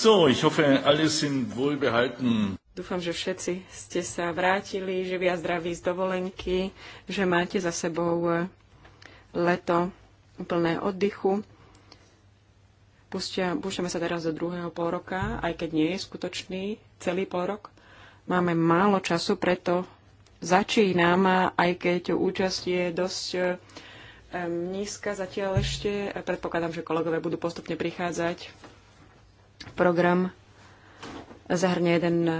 So, ich hoffe, alle sind wohlbehalten. Dúfam, že všetci ste sa vrátili, živi a zdraví z dovolenky, že máte za sebou e, leto plné oddychu. Pustia, púšťame sa teraz do druhého roka, aj keď nie je skutočný celý rok. Máme málo času, preto začínam, aj keď účasť je dosť e, nízka zatiaľ ešte. Predpokladám, že kolegové budú postupne prichádzať Program zahrňa jeden e,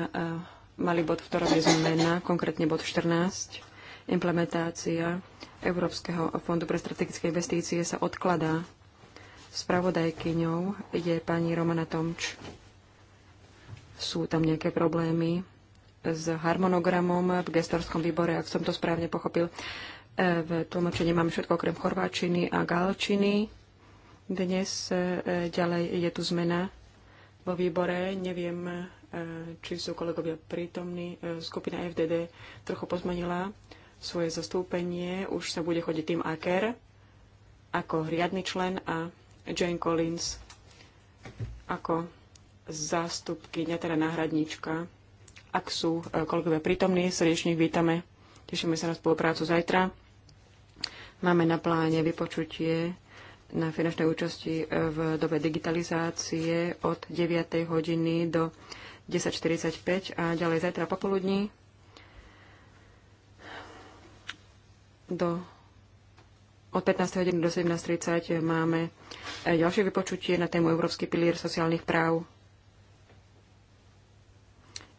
malý bod, v ktorom je zmena, konkrétne bod 14. Implementácia Európskeho fondu pre strategické investície sa odkladá. Spravodajkyňou je pani Romana Tomč. Sú tam nejaké problémy s harmonogramom v gestorskom výbore, ak som to správne pochopil. E, v tlmočení máme všetko okrem chorváčiny a galčiny. Dnes e, ďalej je tu zmena vo výbore. Neviem, e, či sú kolegovia prítomní. E, skupina FDD trochu pozmenila svoje zastúpenie. Už sa bude chodiť Tim Aker ako riadny člen a Jane Collins ako zástupkyňa, teda náhradníčka. Ak sú e, kolegovia prítomní, srdečne vítame. Tešíme sa na spoluprácu zajtra. Máme na pláne vypočutie na finančnej účasti e, v dobe digitalizácie od 9. hodiny do 10.45 a ďalej zajtra popoludní do od 15. hodiny do 17.30 máme e, ďalšie vypočutie na tému Európsky pilier sociálnych práv.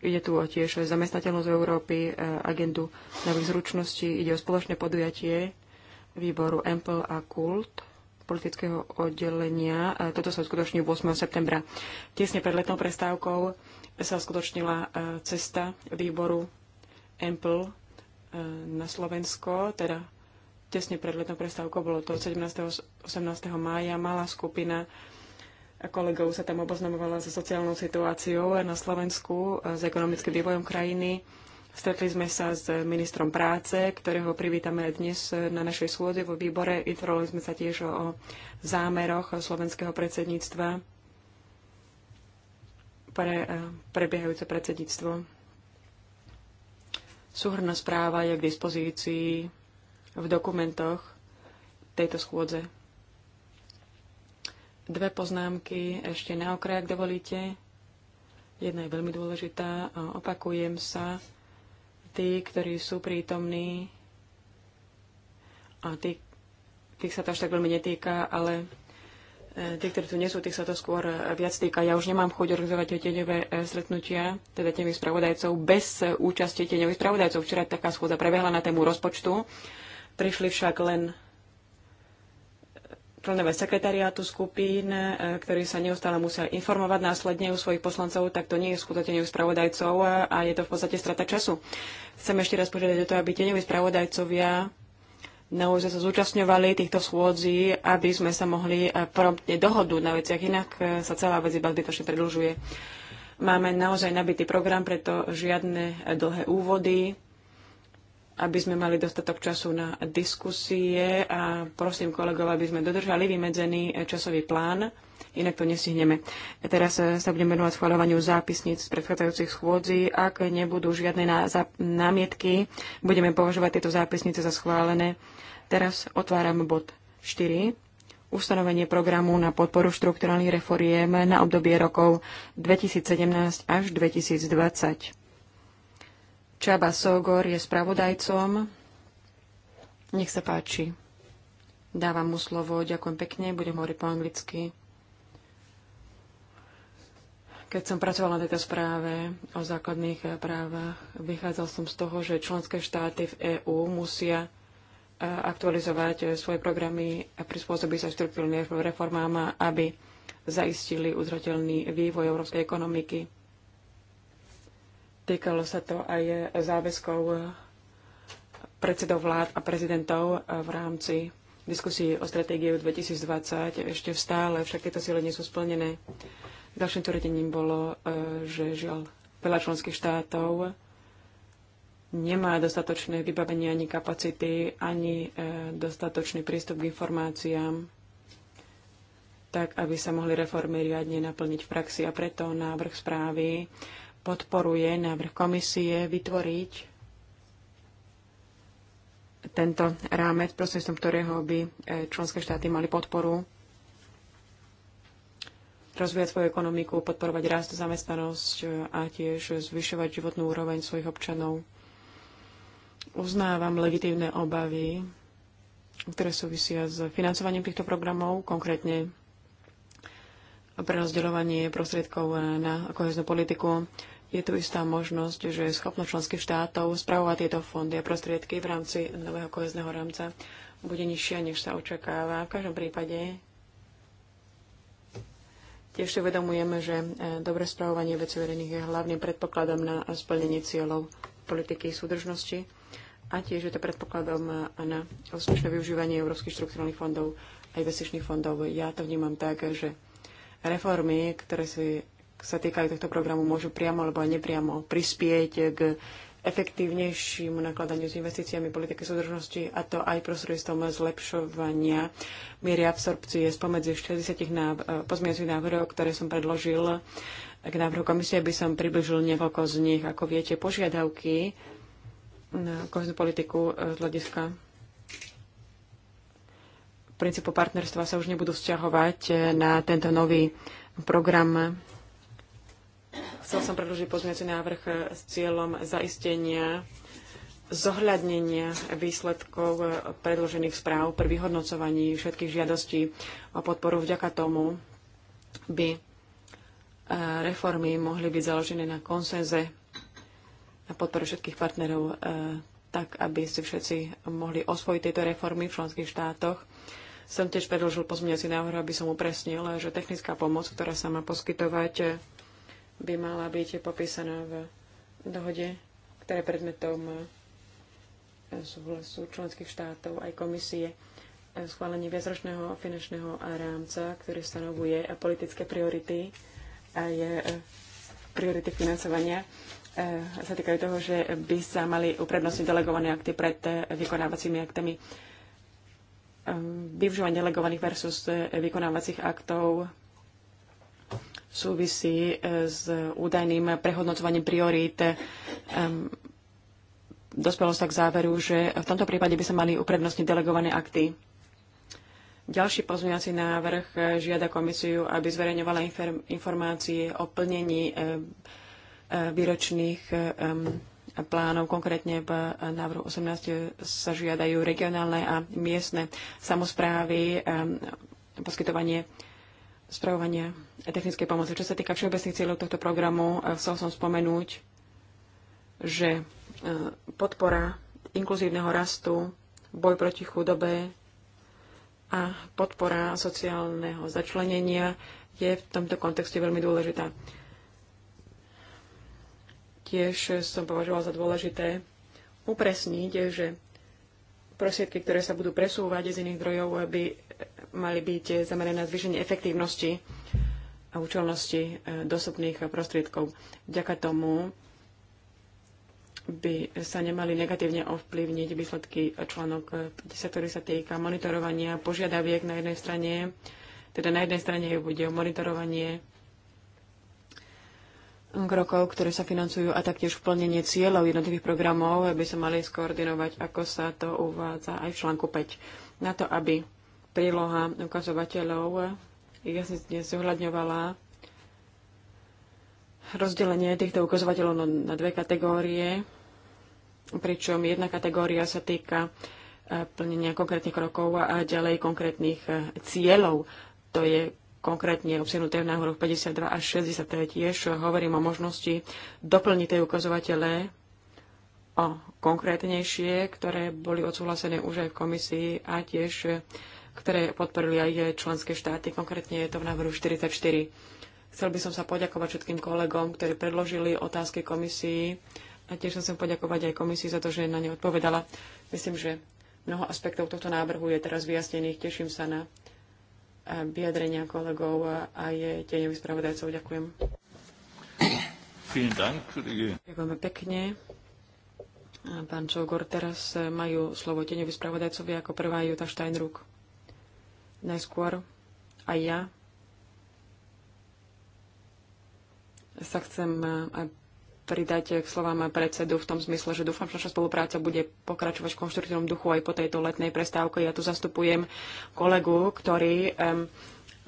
Ide tu o tiež zamestnateľnosť Európy, e, agendu nových zručností, ide o spoločné podujatie výboru EMPL a KULT politického oddelenia. E, toto sa uskutoční 8. septembra. Tesne pred letnou prestávkou sa uskutočnila e, cesta výboru EMPL e, na Slovensko, teda tesne pred letnou prestávkou, bolo to 17. 18. mája, malá skupina kolegov sa tam oboznamovala so sociálnou situáciou na Slovensku, s ekonomickým vývojom krajiny Stretli sme sa s ministrom práce, ktorého privítame dnes na našej schôdze vo výbore. Informovali sme sa tiež o zámeroch slovenského predsedníctva pre eh, prebiehajúce predsedníctvo. Súhrná správa je k dispozícii v dokumentoch tejto schôdze. Dve poznámky ešte na okraj, ak dovolíte. Jedna je veľmi dôležitá. Opakujem sa tí, ktorí sú prítomní a tí, tých sa to až tak veľmi netýka, ale e, tí, ktorí tu nie sú, tých sa to skôr e, viac týka. Ja už nemám chuť organizovať tieňové e, stretnutia, teda tieňových spravodajcov, bez účasti tieňových spravodajcov. Včera taká schôdza prebehla na tému rozpočtu. Prišli však len členové sekretariátu skupín, e, ktorí sa neustále musia informovať následne u svojich poslancov, tak to nie je skutočne u spravodajcov e, a je to v podstate strata času. Chcem ešte raz požiadať o to, aby tieňoví spravodajcovia naozaj sa zúčastňovali týchto schôdzí, aby sme sa mohli e, promptne dohodnúť na veciach, inak sa celá vec iba zbytočne predlžuje. Máme naozaj nabitý program, preto žiadne dlhé úvody aby sme mali dostatok času na diskusie a prosím kolegov, aby sme dodržali vymedzený eh, časový plán, inak to nestihneme. Teraz eh, sa budeme venovať schváľovaniu zápisníc z predchádzajúcich schôdzí, Ak nebudú žiadne námietky, budeme považovať tieto zápisnice za schválené. Teraz otváram bod 4 ustanovenie programu na podporu štrukturálnych reforiem na obdobie rokov 2017 až 2020. Čaba Sogor je spravodajcom. Nech sa páči. Dávam mu slovo. Ďakujem pekne. Budem hovoriť po anglicky. Keď som pracovala na tejto správe o základných právach, vychádzal som z toho, že členské štáty v EÚ musia e, aktualizovať e, svoje programy a prispôsobiť sa štruktúrnym reformám, aby zaistili udržateľný vývoj európskej ekonomiky Týkalo sa to aj záväzkov predsedov vlád a prezidentov v rámci diskusí o stratégiu 2020. Ešte stále však tieto cieľe nie sú splnené. Ďalším tvrdením bolo, e, že žiaľ veľa členských štátov nemá dostatočné vybavenie ani kapacity, ani e, dostatočný prístup k informáciám, tak aby sa mohli reformy riadne naplniť v praxi. A preto návrh správy podporuje návrh komisie vytvoriť tento rámec, prostredstvom ktorého by e, členské štáty mali podporu rozvíjať svoju ekonomiku, podporovať rast, zamestnanosť e, a tiež zvyšovať životnú úroveň svojich občanov. Uznávam legitívne obavy, ktoré súvisia s financovaním týchto programov, konkrétne pre rozdeľovanie prostriedkov na koheznú politiku je tu istá možnosť, že je schopnosť členských štátov spravovať tieto fondy a prostriedky v rámci nového kohezného rámca bude nižšia, než sa očakáva. V každom prípade tiež si uvedomujeme, že e, dobre spravovanie vecí verejných je hlavným predpokladom na splnenie cieľov politiky súdržnosti a tiež je to predpokladom e, na úspešné využívanie európskych štrukturálnych fondov a investičných fondov. Ja to vnímam tak, že reformy, ktoré si sa týkajú tohto programu, môžu priamo alebo aj nepriamo prispieť k efektívnejšímu nakladaniu s investíciami politiky súdržnosti a to aj prostredstvom zlepšovania miery absorpcie spomedzi 60 náv- e, pozmiacich návrhov, ktoré som predložil k návrhu komisie, by som približil niekoľko z nich. Ako viete, požiadavky na koheznú politiku e, z hľadiska princípu partnerstva sa už nebudú vzťahovať e, na tento nový program Chcel som predložiť pozmeňujúci návrh s cieľom zaistenia zohľadnenia výsledkov predložených správ pri vyhodnocovaní všetkých žiadostí o podporu. Vďaka tomu by e, reformy mohli byť založené na konsenze na podporu všetkých partnerov, e, tak aby si všetci mohli osvojiť tieto reformy v členských štátoch. Som tiež predložil pozmeňovací návrh, aby som upresnil, že technická pomoc, ktorá sa má poskytovať by mala byť popísaná v dohode, ktoré predmetom súhlasu členských štátov aj komisie schválenie viacročného finančného rámca, ktorý stanovuje politické priority a je priority financovania e, sa týkajú toho, že by sa mali uprednostniť delegované akty pred e, vykonávacími aktami. Ehm, využívanie delegovaných versus e, vykonávacích aktov súvisí e, s údajným prehodnocovaním priorít. E, dospelo sa k záveru, že v tomto prípade by sa mali uprednostniť delegované akty. Ďalší pozmeňací návrh e, žiada komisiu, aby zverejňovala informácie o plnení výročných plánov. Konkrétne v návrhu 18 sa žiadajú regionálne a miestne samozprávy poskytovanie spravovania technickej pomoci. Čo sa týka všeobecných cieľov tohto programu, e, chcel som spomenúť, že e, podpora inkluzívneho rastu, boj proti chudobe a podpora sociálneho začlenenia je v tomto kontexte veľmi dôležitá. Tiež som považoval za dôležité upresniť, že prosiedky, ktoré sa budú presúvať z iných zdrojov, aby mali byť zamerané na zvýšenie efektívnosti a účelnosti e, dostupných prostriedkov. Vďaka tomu by sa nemali negatívne ovplyvniť výsledky článok 50, e, ktorý sa týka monitorovania požiadaviek na jednej strane. Teda na jednej strane bude monitorovanie krokov, ktoré sa financujú a taktiež plnenie cieľov jednotlivých programov aby sa mali skoordinovať, ako sa to uvádza aj v článku 5, na to, aby príloha ukazovateľov jasne zohľadňovala rozdelenie týchto ukazovateľov na dve kategórie, pričom jedna kategória sa týka e, plnenia konkrétnych krokov a ďalej konkrétnych e, cieľov. To je konkrétne obsiahnuté v náhoroch 52 až 60. Tiež hovorím o možnosti doplniť tie ukazovatele o konkrétnejšie, ktoré boli odsúhlasené už aj v komisii a tiež ktoré podporili aj členské štáty. Konkrétne je to v návrhu 44. Chcel by som sa poďakovať všetkým kolegom, ktorí predložili otázky komisii a tiež som chcem poďakovať aj komisii za to, že na ne odpovedala. Myslím, že mnoho aspektov tohto návrhu je teraz vyjasnených. Teším sa na eh, vyjadrenia kolegov a je tieňových spravodajcov. Ďakujem. Ďakujeme pekne. Pán Čogor, teraz majú slovo tieňových spravodajcovia ako prvá Juta Steinruck. Najskôr aj ja sa chcem eh, pridať k slovám predsedu v tom zmysle, že dúfam, že naša spolupráca bude pokračovať v konštruktívnom duchu aj po tejto letnej prestávke. Ja tu zastupujem kolegu, ktorý um,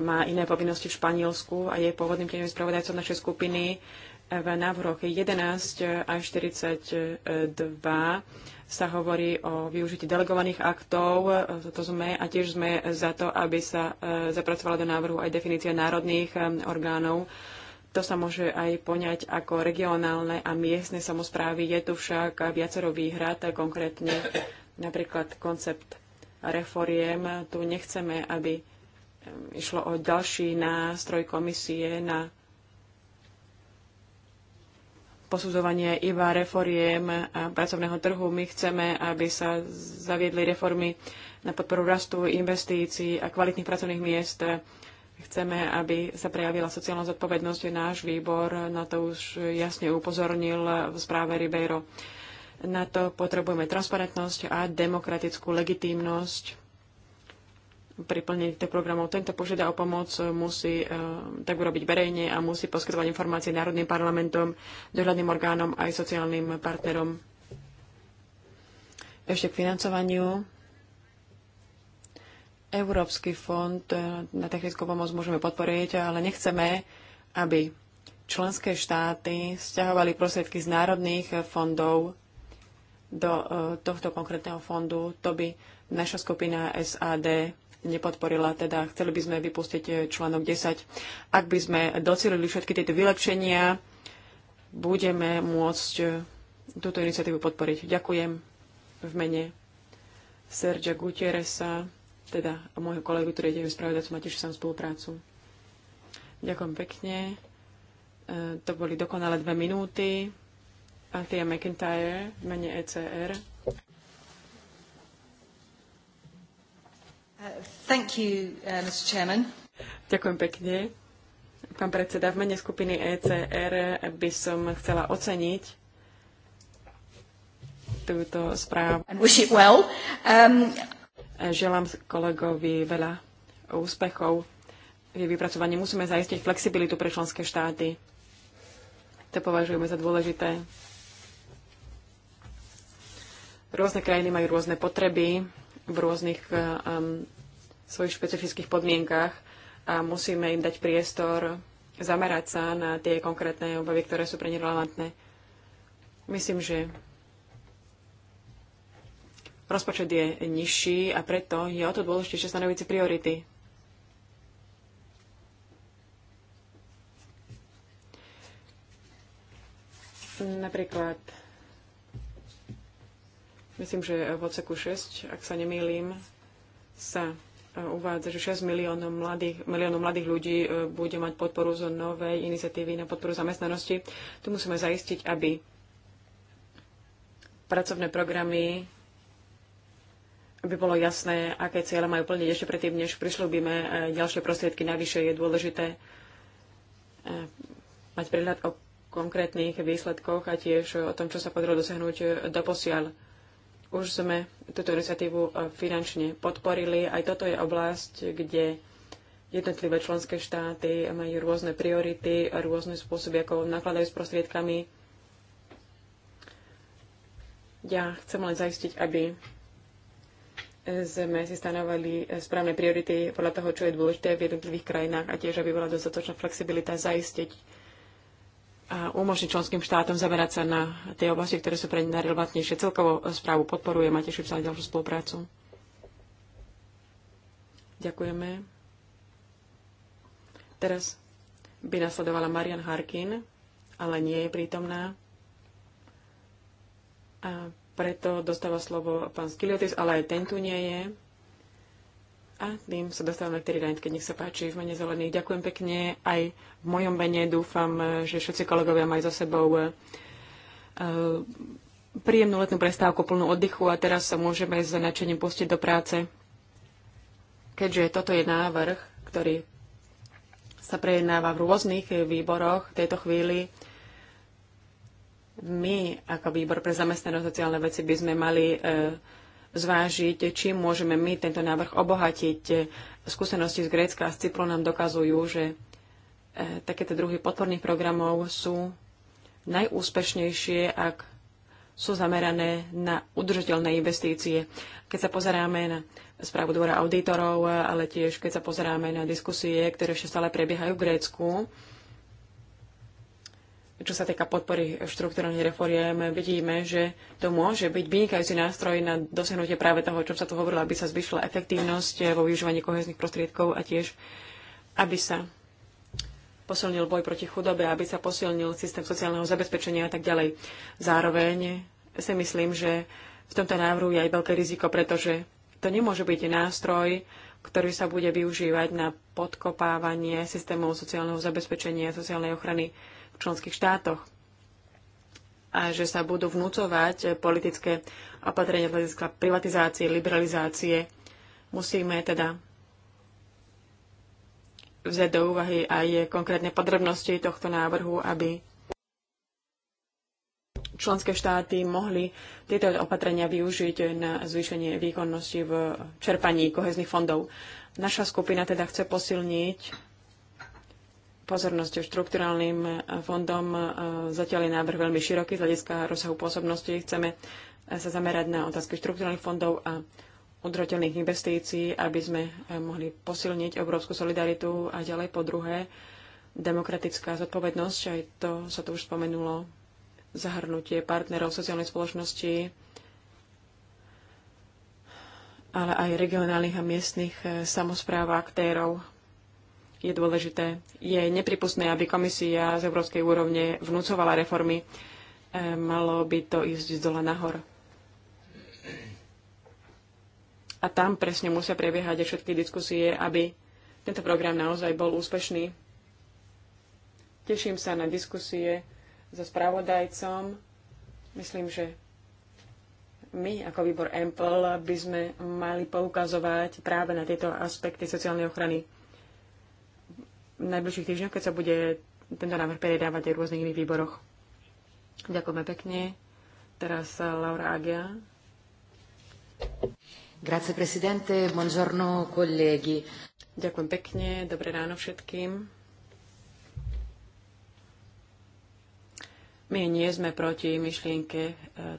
má iné povinnosti v Španielsku a je pôvodným tieňovým spravodajcom našej skupiny eh, v návrhoch 11 až 42 sa hovorí o využití delegovaných aktov, za e, to sme a tiež sme za to, aby sa e, zapracovala do návrhu aj definícia národných e, orgánov. To sa môže aj poňať ako regionálne a miestne samozprávy. Je tu však viacero výhrad, konkrétne napríklad koncept reforiem. Tu nechceme, aby išlo o ďalší nástroj komisie na posudzovanie iba reforiem a pracovného trhu. My chceme, aby sa zaviedli reformy na podporu rastu, investícií a kvalitných pracovných miest. Chceme, aby sa prejavila sociálna zodpovednosť. Náš výbor na to už jasne upozornil v správe Ribeiro. Na to potrebujeme transparentnosť a demokratickú legitímnosť pri plnení týchto programov. Tento požiada o pomoc musí eh, tak urobiť verejne a musí poskytovať informácie národným parlamentom, dohľadným orgánom aj sociálnym partnerom. Ešte k financovaniu. Európsky fond eh, na technickú pomoc môžeme podporiť, ale nechceme, aby členské štáty stiahovali prostriedky z národných fondov do eh, tohto konkrétneho fondu. To by naša skupina SAD nepodporila. Teda chceli by sme vypustiť eh, článok 10. Ak by sme docelili všetky tieto vylepšenia, budeme môcť eh, túto iniciatívu podporiť. Ďakujem v mene Sergia Gutierresa, teda môjho kolegu, ktorý ide spravodať, má tiež sám spoluprácu. Ďakujem pekne. Eh, to boli dokonale dve minúty. Antia McIntyre v mene ECR. Thank you, uh, Mr. Chairman. Ďakujem pekne. Pán predseda, v mene skupiny ECR by som chcela oceniť túto správu. And wish it well. Um... Želám kolegovi veľa úspechov v jej vypracovaní. Musíme zaistiť flexibilitu pre členské štáty. To považujeme za dôležité. Rôzne krajiny majú rôzne potreby v rôznych um, svojich špecifických podmienkach a musíme im dať priestor zamerať sa na tie konkrétne obavy, ktoré sú pre ne relevantné. Myslím, že rozpočet je nižší a preto je o to dôležitejšie stanoviť si priority. Napríklad Myslím, že v odseku 6, ak sa nemýlim, sa e, uvádza, že 6 miliónov mladých, miliónov mladých ľudí e, bude mať podporu zo novej iniciatívy na podporu zamestnanosti. Tu musíme zaistiť, aby pracovné programy, aby bolo jasné, aké ciele majú plniť ešte predtým, než prislúbime e, ďalšie prostriedky. Navyše je dôležité mať prehľad o konkrétnych výsledkoch a tiež o tom, čo sa podarilo dosiahnuť doposiaľ. posiaľ už sme túto iniciatívu e, finančne podporili. Aj toto je oblasť, kde jednotlivé členské štáty majú rôzne priority, rôzne spôsoby, ako nakladajú s prostriedkami. Ja chcem len zaistiť, aby sme si stanovali správne priority podľa toho, čo je dôležité v jednotlivých krajinách a tiež, aby bola dostatočná flexibilita zaistiť a umožní členským štátom zamerať sa na tie oblasti, ktoré sú pre ne najrelevantnejšie. Celkovo správu podporujem a teším sa na ďalšiu spoluprácu. Ďakujeme. Teraz by nasledovala Marian Harkin, ale nie je prítomná. A preto dostáva slovo pán Skiliotis, ale aj ten tu nie je. A tým sa dostávame k Tridajnke. Nech sa páči v mene zelených. Ďakujem pekne. Aj v mojom mene dúfam, že všetci kolegovia majú za sebou e, príjemnú letnú prestávku, plnú oddychu a teraz sa môžeme s nadšením pustiť do práce. Keďže toto je návrh, ktorý sa prejednáva v rôznych výboroch v tejto chvíli, my ako výbor pre zamestnanosť sociálne veci by sme mali e, zvážiť, či môžeme my tento návrh obohatiť. Skúsenosti z Grécka a z Cypru nám dokazujú, že e, takéto druhy podporných programov sú najúspešnejšie, ak sú zamerané na udržateľné investície. Keď sa pozeráme na správu dvora auditorov, ale tiež keď sa pozeráme na diskusie, ktoré ešte stále prebiehajú v Grécku, čo sa týka podpory štruktúrnych reforiem, vidíme, že to môže byť vynikajúci nástroj na dosiahnutie práve toho, čo sa tu hovorilo, aby sa zvyšila efektívnosť vo využívaní kohezných prostriedkov a tiež, aby sa posilnil boj proti chudobe, aby sa posilnil systém sociálneho zabezpečenia a tak ďalej. Zároveň si myslím, že v tomto návrhu je aj veľké riziko, pretože to nemôže byť nástroj, ktorý sa bude využívať na podkopávanie systémov sociálneho zabezpečenia, a sociálnej ochrany v členských štátoch a že sa budú vnúcovať politické opatrenia hľadiska privatizácie, liberalizácie. Musíme teda vzať do úvahy aj konkrétne podrobnosti tohto návrhu, aby členské štáty mohli tieto opatrenia využiť na zvýšenie výkonnosti v čerpaní kohezných fondov. Naša skupina teda chce posilniť pozornosť štruktúrálnym eh, fondom. Eh, zatiaľ je návrh veľmi široký z hľadiska rozsahu pôsobnosti. Chceme eh, sa zamerať na otázky štruktúrálnych fondov a udroteľných investícií, aby sme mohli posilniť európsku solidaritu a ďalej po druhé demokratická zodpovednosť, aj to sa tu už spomenulo, zahrnutie partnerov sociálnej spoločnosti, ale aj regionálnych a miestnych samozpráv a aktérov je dôležité. Je nepripustné, aby komisia z európskej úrovne vnúcovala reformy. E, malo by to ísť z dola nahor. A tam presne musia prebiehať aj všetky diskusie, aby tento program naozaj bol úspešný. Teším sa na diskusie so spravodajcom. Myslím, že my ako výbor EMPL by sme mali poukazovať práve na tieto aspekty sociálnej ochrany v najbližších týždňoch, keď sa bude tento návrh predávať aj v rôznych iných výboroch. Ďakujeme pekne. Teraz eh, Laura Agia. Grazie presidente, buongiorno colleghi. Ďakujem pekne, dobré ráno všetkým. My nie sme proti myšlienke eh,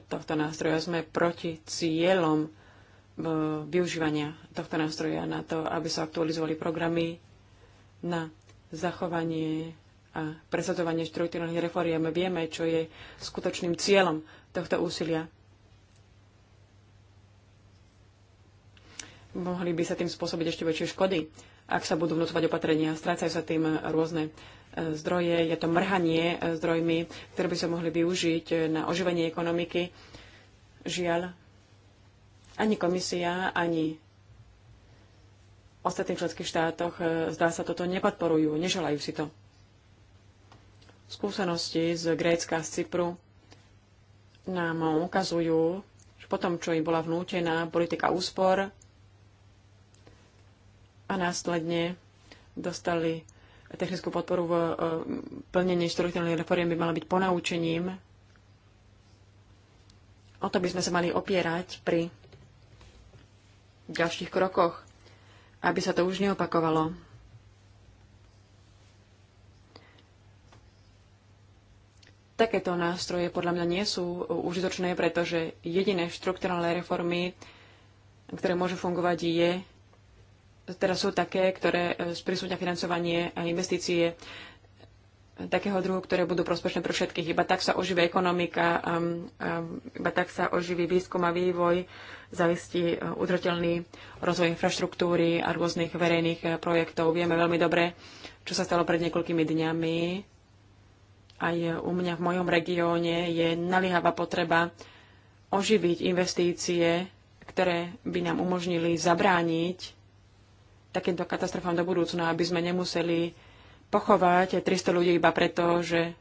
tohto nástroja, sme proti cieľom eh, využívania tohto nástroja na to, aby sa aktualizovali programy na zachovanie a presadzovanie štruktúrnych reforiem. Vieme, čo je skutočným cieľom tohto úsilia. Mohli by sa tým spôsobiť ešte väčšie škody, ak sa budú vnúcovať opatrenia. Strácajú sa tým rôzne e, zdroje, je to mrhanie e, zdrojmi, ktoré by sa mohli využiť na oživenie ekonomiky. Žiaľ, ani komisia, ani ostatných členských štátoch, e, zdá sa, toto nepodporujú, neželajú si to. Skúsenosti z Grécka, z Cypru nám ukazujú, že potom, čo im bola vnútená politika úspor a následne dostali technickú podporu v e, plnení štruktúrnej reformy, by mala byť ponaučením. O to by sme sa mali opierať pri ďalších krokoch aby sa to už neopakovalo. Takéto nástroje podľa mňa nie sú užitočné, pretože jediné štrukturálne reformy, ktoré môžu fungovať, je, teraz sú také, ktoré e, sprísúďa financovanie a investície takého druhu, ktoré budú prospešné pre všetkých. Iba tak sa oživí ekonomika, um, um, iba tak sa oživí výskum a vývoj, zaistí uh, udržateľný rozvoj infraštruktúry a rôznych verejných uh, projektov. Vieme veľmi dobre, čo sa stalo pred niekoľkými dňami. Aj u mňa v mojom regióne je naliehavá potreba oživiť investície, ktoré by nám umožnili zabrániť takýmto katastrofám do budúcna, aby sme nemuseli pochovať 300 ľudí iba preto, že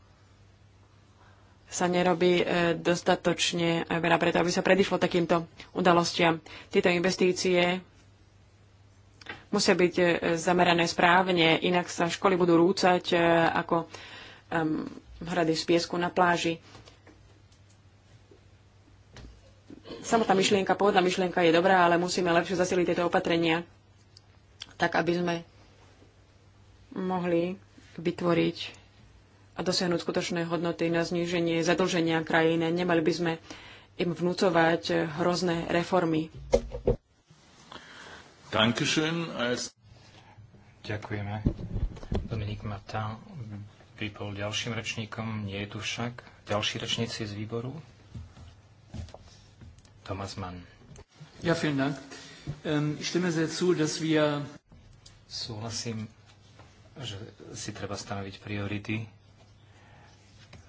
sa nerobí e, dostatočne veľa preto, aby sa predišlo takýmto udalostiam. Tieto investície musia byť e, zamerané správne, inak sa školy budú rúcať e, ako hrady z piesku na pláži. Samotná myšlienka, pôvodná myšlienka je dobrá, ale musíme lepšie zasiliť tieto opatrenia, tak aby sme mohli vytvoriť a dosiahnuť skutočné hodnoty na zníženie zadlženia krajiny, Nemali by sme im vnúcovať hrozné reformy. Ďakujeme. Dominik Martin by bol ďalším rečníkom, nie je tu však. Ďalší rečníci z výboru. Thomas Mann. Ja, vielen Dank. Ähm, ich stimme sehr zu, dass wir... Súhlasím že si treba stanoviť priority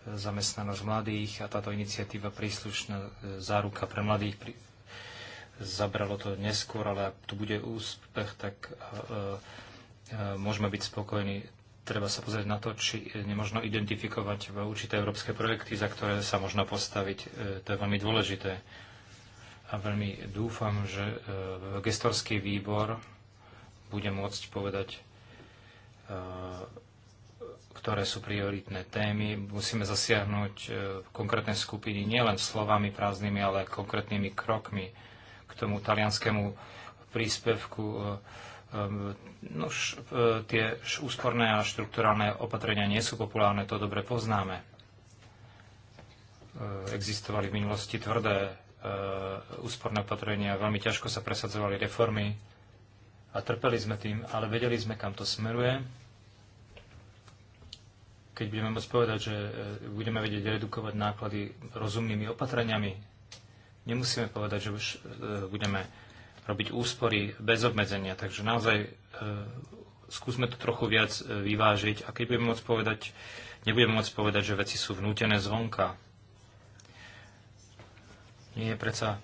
zamestnanosť mladých a táto iniciatíva príslušná e, záruka pre mladých pri... zabralo to neskôr, ale ak tu bude úspech, tak e, e, môžeme byť spokojní. Treba sa pozrieť na to, či nemožno identifikovať určité európske projekty, za ktoré sa možno postaviť. E, to je veľmi dôležité. A veľmi dúfam, že e, gestorský výbor bude môcť povedať, E, ktoré sú prioritné témy. Musíme zasiahnuť e, konkrétne skupiny nielen slovami prázdnymi, ale konkrétnymi krokmi k tomu talianskému príspevku. E, no, tie úsporné a štruktúrálne opatrenia nie sú populárne, to dobre poznáme. Existovali v minulosti tvrdé úsporné opatrenia, veľmi ťažko sa presadzovali reformy, a trpeli sme tým, ale vedeli sme, kam to smeruje. Keď budeme môcť povedať, že e, budeme vedieť redukovať náklady rozumnými opatreniami, nemusíme povedať, že už e, budeme robiť úspory bez obmedzenia. Takže naozaj e, skúsme to trochu viac vyvážiť a keď budeme môcť povedať, nebudeme môcť povedať, že veci sú vnútené zvonka. Nie je predsa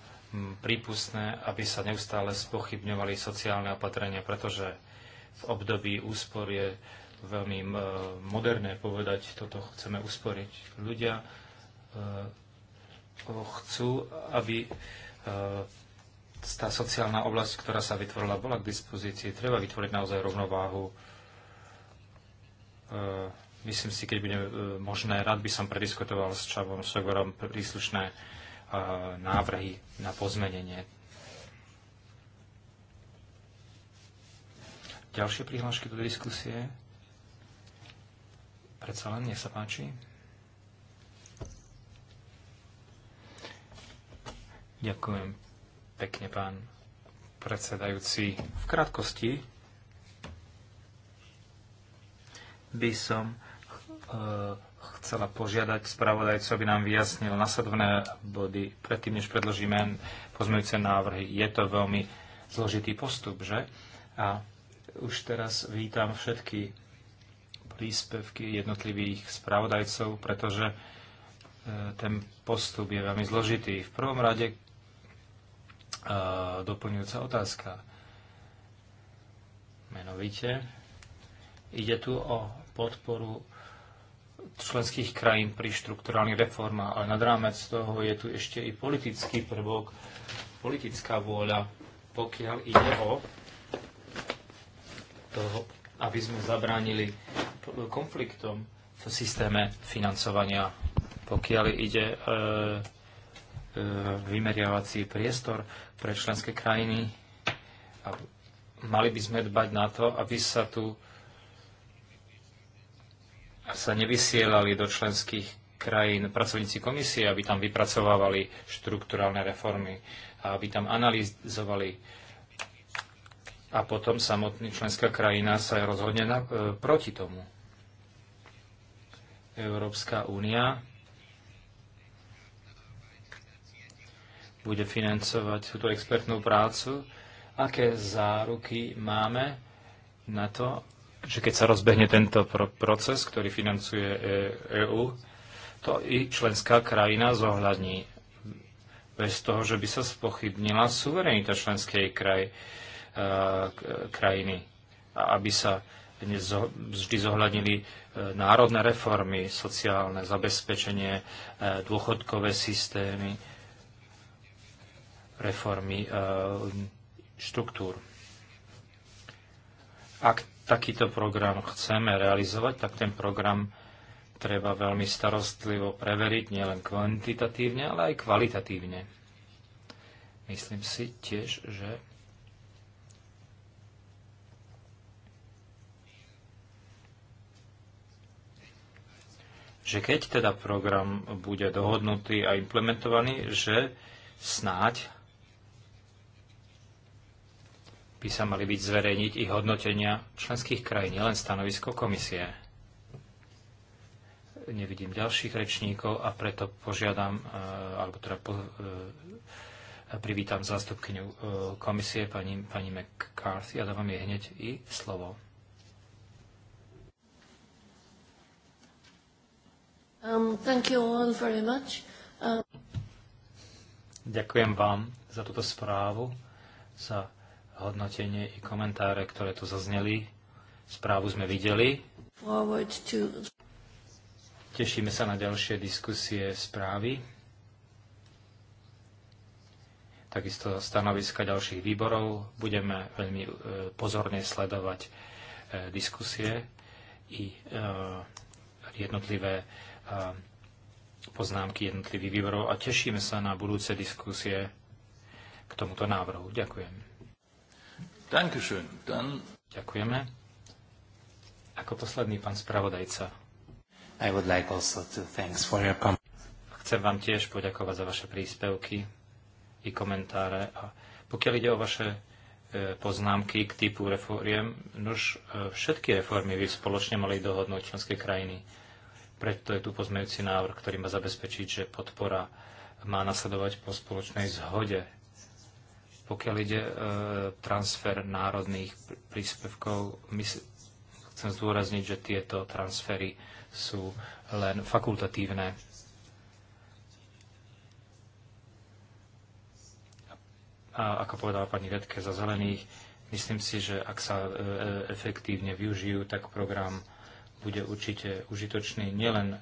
prípustné, aby sa neustále spochybňovali sociálne opatrenia, pretože v období úspor je veľmi moderné povedať, toto chceme usporiť. Ľudia e, chcú, aby e, tá sociálna oblasť, ktorá sa vytvorila, bola k dispozícii. Treba vytvoriť naozaj rovnováhu. E, myslím si, keď bude možné, rád by som prediskutoval s Čavom Sogorom príslušné návrhy na pozmenenie. Ďalšie prihlášky do diskusie? Predsa len, nech sa páči. Ďakujem pekne, pán predsedajúci. V krátkosti by som e, chcela požiadať spravodajcu, aby nám vyjasnil nasledovné body predtým, než predložíme pozmeňujúce návrhy. Je to veľmi zložitý postup, že? A už teraz vítam všetky príspevky jednotlivých spravodajcov, pretože e, ten postup je veľmi zložitý. V prvom rade e, doplňujúca otázka. Menovite ide tu o podporu členských krajín pri štrukturálnych reformách. ale nad rámec toho je tu ešte i politický prvok, politická vôľa, pokiaľ ide o toho, aby sme zabránili konfliktom v systéme financovania, pokiaľ ide e, e, vymeriavací priestor pre členské krajiny. A mali by sme dbať na to, aby sa tu sa nevysielali do členských krajín pracovníci komisie, aby tam vypracovávali štruktúrálne reformy a aby tam analyzovali a potom samotný členská krajina sa rozhodne na, e, proti tomu. Európska únia bude financovať túto expertnú prácu. Aké záruky máme na to, že keď sa rozbehne tento proces, ktorý financuje EÚ, e to i členská krajina zohľadní bez toho, že by sa spochybnila suverenita členskej kraj, krajiny a aby sa vždy zohľadnili e, národné reformy, sociálne zabezpečenie, e, dôchodkové systémy, reformy štruktúr. Ak takýto program chceme realizovať, tak ten program treba veľmi starostlivo preveriť, nielen kvantitatívne, ale aj kvalitatívne. Myslím si tiež, že že keď teda program bude dohodnutý a implementovaný, že snáď by sa mali byť zverejniť i hodnotenia členských krajín, nielen stanovisko komisie. Nevidím ďalších rečníkov a preto požiadam, e, alebo teda po, e, privítam zástupkyňu e, komisie, pani, pani McCarthy, a dávam jej hneď i slovo. Um, thank you all very much. Um... Ďakujem vám za túto správu, za hodnotenie i komentáre, ktoré tu zazneli. Správu sme videli. Tešíme sa na ďalšie diskusie správy. Takisto stanoviska ďalších výborov. Budeme veľmi e, pozorne sledovať e, diskusie i e, jednotlivé poznámky jednotlivých výborov a tešíme sa na budúce diskusie k tomuto návrhu. Ďakujem. Dankeschön. Dann... Ďakujeme. Ako posledný pán spravodajca. I would like also to thanks for your Chcem vám tiež poďakovať za vaše príspevky i komentáre. A pokiaľ ide o vaše e, poznámky k typu reforiem, nož e, všetky reformy by spoločne mali dohodnúť členské krajiny. Preto je tu pozmejúci návrh, ktorý má zabezpečiť, že podpora má nasledovať po spoločnej zhode pokiaľ ide e, transfer národných príspevkov, my chcem zdôrazniť, že tieto transfery sú len fakultatívne. A ako povedala pani Redke za zelených, myslím si, že ak sa e, e, efektívne využijú, tak program bude určite užitočný nielen e,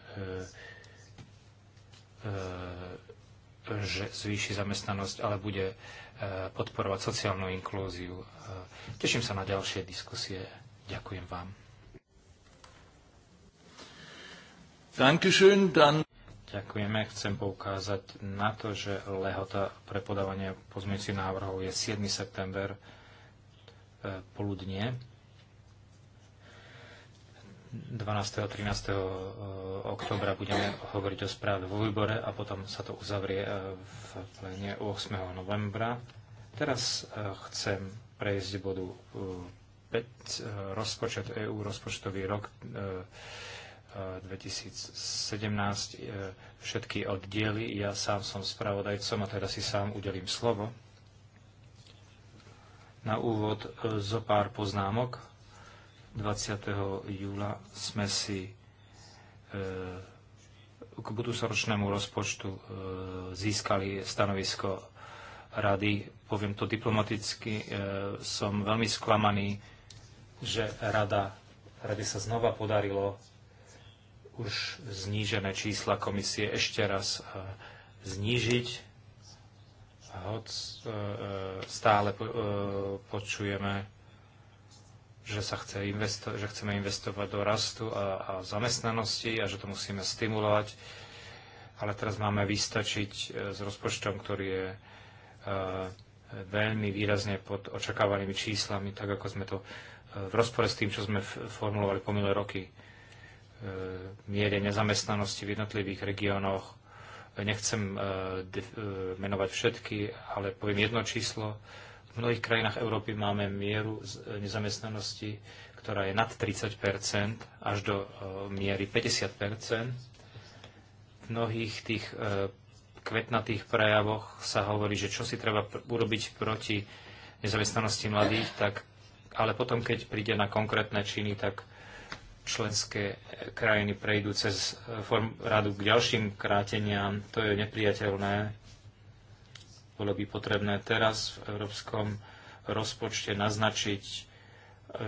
e, že zvýši zamestnanosť, ale bude Eh, podporovať sociálnu inklúziu. Eh, teším sa na ďalšie diskusie. Ďakujem vám. Dankeschön, dann... Ďakujeme. Chcem poukázať na to, že lehota pre podávanie pozmeňujúcich návrhov je 7. september eh, poludnie. 12. a 13. oktobra budeme hovoriť o správe vo výbore a potom sa to uzavrie e, v plene 8. novembra. Teraz e, chcem prejsť bodu 5, e, rozpočet EÚ, rozpočtový rok 2017, všetky oddiely. Ja sám som spravodajcom a teda si sám udelím slovo. Na úvod zo pár poznámok 20. júla sme si e, k budúcoročnému rozpočtu e, získali stanovisko rady. Poviem to diplomaticky, e, som veľmi sklamaný, že rada, rade sa znova podarilo už znížené čísla komisie ešte raz znížiť hoď stále počujeme že, sa chce investo- že chceme investovať do rastu a, a zamestnanosti a že to musíme stimulovať. Ale teraz máme vystačiť e, s rozpočtom, ktorý je e, veľmi výrazne pod očakávanými číslami, tak ako sme to e, v rozpore s tým, čo sme formulovali po milé roky. E, miere nezamestnanosti v jednotlivých regiónoch. E, nechcem e, menovať všetky, ale poviem jedno číslo v mnohých krajinách Európy máme mieru nezamestnanosti, ktorá je nad 30 až do e, miery 50 V mnohých tých e, kvetnatých prejavoch sa hovorí, že čo si treba urobiť proti nezamestnanosti mladých, tak, ale potom, keď príde na konkrétne činy, tak členské e, krajiny prejdú cez form radu k ďalším kráteniam. To je nepriateľné bolo by potrebné teraz v európskom rozpočte naznačiť, e,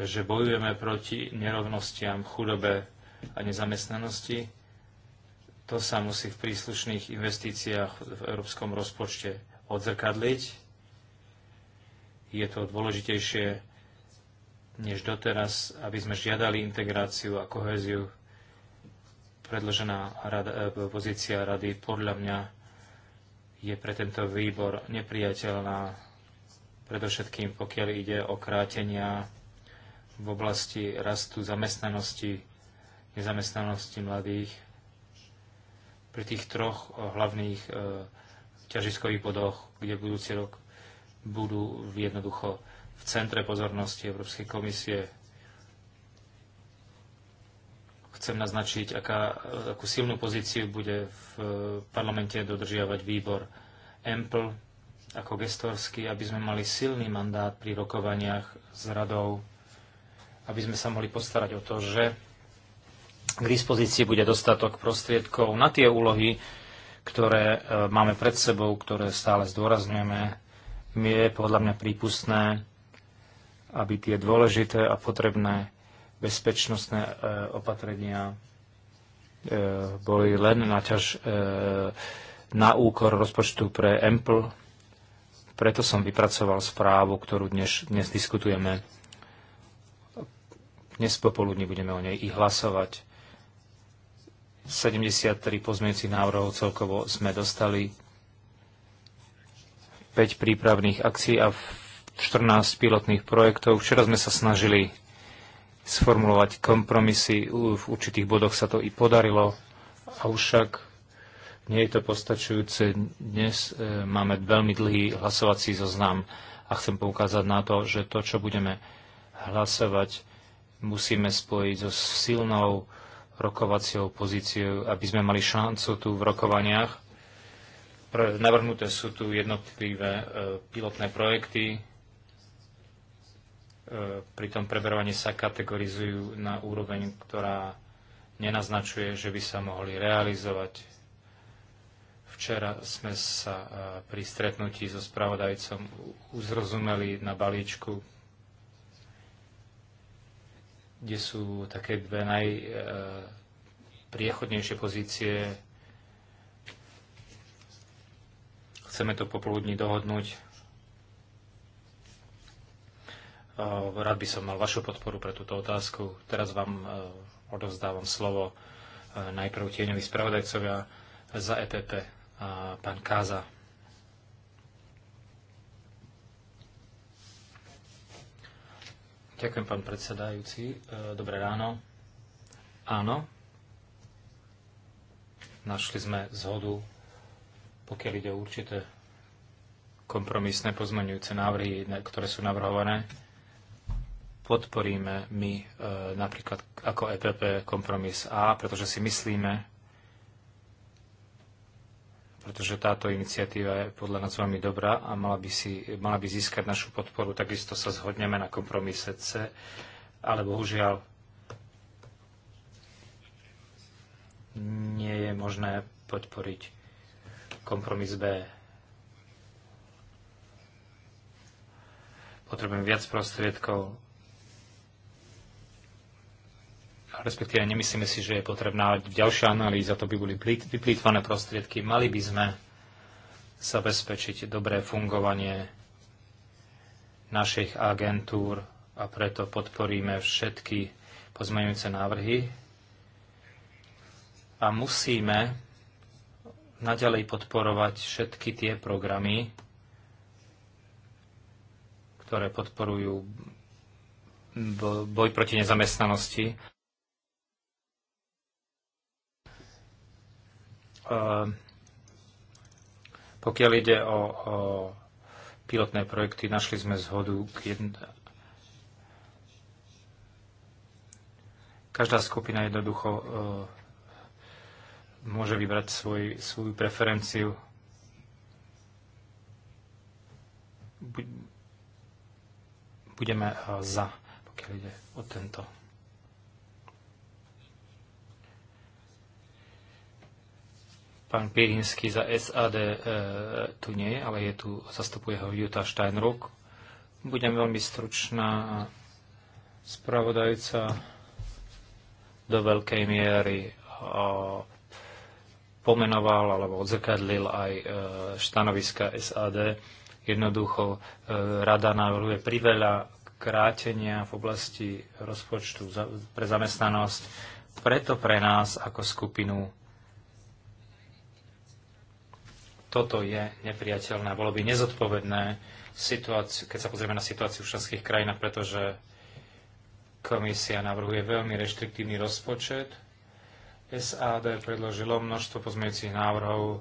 že bojujeme proti nerovnostiam, chudobe a nezamestnanosti. To sa musí v príslušných investíciách v európskom rozpočte odzrkadliť. Je to dôležitejšie než doteraz, aby sme žiadali integráciu a kohéziu. Predložená rada, e, pozícia rady podľa mňa je pre tento výbor nepriateľná, predovšetkým pokiaľ ide o krátenia v oblasti rastu zamestnanosti, nezamestnanosti mladých. Pri tých troch eh, hlavných e, ťažiskových bodoch, kde budúci rok budú jednoducho v centre pozornosti Európskej komisie chcem naznačiť, aká, akú silnú pozíciu bude v eh, parlamente dodržiavať výbor EMPL ako gestorský, aby sme mali silný mandát pri rokovaniach s radou, aby sme sa mohli postarať o to, že k dispozícii bude dostatok prostriedkov na tie úlohy, ktoré eh, máme pred sebou, ktoré stále zdôrazňujeme. Je podľa mňa prípustné, aby tie dôležité a potrebné bezpečnostné e, opatrenia e, boli len na ťaž e, na úkor rozpočtu pre EMPL. Preto som vypracoval správu, ktorú dnes, dnes diskutujeme. Dnes popoludne budeme o nej i hlasovať. 73 pozmeňujúcich návrhov celkovo sme dostali. 5 prípravných akcií a 14 pilotných projektov. Včera sme sa snažili sformulovať kompromisy. V určitých bodoch sa to i podarilo, avšak nie je to postačujúce. Dnes e, máme veľmi dlhý hlasovací zoznam a chcem poukázať na to, že to, čo budeme hlasovať, musíme spojiť so silnou rokovaciou pozíciou, aby sme mali šancu tu v rokovaniach. Navrhnuté sú tu jednotlivé e, pilotné projekty, E, pri tom preberovaní sa kategorizujú na úroveň, ktorá nenaznačuje, že by sa mohli realizovať. Včera sme sa e, pri stretnutí so spravodajcom uzrozumeli na balíčku, kde sú také dve najpriechodnejšie e, pozície. Chceme to popoludní dohodnúť Rád by som mal vašu podporu pre túto otázku. Teraz vám e, odovzdávam slovo e, najprv tieňoví spravodajcovia za EPP, pán Káza. Ďakujem, pán predsedajúci. E, dobré ráno. Áno. Našli sme zhodu, pokiaľ ide o určité kompromisné pozmeňujúce návrhy, ktoré sú navrhované podporíme my e, napríklad ako EPP kompromis A, pretože si myslíme, pretože táto iniciatíva je podľa nás veľmi dobrá a mala by, si, mala by získať našu podporu. Takisto sa zhodneme na kompromise C, ale bohužiaľ nie je možné podporiť kompromis B. Potrebujem viac prostriedkov respektíve nemyslíme si, že je potrebná ďalšia analýza, to by boli vyplýtvané prostriedky. Mali by sme zabezpečiť dobré fungovanie našich agentúr a preto podporíme všetky pozmeňujúce návrhy. A musíme naďalej podporovať všetky tie programy, ktoré podporujú boj proti nezamestnanosti Ehm, pokiaľ ide o, o pilotné projekty, našli sme zhodu k jedn... Každá skupina jednoducho e, môže vybrať svoj, svoju preferenciu. Budeme ehm, za, pokiaľ ide o tento Pán Pirinsky za SAD e, tu nie, ale je tu, zastupuje ho Jutta Steinruck. Budem veľmi stručná. Spravodajca do veľkej miery o, pomenoval alebo odzrkadlil aj e, stanoviska SAD. Jednoducho e, rada navrhuje priveľa krátenia v oblasti rozpočtu za, pre zamestnanosť. Preto pre nás ako skupinu Toto je nepriateľné. Bolo by nezodpovedné, situáciu, keď sa pozrieme na situáciu v členských krajinách, pretože komisia navrhuje veľmi reštriktívny rozpočet. SAD predložilo množstvo pozmeňujúcich návrhov,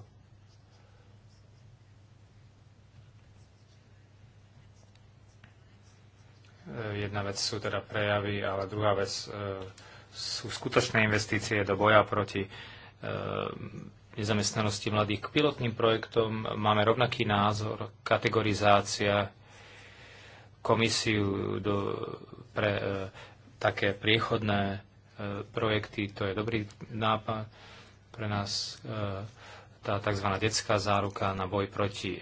e, jedna vec sú teda prejavy, ale druhá vec e, sú skutočné investície do boja proti e, nezamestnanosti mladých. K pilotným projektom máme rovnaký názor, kategorizácia, komisiu do, pre e, také priechodné e, projekty, to je dobrý nápad pre nás, e, tá tzv. detská záruka na boj proti e,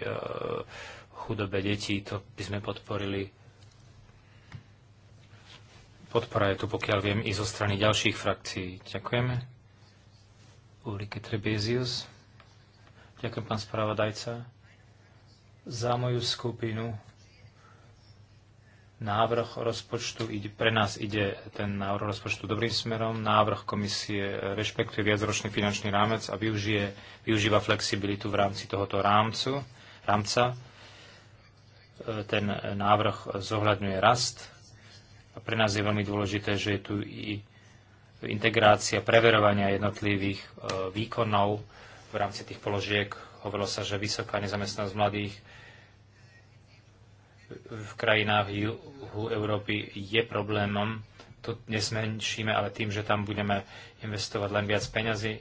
chudobe detí, to by sme podporili. Podpora je tu, pokiaľ viem, i zo strany ďalších frakcií. Ďakujeme. Ulrike Trebezius. Ďakujem, pán spravodajca. Za moju skupinu návrh rozpočtu ide, pre nás ide ten návrh rozpočtu dobrým smerom. Návrh komisie rešpektuje viacročný finančný rámec a využije, využíva flexibilitu v rámci tohoto rámcu, rámca. E, ten návrh zohľadňuje rast. A pre nás je veľmi dôležité, že je tu i integrácia preverovania jednotlivých e, výkonov v rámci tých položiek. Hovorilo sa, že vysoká nezamestnanosť mladých v krajinách juhu Európy je problémom. To nesmenšíme, ale tým, že tam budeme investovať len viac peňazí,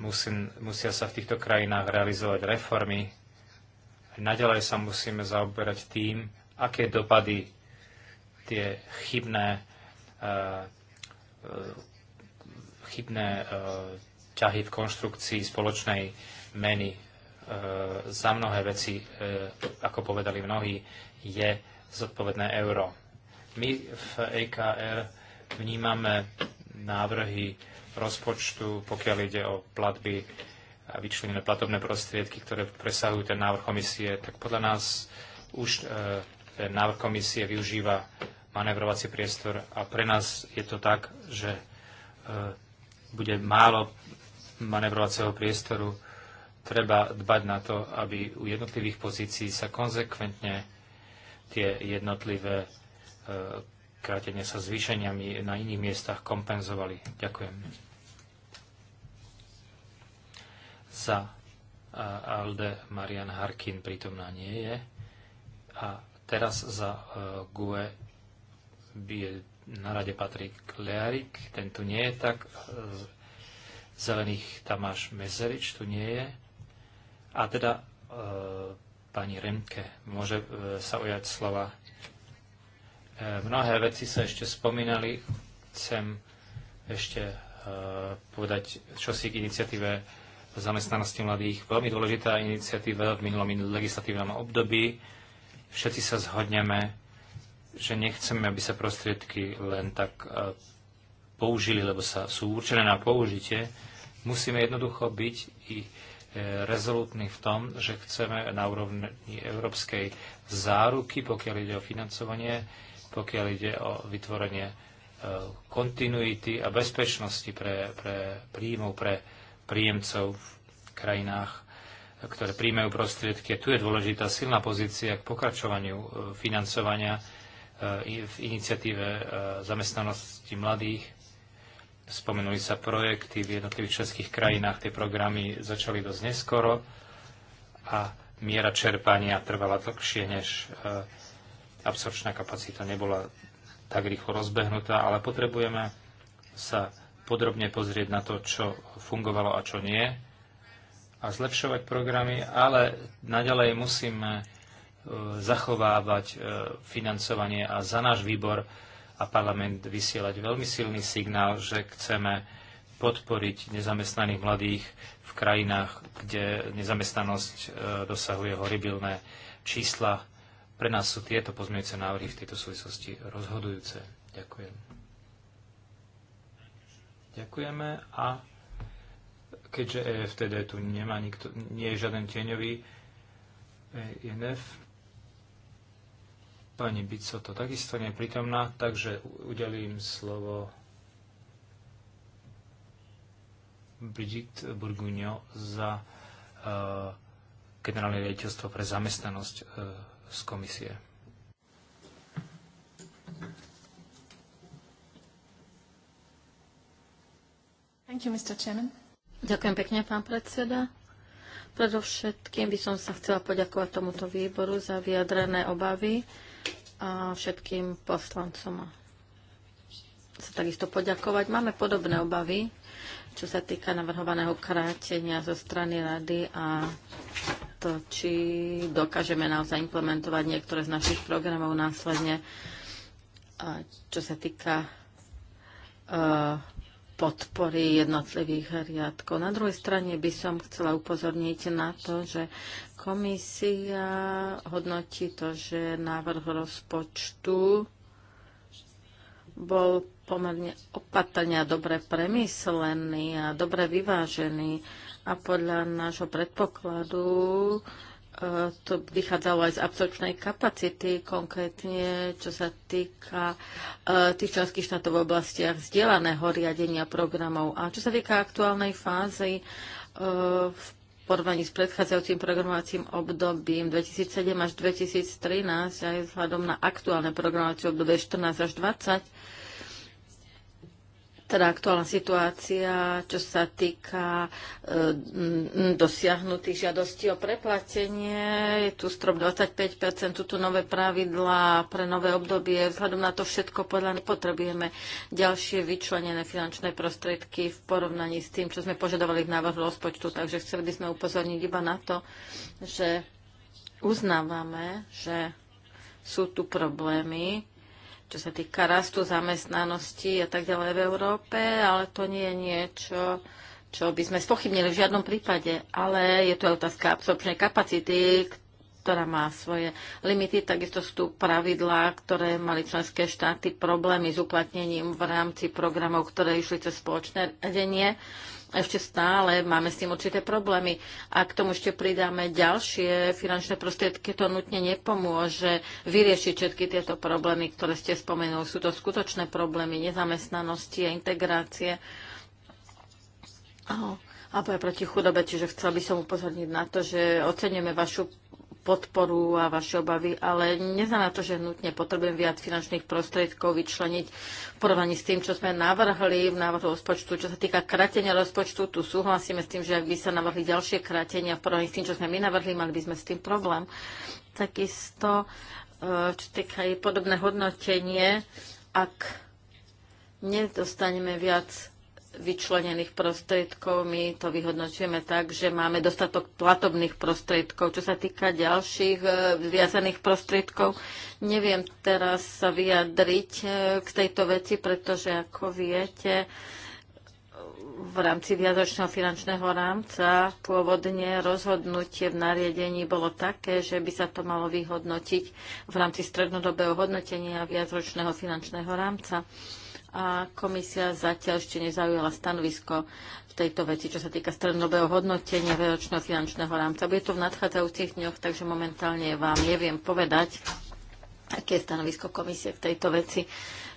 musím, musia sa v týchto krajinách realizovať reformy. Naďalej sa musíme zaoberať tým, aké dopady tie chybné uh, chybné e, ťahy v konštrukcii spoločnej meny e, za mnohé veci, e, ako povedali mnohí, je zodpovedné euro. My v EKR vnímame návrhy rozpočtu, pokiaľ ide o platby a vyčlenené platobné prostriedky, ktoré presahujú ten návrh komisie, tak podľa nás už ten návrh komisie využíva manevrovací priestor a pre nás je to tak, že bude málo manevrovacieho priestoru. Treba dbať na to, aby u jednotlivých pozícií sa konzekventne tie jednotlivé e, krátenie sa zvýšeniami na iných miestach kompenzovali. Ďakujem. Za Alde Marian Harkin prítomná nie je. A teraz za e, GUE je na rade patrí Klearik, ten tu nie je tak. E, zelených Tamáš Mezerič tu nie je. A teda e, pani Remke môže e, sa ujať slova. E, mnohé veci sa ešte spomínali. Chcem ešte e, povedať čosi k iniciatíve zamestnanosti mladých. Veľmi dôležitá iniciatíva v minulom legislatívnom období. Všetci sa zhodneme, že nechceme, aby sa prostriedky len tak e, použili, lebo sa, sú určené na použitie. Musíme jednoducho byť i e, rezolutní v tom, že chceme na úrovni európskej záruky, pokiaľ ide o financovanie, pokiaľ ide o vytvorenie e, kontinuity a bezpečnosti pre, pre príjmov, pre príjemcov v krajinách, ktoré príjmajú prostriedky. Tu je dôležitá silná pozícia k pokračovaniu financovania Eh, v iniciatíve eh, zamestnanosti mladých. Spomenuli sa projekty v jednotlivých českých krajinách, tie programy začali dosť neskoro a miera čerpania trvala dlhšie, než eh, absorpčná kapacita nebola tak rýchlo rozbehnutá, ale potrebujeme sa podrobne pozrieť na to, čo fungovalo a čo nie a zlepšovať programy, ale naďalej musíme E, zachovávať e, financovanie a za náš výbor a parlament vysielať veľmi silný signál, že chceme podporiť nezamestnaných mladých v krajinách, kde nezamestnanosť e, dosahuje horibilné čísla. Pre nás sú tieto pozmeňujúce návrhy v tejto súvislosti rozhodujúce. Ďakujem. Ďakujeme a keďže EFTD tu nemá nikto, nie je žiaden tieňový, ENF, Pani Bico to takisto neprítomná, takže udelím slovo Brigitte Burguňo za uh, generálne riaditeľstvo pre zamestnanosť uh, z komisie. Thank you, Mr. Chairman. Ďakujem pekne, pán predseda. Predovšetkým by som sa chcela poďakovať tomuto výboru za vyjadrené obavy a všetkým poslancom sa takisto poďakovať. Máme podobné obavy, čo sa týka navrhovaného krátenia zo strany rady a to, či dokážeme naozaj implementovať niektoré z našich programov následne, čo sa týka uh, podpory jednotlivých riadkov. Na druhej strane by som chcela upozorniť na to, že komisia hodnotí to, že návrh rozpočtu bol pomerne opatrne a dobre premyslený a dobre vyvážený a podľa nášho predpokladu to vychádzalo aj z absorpčnej kapacity, konkrétne čo sa týka e, tých členských štátov v oblastiach vzdielaného riadenia programov. A čo sa týka aktuálnej fázy e, v porovnaní s predchádzajúcim programovacím obdobím 2007 až 2013, aj vzhľadom na aktuálne programovacie obdobie 14 až 20, teda aktuálna situácia, čo sa týka e, dosiahnutých žiadostí o preplatenie. Je tu strop 25%, sú tu nové pravidlá pre nové obdobie. Vzhľadom na to všetko podľa potrebujeme ďalšie vyčlenené finančné prostriedky v porovnaní s tým, čo sme požadovali v návrhu rozpočtu. Takže chceli sme upozorniť iba na to, že uznávame, že sú tu problémy, čo sa týka rastu zamestnanosti a tak ďalej v Európe, ale to nie je niečo, čo by sme spochybnili v žiadnom prípade. Ale je tu otázka absorpčnej kapacity, ktorá má svoje limity. Takisto sú tu pravidlá, ktoré mali členské štáty problémy s uplatnením v rámci programov, ktoré išli cez spoločné vedenie ešte stále máme s tým určité problémy. A k tomu ešte pridáme ďalšie finančné prostriedky, to nutne nepomôže vyriešiť všetky tieto problémy, ktoré ste spomenuli. Sú to skutočné problémy nezamestnanosti a integrácie. Oh a boja proti chudobe, čiže chcel by som upozorniť na to, že oceňujeme vašu podporu a vaše obavy, ale neznamená to, že nutne potrebujem viac finančných prostriedkov vyčleniť v porovnaní s tým, čo sme navrhli v návrhu rozpočtu. Čo sa týka kratenia rozpočtu, tu súhlasíme s tým, že ak by sa navrhli ďalšie kratenia v porovnaní s tým, čo sme my navrhli, mali by sme s tým problém. Takisto, eh, čo týka aj podobné hodnotenie, ak nedostaneme viac vyčlenených prostriedkov. My to vyhodnočujeme tak, že máme dostatok platobných prostriedkov. Čo sa týka ďalších e, viazaných prostriedkov, neviem teraz sa vyjadriť e, k tejto veci, pretože ako viete, v rámci viazočného finančného rámca pôvodne rozhodnutie v nariadení bolo také, že by sa to malo vyhodnotiť v rámci strednodobého hodnotenia viacročného finančného rámca a komisia zatiaľ ešte nezaujala stanovisko v tejto veci, čo sa týka strednodobého hodnotenia veročného finančného rámca. Bude to v nadchádzajúcich dňoch, takže momentálne vám neviem povedať, aké je stanovisko komisie v tejto veci.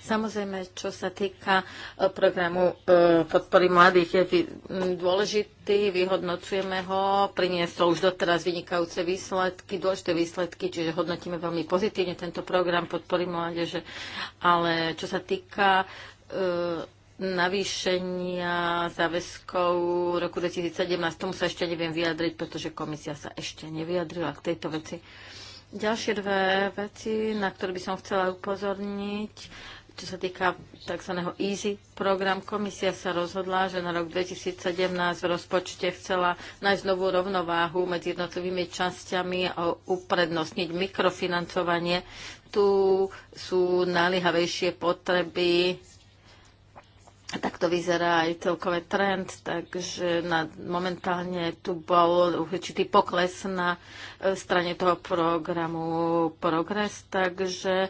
Samozrejme, čo sa týka e, programu e, podpory mladých, je dôležitý, vyhodnocujeme ho, priniesol už doteraz vynikajúce výsledky, dôležité výsledky, čiže hodnotíme veľmi pozitívne tento program podpory mládeže, ale čo sa týka e, navýšenia záväzkov roku 2017. Tomu sa ešte neviem vyjadriť, pretože komisia sa ešte nevyjadrila k tejto veci. Ďalšie dve veci, na ktoré by som chcela upozorniť. Čo sa týka tzv. EASY program, komisia sa rozhodla, že na rok 2017 v rozpočte chcela nájsť novú rovnováhu medzi jednotlivými časťami a uprednostniť mikrofinancovanie. Tu sú naliehavejšie potreby tak to vyzerá aj celkový trend, takže na, momentálne tu bol určitý pokles na e, strane toho programu Progress, takže e,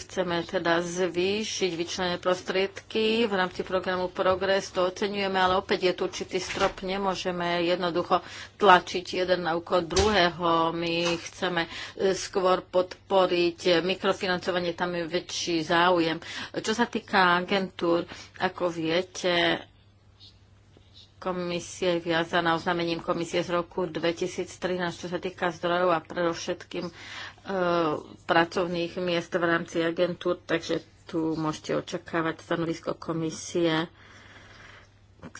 chceme teda zvýšiť vyčlené prostriedky v rámci programu Progress, to oceňujeme, ale opäť je tu určitý strop, nemôžeme jednoducho tlačiť jeden na úkor druhého. My chceme e, skôr podporiť mikrofinancovanie, tam je väčší záujem. Čo sa týka agentúr, ako ako viete, komisie je viazaná oznámením komisie z roku 2013, čo sa týka zdrojov a predovšetkým e, pracovných miest v rámci agentúr, takže tu môžete očakávať stanovisko komisie,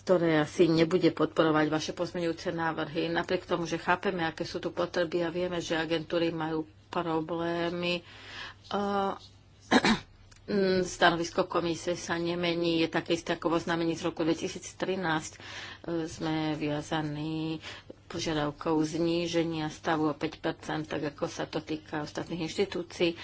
ktoré asi nebude podporovať vaše pozmeňujúce návrhy. Napriek tomu, že chápeme, aké sú tu potreby a vieme, že agentúry majú problémy. E, Mm, stanovisko komisie sa nemení, je také isté ako vo znamení z roku 2013. E, sme viazaní požiadavkou zníženia stavu o 5 tak ako sa to týka ostatných inštitúcií.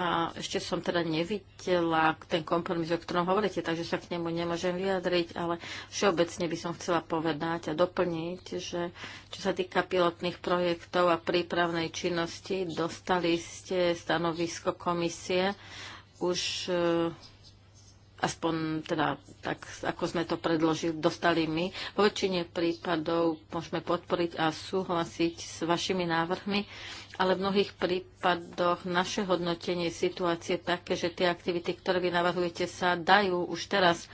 A ešte som teda nevidela ten kompromis, o ktorom hovoríte, takže sa k nemu nemôžem vyjadriť, ale všeobecne by som chcela povedať a doplniť, že čo sa týka pilotných projektov a prípravnej činnosti, dostali ste stanovisko komisie už e, aspoň teda tak, ako sme to predložili, dostali my. Vo väčšine prípadov môžeme podporiť a súhlasiť s vašimi návrhmi, ale v mnohých prípadoch naše hodnotenie situácie je také, že tie aktivity, ktoré vy navrhujete, sa dajú už teraz uh,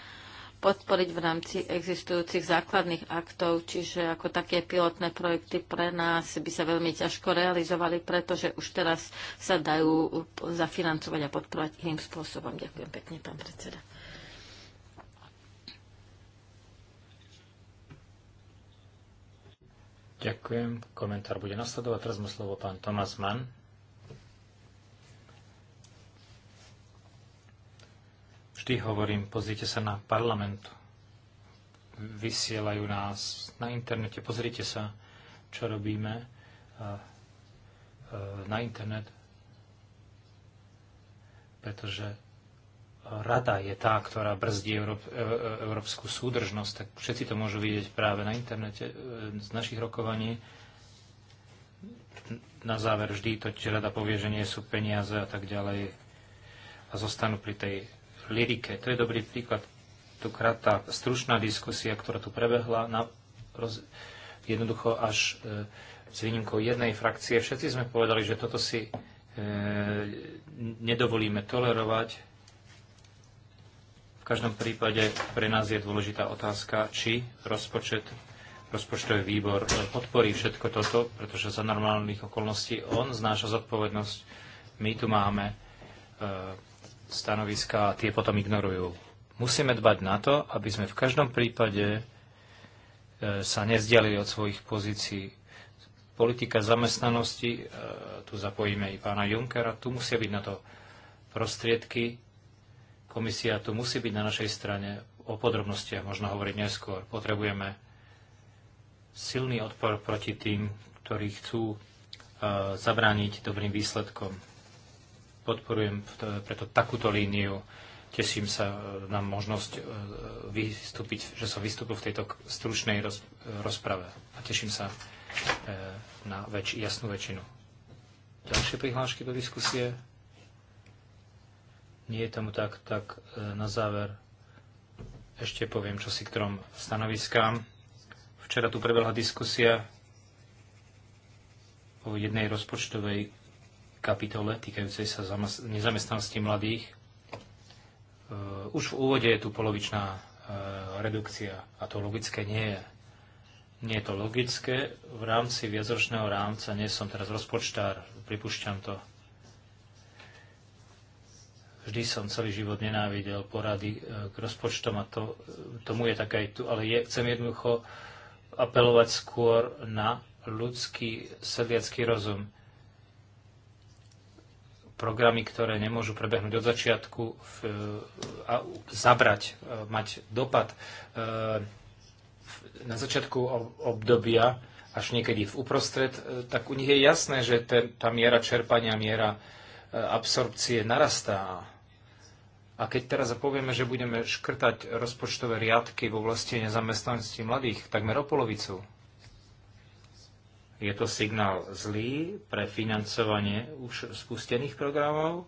podporiť v rámci existujúcich základných aktov, čiže ako také pilotné projekty pre nás by sa veľmi ťažko realizovali, pretože už teraz sa dajú zafinancovať a podporovať iným spôsobom. Ďakujem pekne, pán predseda. Ďakujem. Komentár bude nasledovať. Teraz má slovo pán Tomás Mann. Vždy hovorím, pozrite sa na parlament. Vysielajú nás na internete, pozrite sa, čo robíme na internet, pretože rada je tá, ktorá brzdí e, e, európsku súdržnosť, tak všetci to môžu vidieť práve na internete e, z našich rokovaní. Na záver vždy to, či rada povie, že nie sú peniaze a tak ďalej a zostanú pri tej lirike. To je dobrý príklad. Tukrát tá stručná diskusia, ktorá tu prebehla, na, roz, jednoducho až e, s výnimkou jednej frakcie, všetci sme povedali, že toto si e, nedovolíme tolerovať. V každom prípade pre nás je dôležitá otázka, či rozpočet rozpočtový výbor e, podporí všetko toto, pretože za normálnych okolností on znáša zodpovednosť. My tu máme e, stanoviska a tie potom ignorujú. Musíme dbať na to, aby sme v každom prípade e, sa nezdialili od svojich pozícií. Politika zamestnanosti, e, tu zapojíme i pána Junkera, tu musia byť na to prostriedky. Komisia tu musí byť na našej strane. O podrobnostiach možno hovoriť neskôr. Potrebujeme silný odpor proti tým, ktorí chcú e, zabrániť dobrým výsledkom. Podporujem preto takúto líniu. Teším sa e, na možnosť e, vystúpiť, že som vystúpil v tejto stručnej rozprave. A teším sa e, na väč, jasnú väčšinu. Ďalšie prihlášky do diskusie? Nie je tomu tak, tak na záver ešte poviem, čo si k stanoviskám. Včera tu prebehla diskusia o jednej rozpočtovej kapitole týkajúcej sa nezamestnanosti mladých. E, už v úvode je tu polovičná e, redukcia a to logické nie je. Nie je to logické. V rámci viacročného rámca, nie som teraz rozpočtár, pripúšťam to. Vždy som celý život nenávidel porady e, k rozpočtom a to, tomu je tak aj tu, ale je, chcem jednoducho apelovať skôr na ľudský sedliacký rozum programy, ktoré nemôžu prebehnúť od začiatku v, a zabrať, e, mať dopad e, na začiatku obdobia až niekedy v uprostred, e, tak u nich je jasné, že tá miera čerpania, miera absorpcie narastá. A keď teraz povieme, že budeme škrtať rozpočtové riadky v oblasti nezamestnanosti mladých takmer o polovicu, je to signál zlý pre financovanie už spustených programov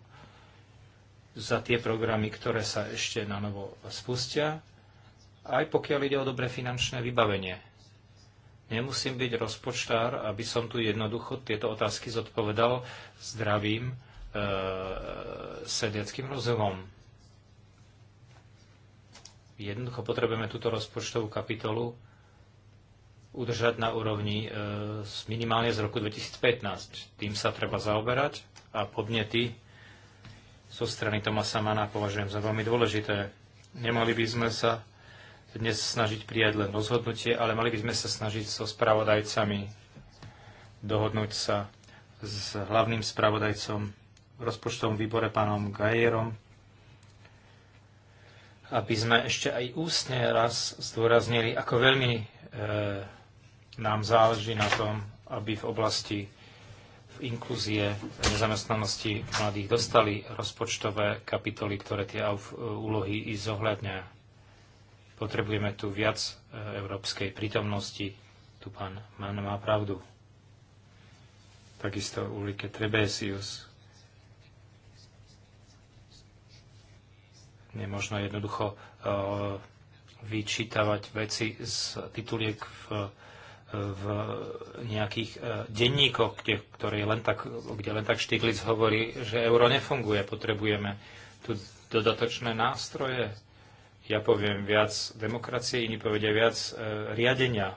za tie programy, ktoré sa ešte na novo spustia, aj pokiaľ ide o dobre finančné vybavenie. Nemusím byť rozpočtár, aby som tu jednoducho tieto otázky zodpovedal zdravým e, sediackým rozumom. Jednoducho potrebujeme túto rozpočtovú kapitolu udržať na úrovni e, minimálne z roku 2015. Tým sa treba zaoberať a podnety zo strany Tomasa Mana považujem za veľmi dôležité. Nemali by sme sa dnes snažiť prijať len rozhodnutie, ale mali by sme sa snažiť so spravodajcami dohodnúť sa s hlavným spravodajcom v rozpočtovom výbore pánom Gajerom, aby sme ešte aj ústne raz zdôraznili, ako veľmi e, nám záleží na tom, aby v oblasti v inkluzie a nezamestnanosti mladých dostali rozpočtové kapitoly, ktoré tie úlohy i zohľadňa. Potrebujeme tu viac e, európskej prítomnosti. Tu pán Mann má pravdu. Takisto Ulrike Trebesius. Nemožno jednoducho e, vyčítavať veci z tituliek v v nejakých e, denníkoch, kde, ktoré len tak, kde len tak Štiglic hovorí, že euro nefunguje, potrebujeme tu dodatočné nástroje. Ja poviem viac demokracie, iní povedia viac e, riadenia.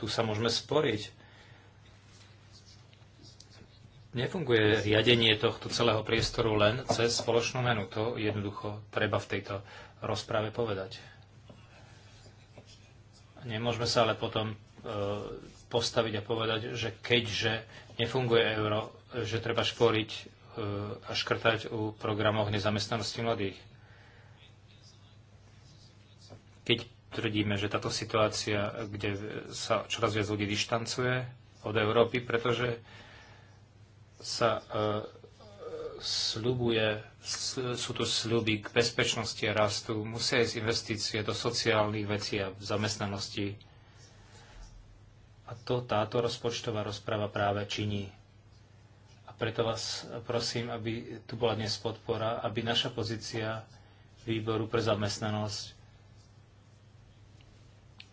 Tu sa môžeme sporiť. Nefunguje riadenie tohto celého priestoru len cez spoločnú menu. To jednoducho treba v tejto rozprave povedať. Nemôžeme sa ale potom E, postaviť a povedať, že keďže nefunguje euro, že treba školiť e, a škrtať u programoch nezamestnanosti mladých. Keď tvrdíme, že táto situácia, kde sa čoraz viac ľudí dištancuje od Európy, pretože sa e, slubuje, sú tu sľuby k bezpečnosti a rastu, musia ísť investície do sociálnych vecí a v zamestnanosti to táto rozpočtová rozprava práve činí. A preto vás prosím, aby tu bola dnes podpora, aby naša pozícia výboru pre zamestnanosť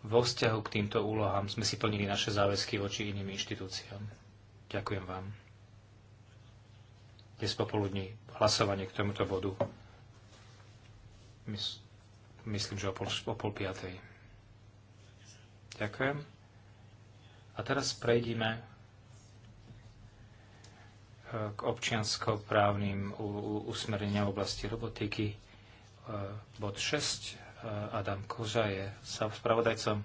vo vzťahu k týmto úlohám sme si plnili naše záväzky voči iným inštitúciám. Ďakujem vám. Dnes popoludní hlasovanie k tomuto bodu. Myslím, že o pol, o pol piatej. Ďakujem. A teraz prejdime e, k občiansko-právnym usmerenia v oblasti robotiky. E, bod 6. E, Adam Koža je sám spravodajcom,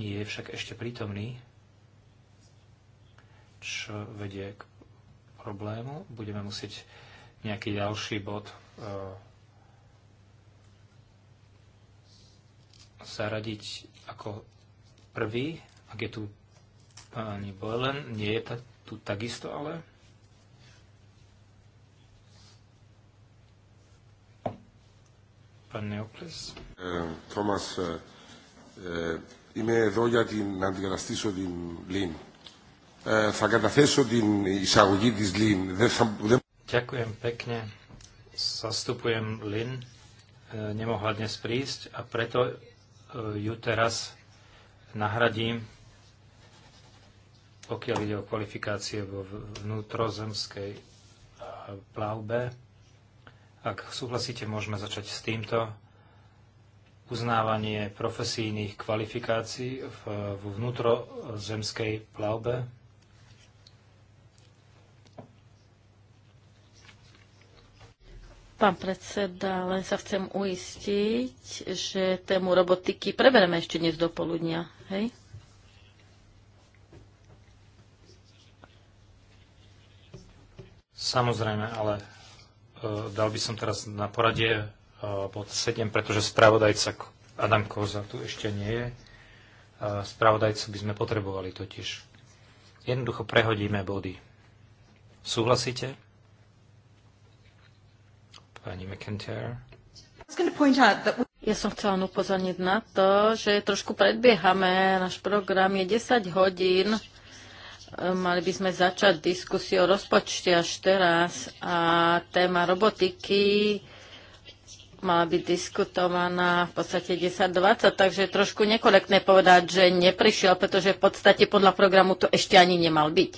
nie je však ešte prítomný, čo vedie k problému. Budeme musieť nejaký ďalší bod zaradiť ako prvý, ak je tu Pani Boelen nie je ta, tu takisto ale? Pán Neokles. Tomas, είμαι εδώ για την, να αντικαταστήσω την Λίν. Ε, θα καταθέσω την εισαγωγή της Λίν. Δεν θα, δεν... Ďakujem pekne. Zastupujem Lin. Eh, nemohla dnes prísť a preto eh, ju teraz nahradím pokiaľ ide o kvalifikácie vo vnútrozemskej plavbe. Ak súhlasíte, môžeme začať s týmto. Uznávanie profesijných kvalifikácií v vnútrozemskej plavbe. Pán predseda, len sa chcem uistiť, že tému robotiky prebereme ešte dnes do poludnia. Hej? Samozrejme, ale uh, dal by som teraz na poradie uh, bod 7, pretože spravodajca Adam Koza tu ešte nie je. Uh, spravodajcu by sme potrebovali totiž. Jednoducho prehodíme body. Súhlasíte? Pani McIntyre. Ja som chcela upozorniť na to, že trošku predbiehame. Náš program je 10 hodín Mali by sme začať diskusiu o rozpočte až teraz a téma robotiky mala byť diskutovaná v podstate 10.20, takže je trošku nekorektné povedať, že neprišiel, pretože v podstate podľa programu to ešte ani nemal byť.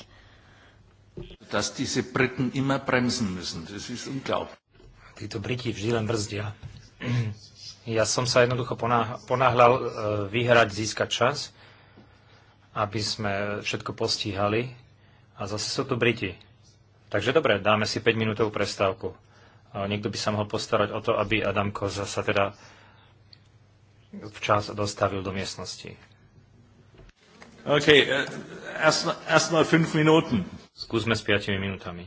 Títo Briti vždy len brzdia. Ja som sa jednoducho ponáhľal e, vyhrať, získať čas aby sme všetko postíhali. A zase sú tu Briti. Takže dobre, dáme si 5-minútovú prestávku. Niekto by sa mohol postarať o to, aby Adam Koza sa teda včas dostavil do miestnosti. OK, eh, erst, erst mal 5 Skúsme s 5 minútami.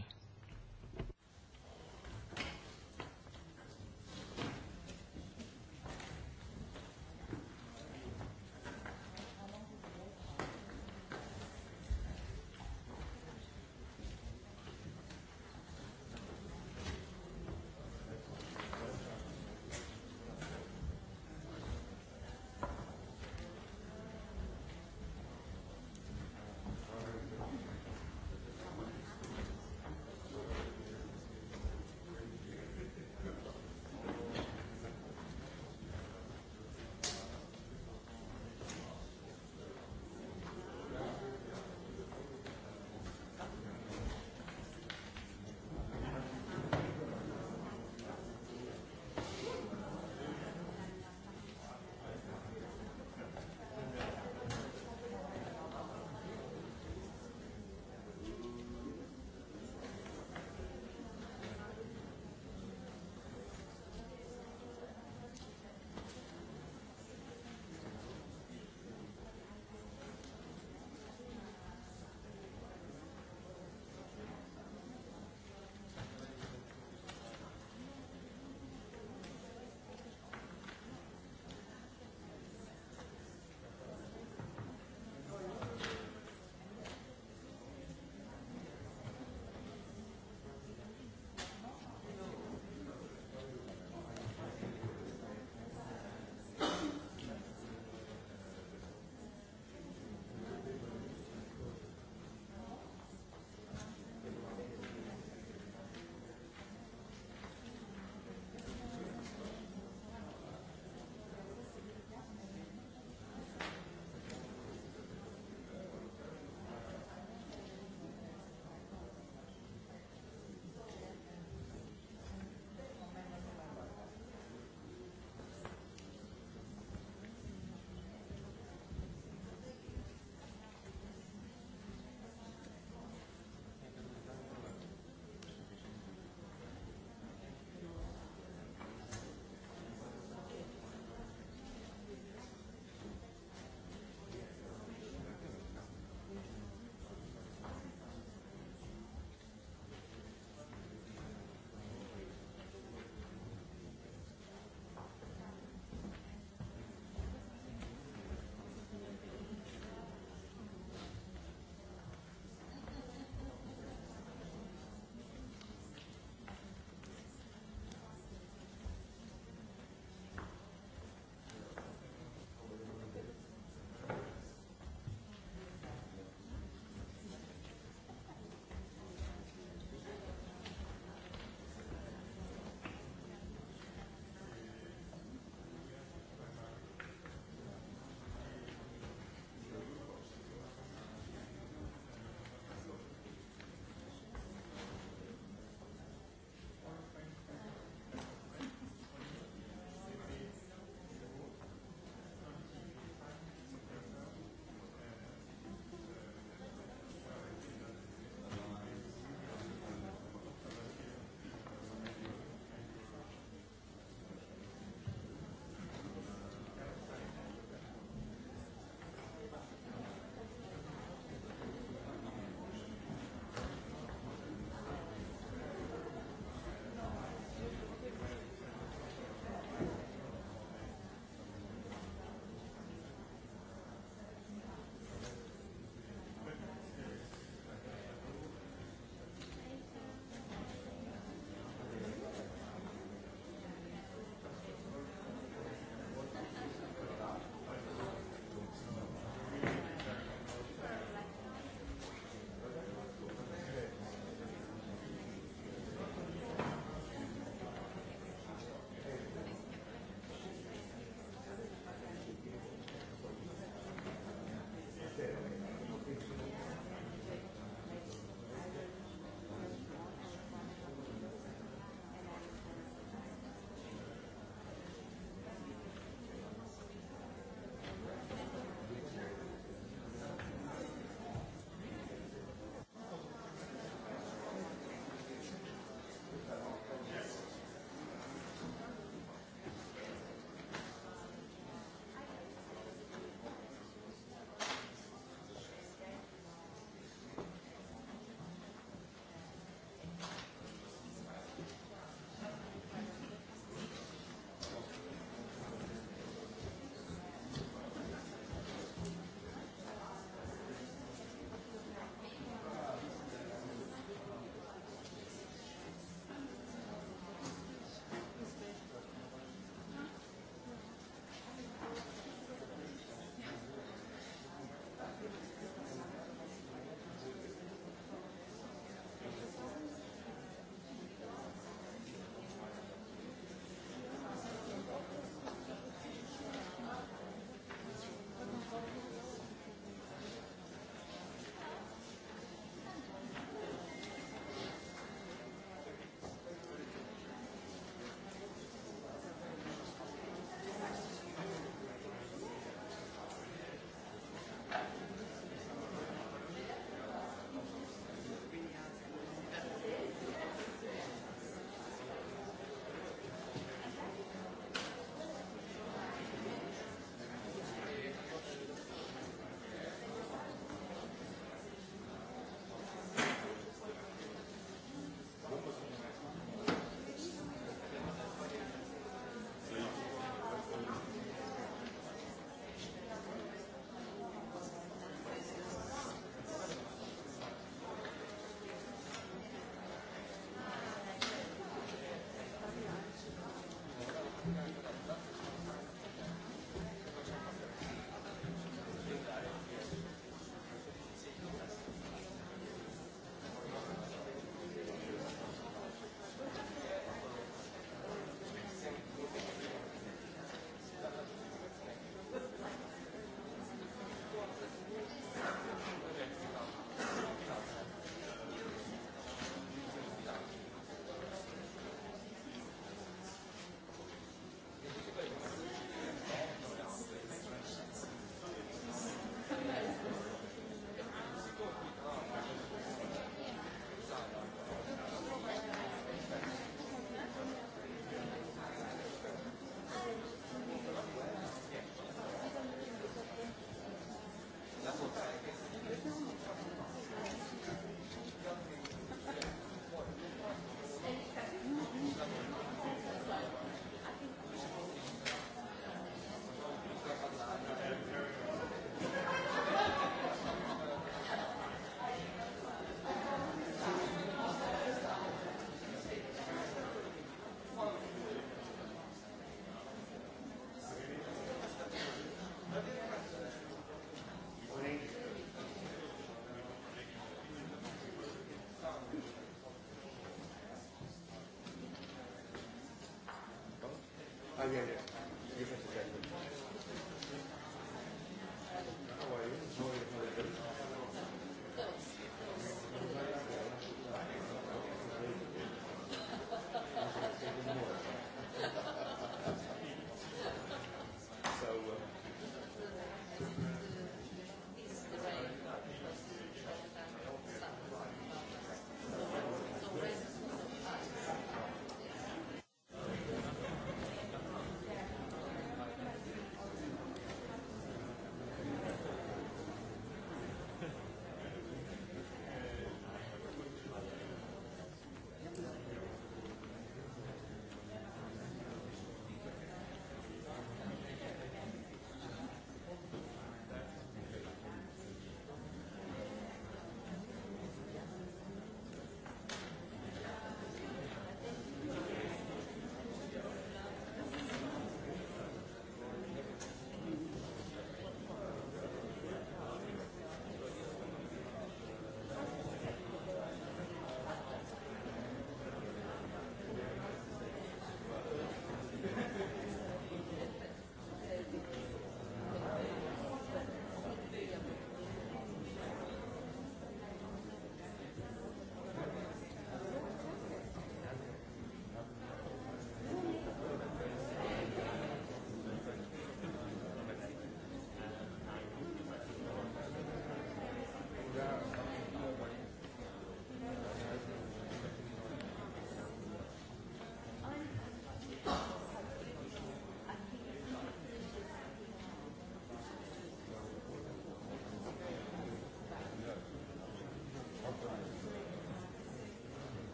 yeah, yeah.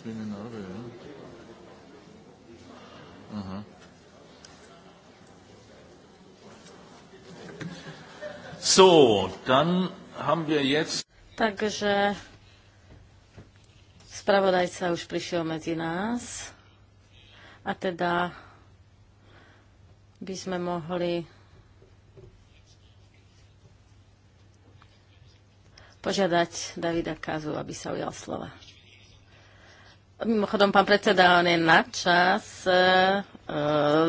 schwingen habe, ja. Aha. So, dann haben wir jetzt... Takže spravodajca už prišiel medzi nás a teda by sme mohli požiadať Davida Kazu, aby sa ujal slova. Mimochodom, pán predseda, on je na čas. E,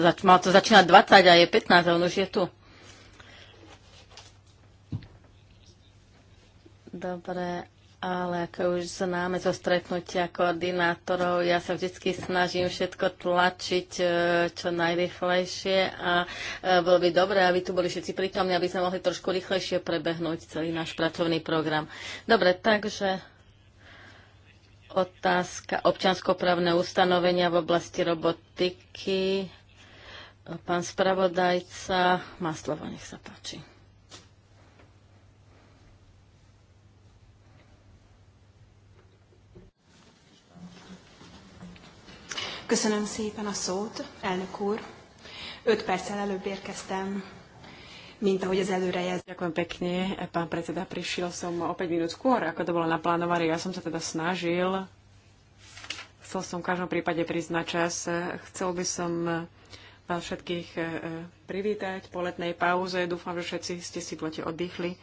e mal to začínať 20 a je 15 a on už je tu. Dobre, ale ako už známe zo stretnutia koordinátorov, ja sa vždy snažím všetko tlačiť e, čo najrychlejšie a e, bolo by dobré, aby tu boli všetci prítomní, aby sme mohli trošku rýchlejšie prebehnúť celý náš pracovný program. Dobre, takže Otázka občanskoprávne ustanovenia v oblasti robotiky. Pán spravodajca, má slovo, nech sa páči. Köszönöm szépen a szót, elnök úr. Öt perccel előbb érkeztem mint ahogy az előre Ďakujem pekne, pán predseda, prišiel som o 5 minút skôr, ako to bolo naplánované. Ja som sa teda snažil. Chcel som v každom prípade prísť na čas. Chcel by som vás všetkých eh, privítať po letnej pauze. Dúfam, že všetci ste si v lete oddychli.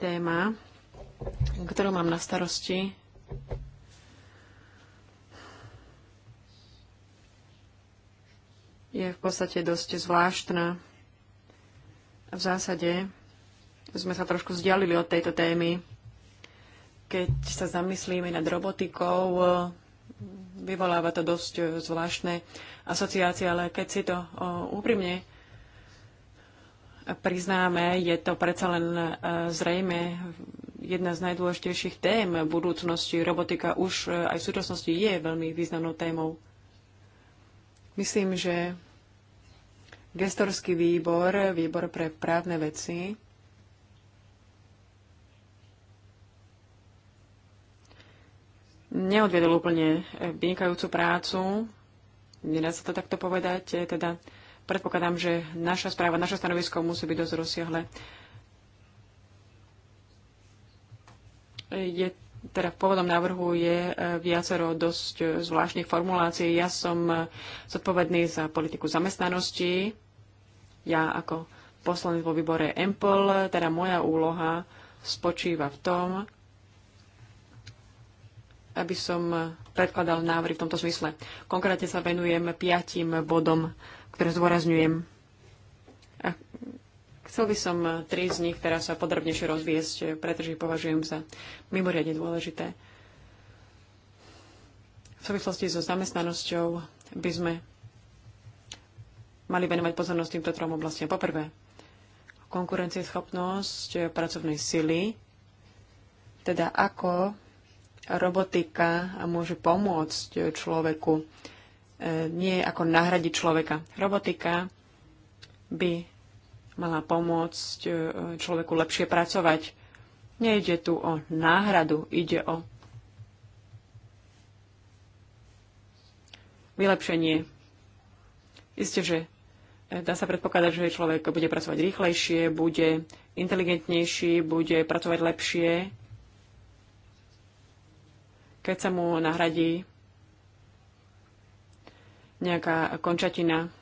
Téma, ktorú mám na starosti, je v podstate dosť zvláštna. V zásade sme sa trošku vzdialili od tejto témy. Keď sa zamyslíme nad robotikou, vyvoláva to dosť zvláštne asociácie, ale keď si to úprimne priznáme, je to predsa len e, zrejme jedna z najdôležitejších tém budúcnosti. Robotika už e, aj v súčasnosti je veľmi významnou témou. Myslím, že Gestorský výbor, výbor pre právne veci, neodvedol úplne vynikajúcu prácu. Nedá sa to takto povedať. Teda predpokladám, že naša správa, naše stanovisko musí byť dosť rozsiahle. Je, teda v pôvodnom návrhu je e, viacero dosť zvláštnych formulácií. Ja som e, zodpovedný za politiku zamestnanosti ja ako poslanec vo výbore EMPOL, teda moja úloha spočíva v tom, aby som predkladal návrhy v tomto zmysle. Konkrétne sa venujem piatim bodom, ktoré zdôrazňujem. A chcel by som tri z nich teraz sa podrobnejšie rozviesť, pretože ich považujem za mimoriadne dôležité. V súvislosti so zamestnanosťou by sme mali venovať pozornosť týmto trom oblastiam. Poprvé, konkurencieschopnosť pracovnej sily, teda ako robotika môže pomôcť človeku, e, nie ako nahradiť človeka. Robotika by mala pomôcť e, človeku lepšie pracovať. Nejde tu o náhradu, ide o vylepšenie. Isté, že Dá sa predpokladať, že človek bude pracovať rýchlejšie, bude inteligentnejší, bude pracovať lepšie, keď sa mu nahradí nejaká končatina,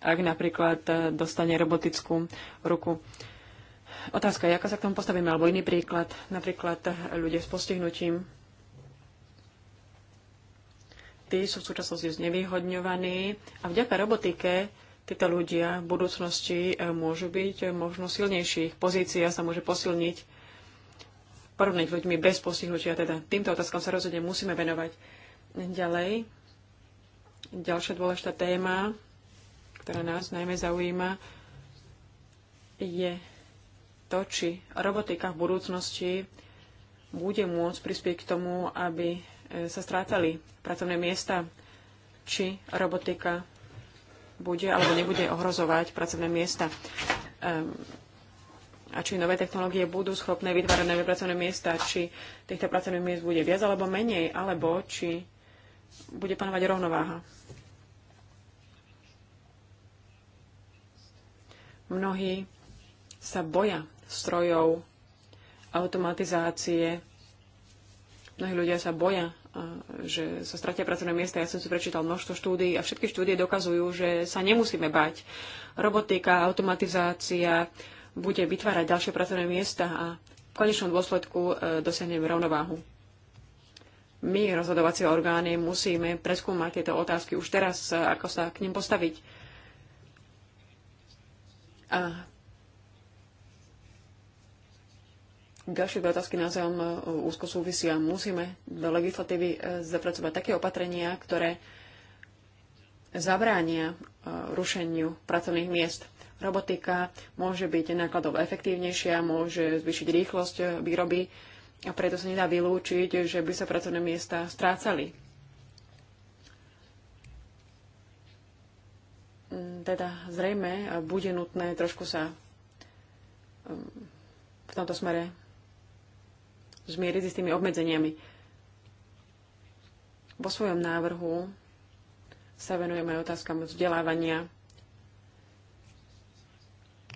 ak napríklad dostane robotickú ruku. Otázka je, ako sa k tomu postavíme, alebo iný príklad, napríklad ľudia s postihnutím. Tí sú v súčasnosti znevýhodňovaní a vďaka robotike títo ľudia v budúcnosti e, môžu byť e, možno silnejší. Ich pozícia sa môže posilniť porovnať ľuďmi bez postihnutia. Teda týmto otázkam sa rozhodne musíme venovať. Ďalej, ďalšia dôležitá téma, ktorá nás najmä zaujíma, je to, či robotika v budúcnosti bude môcť prispieť k tomu, aby e, sa strátali pracovné miesta, či robotika bude alebo nebude ohrozovať pracovné miesta. Ehm, a či nové technológie budú schopné vytvárať nové pracovné miesta, či týchto pracovných miest bude viac alebo menej, alebo či bude panovať rovnováha. Mnohí sa boja strojov, automatizácie. Mnohí ľudia sa boja že sa stratia pracovné miesta. Ja som si prečítal množstvo štúdií a všetky štúdie dokazujú, že sa nemusíme bať. Robotika, automatizácia bude vytvárať ďalšie pracovné miesta a v konečnom dôsledku e, dosiahneme rovnováhu. My, rozhodovacie orgány, musíme preskúmať tieto otázky už teraz, e, ako sa k nim postaviť. A Ďalšie dve otázky navzájom e, úzko súvisia. Musíme do legislatívy e, zapracovať také opatrenia, ktoré zabránia e, rušeniu pracovných miest. Robotika môže byť nákladov efektívnejšia, môže zvýšiť rýchlosť výroby a preto sa nedá vylúčiť, že by sa pracovné miesta strácali. Mm, teda zrejme bude nutné trošku sa v tomto smere zmieriť s tými obmedzeniami. Vo svojom návrhu sa venujeme otázkam vzdelávania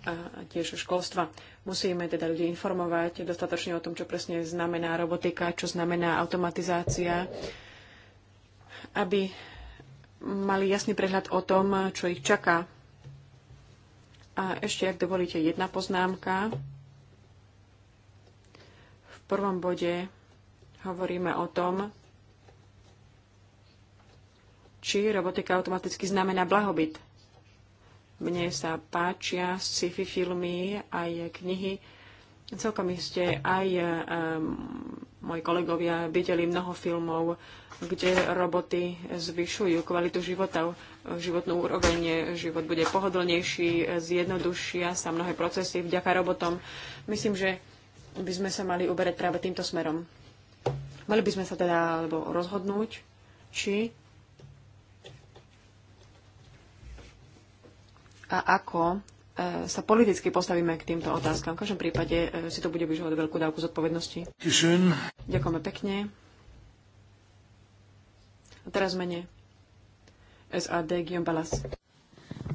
a tiež školstva. Musíme teda ľudí informovať dostatočne o tom, čo presne znamená robotika, čo znamená automatizácia, aby mali jasný prehľad o tom, čo ich čaká. A ešte, ak dovolíte, jedna poznámka prvom bode hovoríme o tom, či robotika automaticky znamená blahobyt. Mne sa páčia sci-fi filmy, aj knihy. Celkom iste aj um, moji kolegovia videli mnoho filmov, kde roboty zvyšujú kvalitu života, životnú úroveň, život bude pohodlnejší, zjednodušia sa mnohé procesy vďaka robotom. Myslím, že by sme sa mali uberať práve týmto smerom. Mali by sme sa teda alebo rozhodnúť, či a ako e, sa politicky postavíme k týmto otázkam. V každom prípade e, si to bude vyžovať veľkú dávku zodpovednosti. Ďakujeme pekne. A teraz mene SAD Guillaume Balas.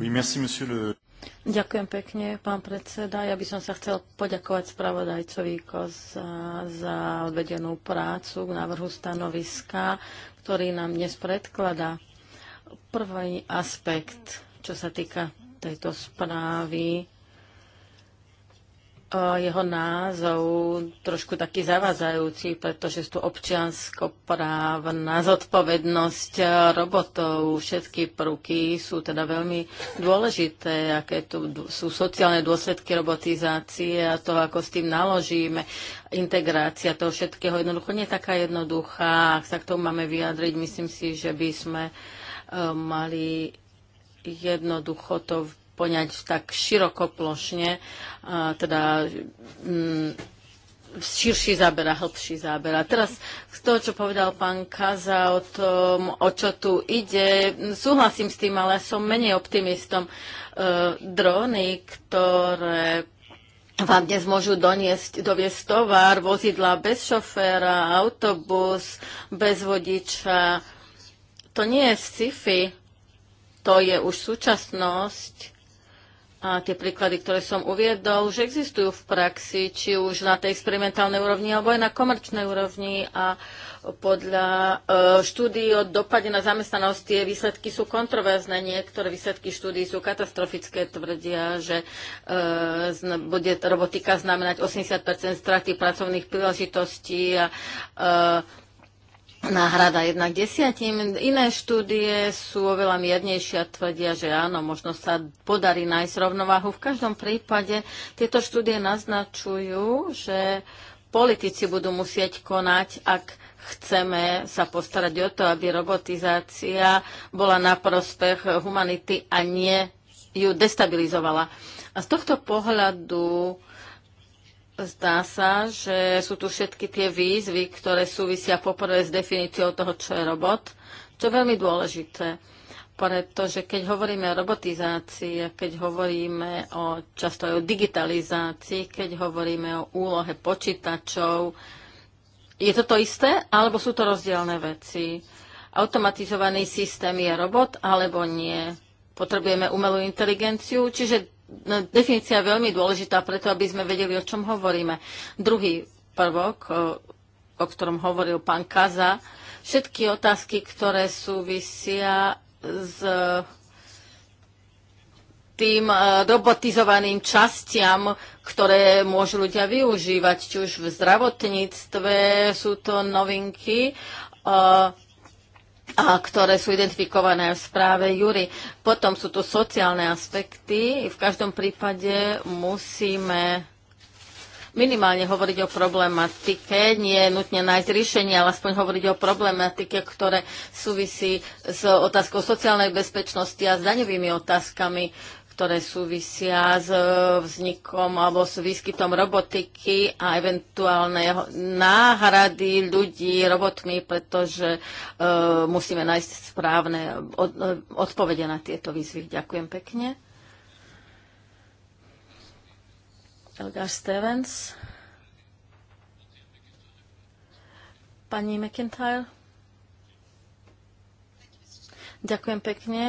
Oui, merci, monsieur le... Ďakujem pekne, pán predseda. Ja by som sa chcel poďakovať spravodajcovi za, za odvedenú prácu k návrhu stanoviska, ktorý nám dnes predkladá. Prvý aspekt, čo sa týka tejto správy, jeho názov trošku taký zavazajúci, pretože sú tu občianskoprávna zodpovednosť robotov. Všetky prvky sú teda veľmi dôležité, aké tu sú sociálne dôsledky robotizácie a to, ako s tým naložíme. Integrácia toho všetkého jednoducho nie je taká jednoduchá. Ak sa k tomu máme vyjadriť, myslím si, že by sme eh, mali jednoducho to poňať tak široko plošne, teda m, mm, širší záber a hĺbší záber. A teraz z toho, čo povedal pán Kaza o tom, o čo tu ide, súhlasím s tým, ale som menej optimistom. E, drony, ktoré vám dnes môžu doniesť, doviesť tovar, vozidla bez šoféra, autobus, bez vodiča. To nie je sci-fi, to je už súčasnosť a tie príklady, ktoré som uviedol, že existujú v praxi, či už na tej experimentálnej úrovni alebo aj na komerčnej úrovni a podľa e, štúdií o dopade na zamestnanosť tie výsledky sú kontroverzné. Niektoré výsledky štúdií sú katastrofické, tvrdia, že e, bude robotika znamenať 80 straty pracovných príležitostí a e, náhrada jednak desiatim. Iné štúdie sú oveľa miernejšie a tvrdia, že áno, možno sa podarí nájsť rovnováhu. V každom prípade tieto štúdie naznačujú, že politici budú musieť konať, ak chceme sa postarať o to, aby robotizácia bola na prospech humanity a nie ju destabilizovala. A z tohto pohľadu Zdá sa, že sú tu všetky tie výzvy, ktoré súvisia poprvé s definíciou toho, čo je robot, čo je veľmi dôležité, pretože keď hovoríme o robotizácii, keď hovoríme o, často aj o digitalizácii, keď hovoríme o úlohe počítačov, je to to isté, alebo sú to rozdielne veci? Automatizovaný systém je robot, alebo nie? Potrebujeme umelú inteligenciu, čiže definícia je veľmi dôležitá preto, aby sme vedeli, o čom hovoríme. Druhý prvok, o, o ktorom hovoril pán Kaza, všetky otázky, ktoré súvisia s e, tým e, robotizovaným častiam, ktoré môžu ľudia využívať, či už v zdravotníctve sú to novinky, e, a ktoré sú identifikované v správe Jury. Potom sú tu sociálne aspekty. V každom prípade musíme minimálne hovoriť o problematike, nie je nutne nájsť riešenie, ale aspoň hovoriť o problematike, ktoré súvisí s otázkou sociálnej bezpečnosti a s daňovými otázkami ktoré súvisia s e, vznikom alebo s výskytom robotiky a eventuálne náhrady ľudí robotmi, pretože e, musíme nájsť správne od, e, odpovede na tieto výzvy. Ďakujem pekne. Elgar Stevens. Pani McIntyre. Ďakujem pekne.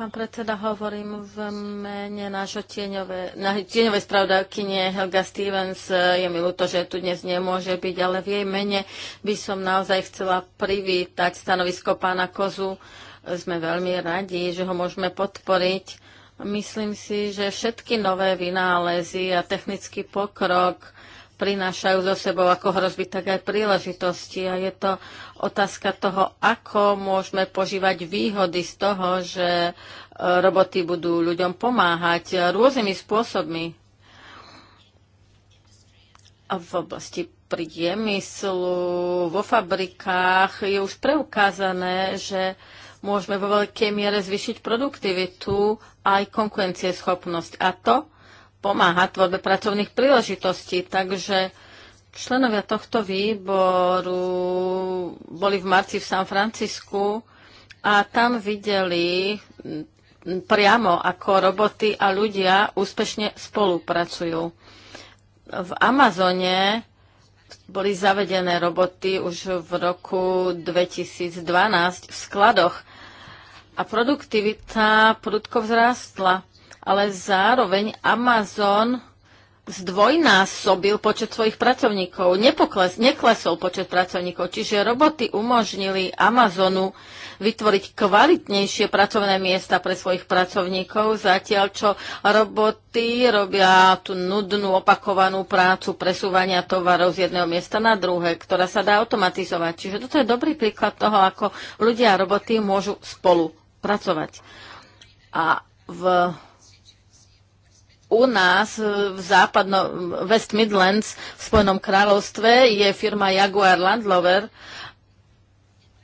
Pán predseda, hovorím v mene nášho tieňové, tieňovej spravodajkyne Helga Stevens. Je mi ľúto, že tu dnes nemôže byť, ale v jej mene by som naozaj chcela privítať stanovisko pána Kozu. Sme veľmi radi, že ho môžeme podporiť. Myslím si, že všetky nové vynálezy a technický pokrok prinášajú so sebou ako hrozby, tak aj príležitosti. A je to otázka toho, ako môžeme požívať výhody z toho, že e, roboty budú ľuďom pomáhať rôznymi spôsobmi v oblasti priemyslu, vo fabrikách je už preukázané, že môžeme vo veľkej miere zvyšiť produktivitu aj konkurencieschopnosť. A to pomáha tvorbe pracovných príležitostí. Takže členovia tohto výboru boli v marci v San Francisku a tam videli priamo, ako roboty a ľudia úspešne spolupracujú. V Amazone boli zavedené roboty už v roku 2012 v skladoch a produktivita prudko vzrástla ale zároveň Amazon zdvojnásobil počet svojich pracovníkov. Nepokles, neklesol počet pracovníkov, čiže roboty umožnili Amazonu vytvoriť kvalitnejšie pracovné miesta pre svojich pracovníkov, zatiaľ čo roboty robia tú nudnú, opakovanú prácu presúvania tovarov z jedného miesta na druhé, ktorá sa dá automatizovať. Čiže toto je dobrý príklad toho, ako ľudia a roboty môžu spolu pracovať. A v u nás e, v západno West Midlands v Spojenom kráľovstve je firma Jaguar Land Rover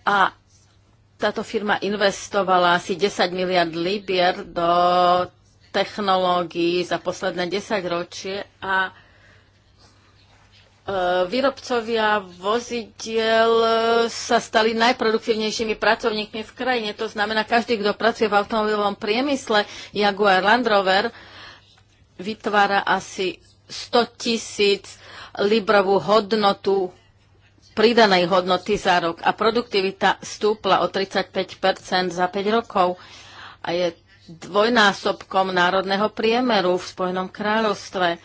a táto firma investovala asi 10 miliard libier do technológií za posledné 10 ročie a e, výrobcovia vozidiel e, sa stali najproduktívnejšími pracovníkmi v krajine. To znamená, každý, kto pracuje v automobilovom priemysle, Jaguar Land Rover, vytvára asi 100 tisíc librovú hodnotu pridanej hodnoty za rok a produktivita stúpla o 35 za 5 rokov a je dvojnásobkom národného priemeru v Spojenom kráľovstve.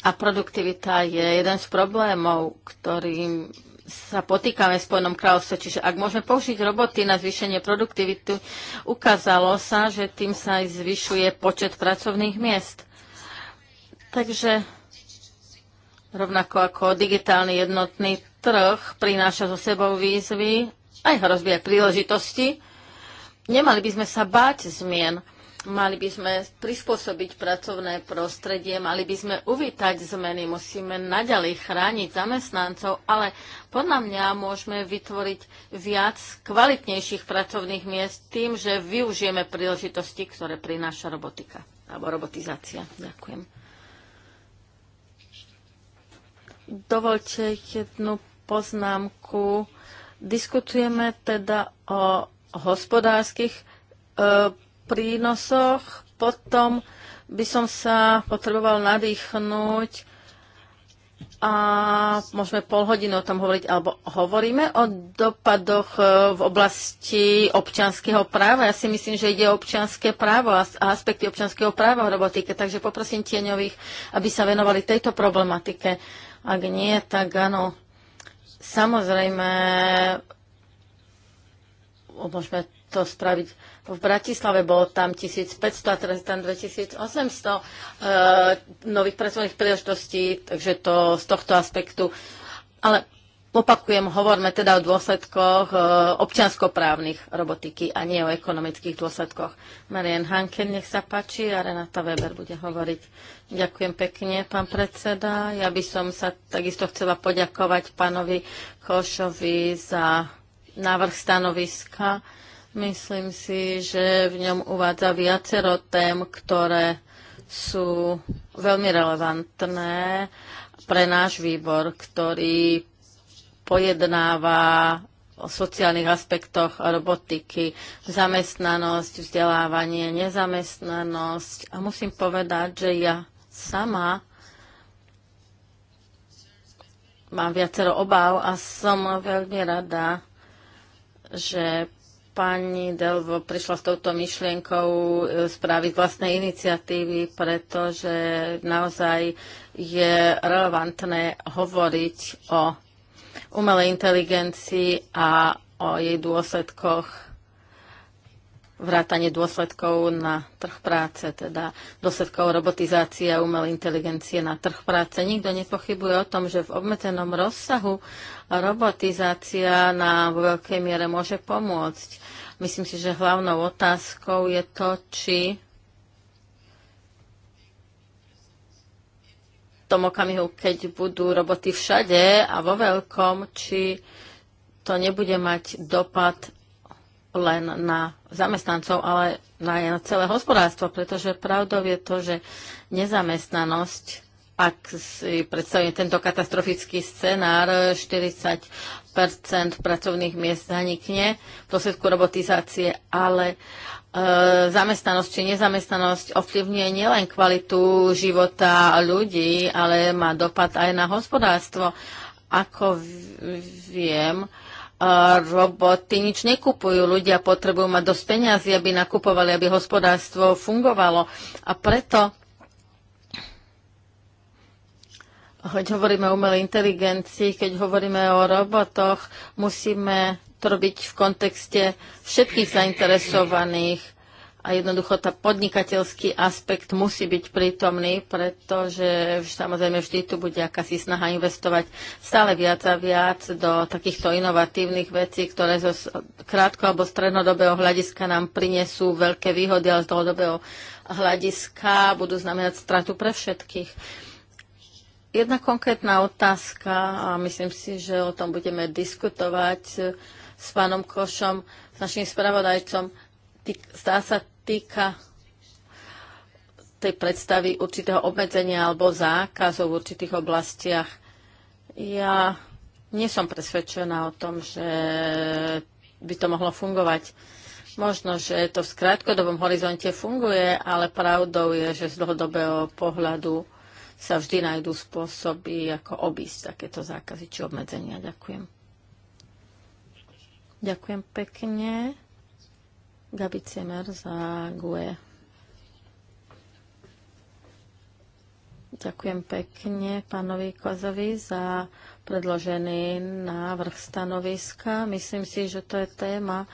A produktivita je jeden z problémov, ktorým sa potýkame v Spojenom kráľovstve, čiže ak môžeme použiť roboty na zvýšenie produktivity, ukázalo sa, že tým sa aj zvyšuje počet pracovných miest. Takže rovnako ako digitálny jednotný trh prináša so sebou výzvy, aj hrozby a príležitosti, nemali by sme sa báť zmien Mali by sme prispôsobiť pracovné prostredie, mali by sme uvítať zmeny, musíme naďalej chrániť zamestnancov, ale podľa mňa môžeme vytvoriť viac kvalitnejších pracovných miest tým, že využijeme príležitosti, ktoré prináša robotika alebo robotizácia. Ďakujem. Dovolte jednu poznámku. Diskutujeme teda o hospodárskych e, prínosoch. Potom by som sa potreboval nadýchnuť. a môžeme pol hodinu o tom hovoriť, alebo hovoríme o dopadoch e, v oblasti občianského práva. Ja si myslím, že ide o občianské právo a aspekty občianského práva v robotike, takže poprosím tieňových, aby sa venovali tejto problematike. Ak nie, tak áno, samozrejme, môžeme to spraviť v Bratislave, bolo tam 1500 a teraz tam 2800 uh, e, nových pracovných príležitostí, takže to z tohto aspektu. Ale opakujem, hovorme teda o dôsledkoch uh, občianskoprávnych robotiky a nie o ekonomických dôsledkoch. Marian Hanken, nech sa páči a Renata Weber bude hovoriť. Ďakujem pekne, pán predseda. Ja by som sa takisto chcela poďakovať pánovi Košovi za návrh stanoviska Myslím si, že v ňom uvádza viacero tém, ktoré sú veľmi relevantné pre náš výbor, ktorý pojednáva o sociálnych aspektoch robotiky, zamestnanosť, vzdelávanie, nezamestnanosť. A musím povedať, že ja sama mám viacero obáv a som veľmi rada, že pani Delvo prišla s touto myšlienkou e, správiť vlastnej iniciatívy, pretože naozaj je relevantné hovoriť o umelej inteligencii a o jej dôsledkoch vrátanie dôsledkov na trh práce, teda dôsledkov robotizácie a umelej inteligencie na trh práce. Nikto nepochybuje o tom, že v obmedzenom rozsahu robotizácia nám v veľkej miere môže pomôcť. Myslím si, že hlavnou otázkou je to, či v tom okamihu, keď budú roboty všade a vo veľkom, či to nebude mať dopad len na zamestnancov, ale na celé hospodárstvo, pretože pravdou je to, že nezamestnanosť ak si predstavím tento katastrofický scenár, 40 pracovných miest zanikne v dôsledku robotizácie, ale e, zamestnanosť či nezamestnanosť ovplyvňuje nielen kvalitu života ľudí, ale má dopad aj na hospodárstvo. Ako viem, e, roboty nič nekupujú. Ľudia potrebujú mať dosť peniazy, aby nakupovali, aby hospodárstvo fungovalo. A preto keď hovoríme o umelej inteligencii, keď hovoríme o robotoch, musíme to robiť v kontexte všetkých zainteresovaných a jednoducho tá podnikateľský aspekt musí byť prítomný, pretože samozrejme vždy tu bude akási snaha investovať stále viac a viac do takýchto inovatívnych vecí, ktoré zo krátko alebo strednodobého hľadiska nám prinesú veľké výhody, ale z dlhodobého hľadiska budú znamenať stratu pre všetkých. Jedna konkrétna otázka, a myslím si, že o tom budeme diskutovať s pánom Košom, s našim spravodajcom, zdá sa týka tej predstavy určitého obmedzenia alebo zákazu v určitých oblastiach. Ja nie som presvedčená o tom, že by to mohlo fungovať. Možno, že to v krátkodobom horizonte funguje, ale pravdou je, že z dlhodobého pohľadu sa vždy nájdú spôsoby, ako obísť takéto zákazy či obmedzenia. Ďakujem. Ďakujem pekne. Gabi Cemer za GUE. Ďakujem pekne pánovi Kozovi za predložený návrh stanoviska. Myslím si, že to je téma,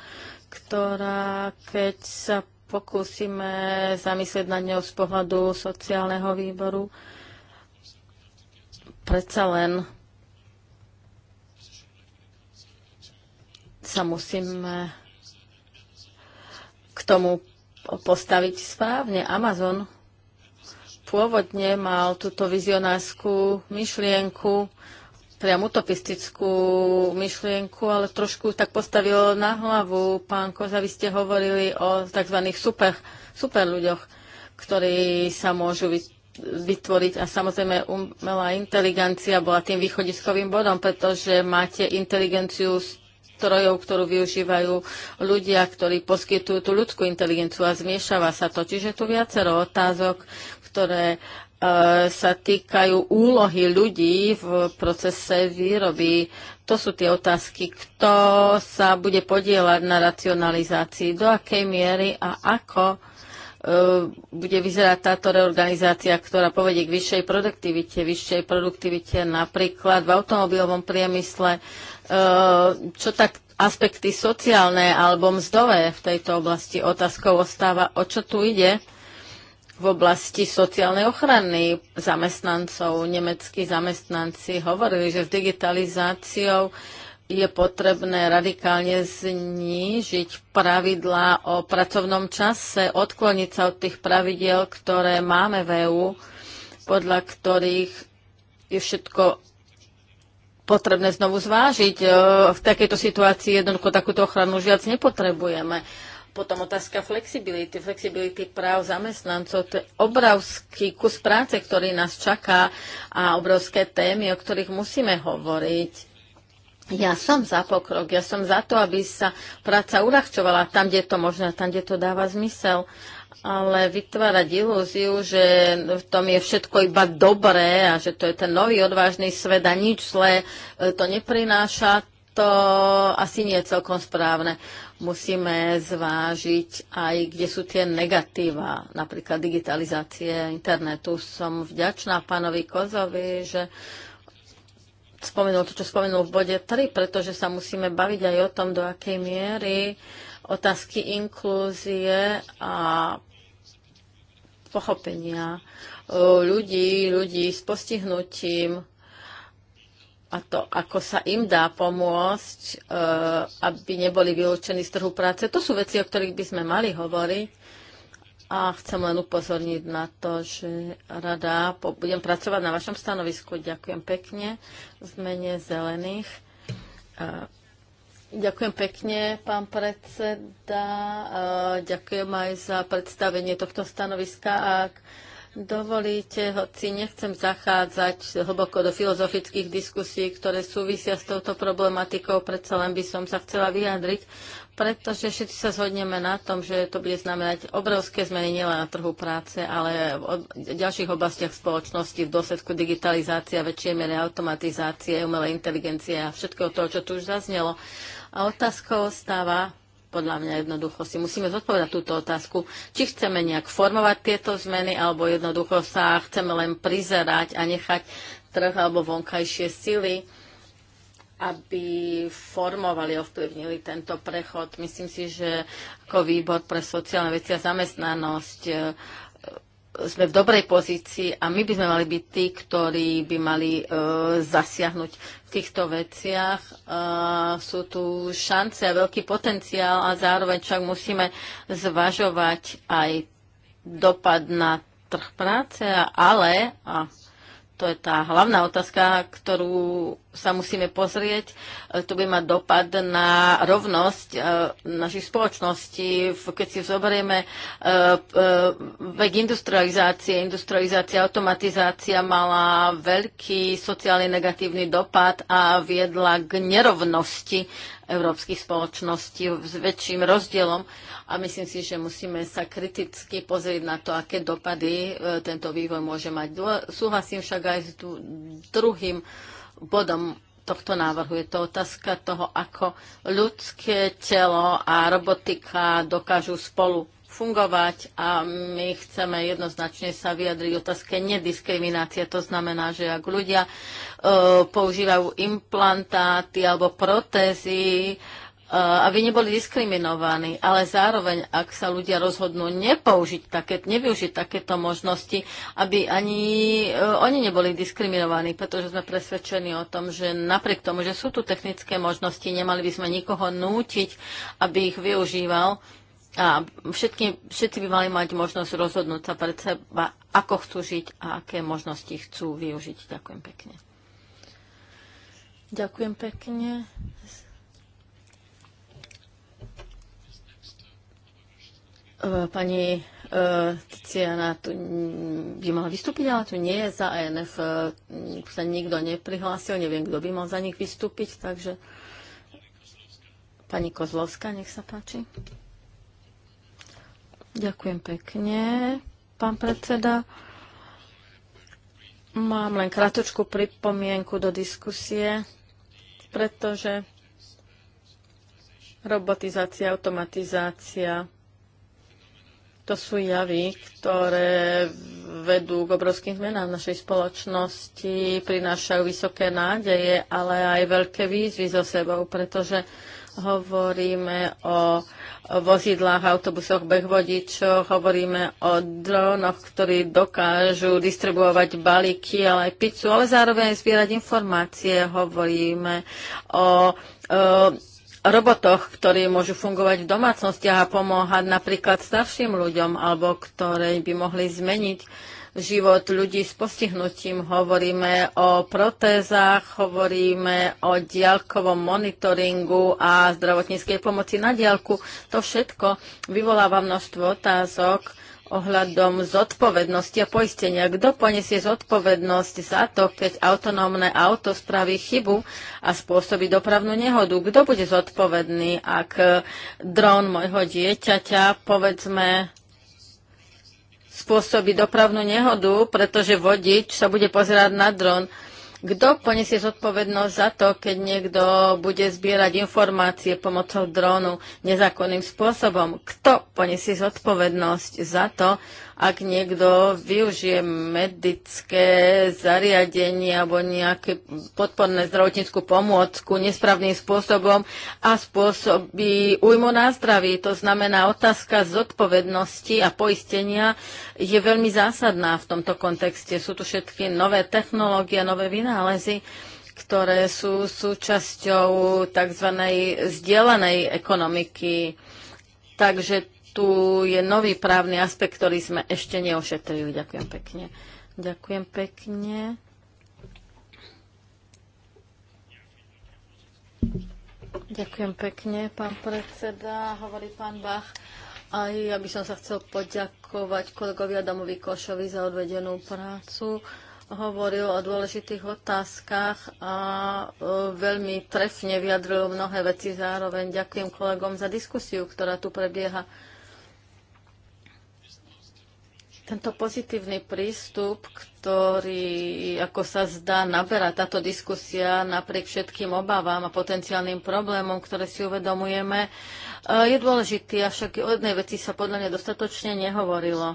ktorá, keď sa pokúsime zamyslieť na ňou z pohľadu sociálneho výboru, predsa len sa musíme k tomu postaviť správne. Amazon pôvodne mal túto vizionárskú myšlienku, priam utopistickú myšlienku, ale trošku tak postavil na hlavu. Pán Koza, vy ste hovorili o tzv. super, super ľuďoch, ktorí sa môžu vytvoriť a samozrejme umelá inteligencia bola tým východiskovým bodom, pretože máte inteligenciu strojov, ktorú využívajú ľudia, ktorí poskytujú tú ľudskú inteligenciu a zmiešava sa to. Čiže tu viacero otázok, ktoré e, sa týkajú úlohy ľudí v procese výroby. To sú tie otázky, kto sa bude podielať na racionalizácii, do akej miery a ako E, bude vyzerať táto reorganizácia, ktorá povedie k vyššej produktivite, vyššej produktivite napríklad v automobilovom priemysle, e, čo tak aspekty sociálne alebo mzdové v tejto oblasti. Otázkou ostáva, o čo tu ide v oblasti sociálnej ochrany zamestnancov. Nemeckí zamestnanci hovorili, že s digitalizáciou je potrebné radikálne znížiť pravidlá o pracovnom čase, odkloniť sa od tých pravidiel, ktoré máme v EÚ, podľa ktorých je všetko potrebné znovu zvážiť. E, v takejto situácii jednoducho takúto ochranu žiac nepotrebujeme. Potom otázka flexibility, flexibility práv zamestnancov. To je obrovský kus práce, ktorý nás čaká a obrovské témy, o ktorých musíme hovoriť ja som za pokrok, ja som za to, aby sa práca uľahčovala tam, kde je to možné, tam, kde to dáva zmysel. Ale vytvárať ilúziu, že v tom je všetko iba dobré a že to je ten nový odvážny svet a nič zlé e, to neprináša, to asi nie je celkom správne. Musíme zvážiť aj, kde sú tie negatíva, napríklad digitalizácie internetu. Som vďačná pánovi Kozovi, že spomenul to, čo spomenul v bode 3, pretože sa musíme baviť aj o tom, do akej miery otázky inklúzie a pochopenia e, ľudí, ľudí s postihnutím a to, ako sa im dá pomôcť, e, aby neboli vylúčení z trhu práce. To sú veci, o ktorých by sme mali hovoriť a chcem len upozorniť na to, že rada budem pracovať na vašom stanovisku. Ďakujem pekne v mene zelených. Ďakujem pekne, pán predseda. Ďakujem aj za predstavenie tohto stanoviska. Ak dovolíte, hoci nechcem zachádzať hlboko do filozofických diskusí, ktoré súvisia s touto problematikou, predsa len by som sa chcela vyjadriť pretože všetci sa zhodneme na tom, že to bude znamenať obrovské zmeny nielen na trhu práce, ale v ďalších oblastiach spoločnosti v dôsledku digitalizácie, väčšej miery automatizácie, umelej inteligencie a všetkého toho, čo tu už zaznelo. A otázkou stáva, podľa mňa jednoducho si musíme zodpovedať túto otázku, či chceme nejak formovať tieto zmeny, alebo jednoducho sa chceme len prizerať a nechať trh alebo vonkajšie sily aby formovali, ovplyvnili tento prechod. Myslím si, že ako výbor pre sociálne veci a zamestnanosť e, sme v dobrej pozícii a my by sme mali byť tí, ktorí by mali e, zasiahnuť v týchto veciach. E, sú tu šance a veľký potenciál a zároveň však musíme zvažovať aj dopad na trh práce, ale, a to je tá hlavná otázka, ktorú sa musíme pozrieť. E, to by mať dopad na rovnosť e, našich spoločností. Keď si zoberieme e, vek industrializácie, industrializácia, automatizácia mala veľký sociálny negatívny dopad a viedla k nerovnosti európskych spoločností s väčším rozdielom a myslím si, že musíme sa kriticky pozrieť na to, aké dopady e, tento vývoj môže mať. Súhlasím však aj s druhým bodom tohto návrhu. Je to otázka toho, ako ľudské telo a robotika dokážu spolu fungovať a my chceme jednoznačne sa vyjadriť otázke nediskriminácie. To znamená, že ak ľudia e, používajú implantáty alebo protézy, e, aby neboli diskriminovaní, ale zároveň, ak sa ľudia rozhodnú nepoužiť také, nevyužiť takéto možnosti, aby ani e, oni neboli diskriminovaní, pretože sme presvedčení o tom, že napriek tomu, že sú tu technické možnosti, nemali by sme nikoho nútiť, aby ich využíval, a všetky, všetci by mali mať možnosť rozhodnúť sa pred seba, ako chcú žiť a aké možnosti chcú využiť. Ďakujem pekne. Ďakujem pekne. E, pani uh, e, Ticiana tu by mala vystúpiť, ale tu nie je za ANF e Uh, sa nikto neprihlásil, neviem, kto by mal za nich vystúpiť, takže pani Kozlovská, nech sa páči. Ďakujem pekne, pán predseda. Mám len krátku pripomienku do diskusie, pretože robotizácia, automatizácia, to sú javy, ktoré vedú k obrovským zmenám v našej spoločnosti, prinášajú vysoké nádeje, ale aj veľké výzvy so sebou, pretože hovoríme o vozidlách, autobusoch, behvodičoch, hovoríme o dronoch, ktorí dokážu distribuovať balíky, ale aj pizzu, ale zároveň zbierať informácie, hovoríme o, o robotoch, ktorí môžu fungovať v domácnostiach a pomáhať napríklad starším ľuďom, alebo ktoré by mohli zmeniť život ľudí s postihnutím. Hovoríme o protézach, hovoríme o diaľkovom monitoringu a zdravotníckej pomoci na diaľku. To všetko vyvoláva množstvo otázok ohľadom zodpovednosti a poistenia. Kto poniesie zodpovednosť za to, keď autonómne auto spraví chybu a spôsobí dopravnú nehodu? Kto bude zodpovedný, ak dron môjho dieťaťa, povedzme, spôsobí dopravnú nehodu, pretože vodič sa bude pozerať na dron. Kto poniesie zodpovednosť za to, keď niekto bude zbierať informácie pomocou drónu nezákonným spôsobom? Kto poniesie zodpovednosť za to, ak niekto využije medické zariadenie alebo nejaké podporné zdravotníckú pomôcku nesprávnym spôsobom a spôsobí újmu na zdraví? To znamená, otázka zodpovednosti a poistenia je veľmi zásadná v tomto kontexte. Sú tu všetky nové technológie, nové vynálezy vynálezy, ktoré sú súčasťou tzv. zdieľanej ekonomiky. Takže tu je nový právny aspekt, ktorý sme ešte neošetrili. Ďakujem pekne. Ďakujem pekne. Ďakujem pekne, pán predseda, hovorí pán Bach. a ja by som sa chcel poďakovať kolegovi Adamovi Košovi za odvedenú prácu hovoril o dôležitých otázkach a e, veľmi trefne vyjadril mnohé veci zároveň. Ďakujem kolegom za diskusiu, ktorá tu prebieha. Tento pozitívny prístup, ktorý, ako sa zdá, naberá táto diskusia napriek všetkým obavám a potenciálnym problémom, ktoré si uvedomujeme, e, je dôležitý, avšak o jednej veci sa podľa mňa dostatočne nehovorilo.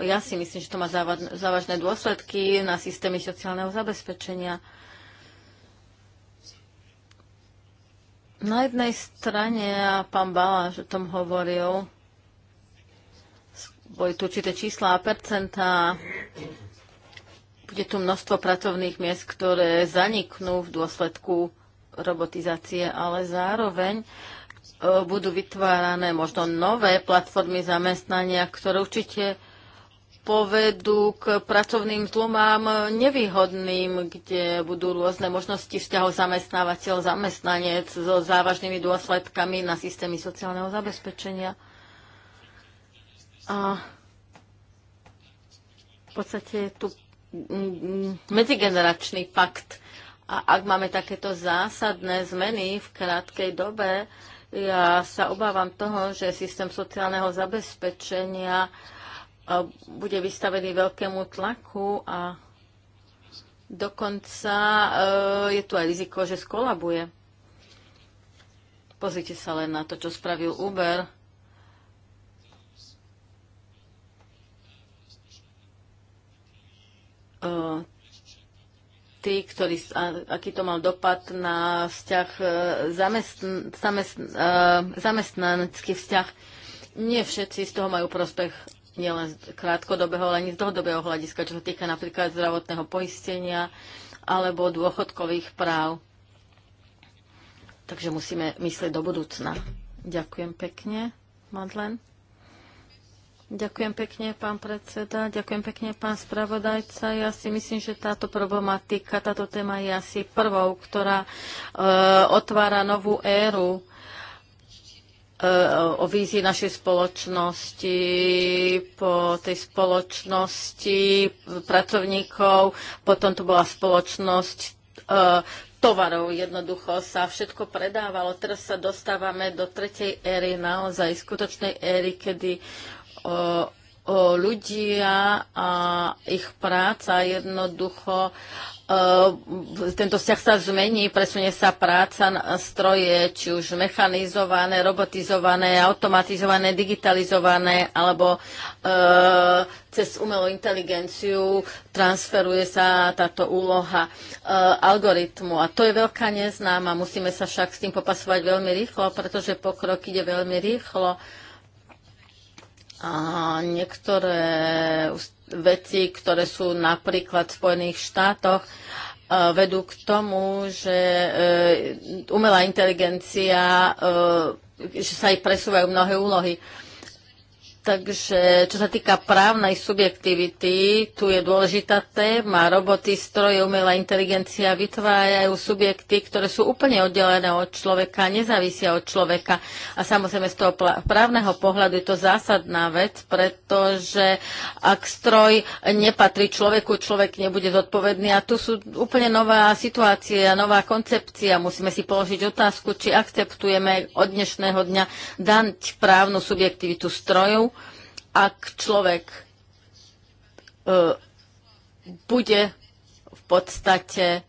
Ja si myslím, že to má závažné dôsledky na systémy sociálneho zabezpečenia. Na jednej strane, a pán Baláš o tom hovoril, boli tu určité čísla a percentá, bude tu množstvo pracovných miest, ktoré zaniknú v dôsledku robotizácie, ale zároveň e, budú vytvárané možno nové platformy zamestnania, ktoré určite povedú k pracovným zlomám nevýhodným, kde budú rôzne možnosti vzťahov zamestnávateľ, zamestnanec so závažnými dôsledkami na systémy sociálneho zabezpečenia. A v podstate je tu medzigeneračný pakt. A ak máme takéto zásadné zmeny v krátkej dobe, ja sa obávam toho, že systém sociálneho zabezpečenia bude vystavený veľkému tlaku a dokonca e, je tu aj riziko, že skolabuje. Pozrite sa len na to, čo spravil Uber. E, tí, ktorí, aký to mal dopad na vzťah e, zamestn, zamestn, zamestnanecký vzťah. Nie všetci z toho majú prospech nielen z krátkodobého, ale ani z dlhodobého hľadiska, čo sa týka napríklad zdravotného poistenia alebo dôchodkových práv. Takže musíme myslieť do budúcna. Ďakujem pekne, Madlen. Ďakujem pekne, pán predseda, ďakujem pekne, pán spravodajca. Ja si myslím, že táto problematika, táto téma je asi prvou, ktorá e, otvára novú éru E, o vízii našej spoločnosti, po tej spoločnosti pracovníkov, potom to bola spoločnosť e, tovarov. Jednoducho sa všetko predávalo. Teraz sa dostávame do tretej éry, naozaj skutočnej éry, kedy o, o ľudia a ich práca jednoducho Ehm, tento vzťah sa zmení, presunie sa práca na stroje, či už mechanizované, robotizované, automatizované, digitalizované, alebo uh, cez umelú inteligenciu transferuje sa táto úloha uh, algoritmu. A to je veľká neznáma. Musíme sa však s tým popasovať veľmi rýchlo, pretože pokrok ide veľmi rýchlo. A niektoré veci, ktoré sú napríklad v Spojených štátoch, e, vedú k tomu, že e, umelá inteligencia, e, že sa aj presúvajú mnohé úlohy. Takže čo sa týka právnej subjektivity, tu je dôležitá téma. Roboty, stroje, umelá inteligencia vytvárajú subjekty, ktoré sú úplne oddelené od človeka, nezávisia od človeka. A samozrejme z toho právneho pohľadu je to zásadná vec, pretože ak stroj nepatrí človeku, človek nebude zodpovedný. A tu sú úplne nová situácia, nová koncepcia. Musíme si položiť otázku, či akceptujeme od dnešného dňa dať právnu subjektivitu strojov ak človek e, bude v podstate e,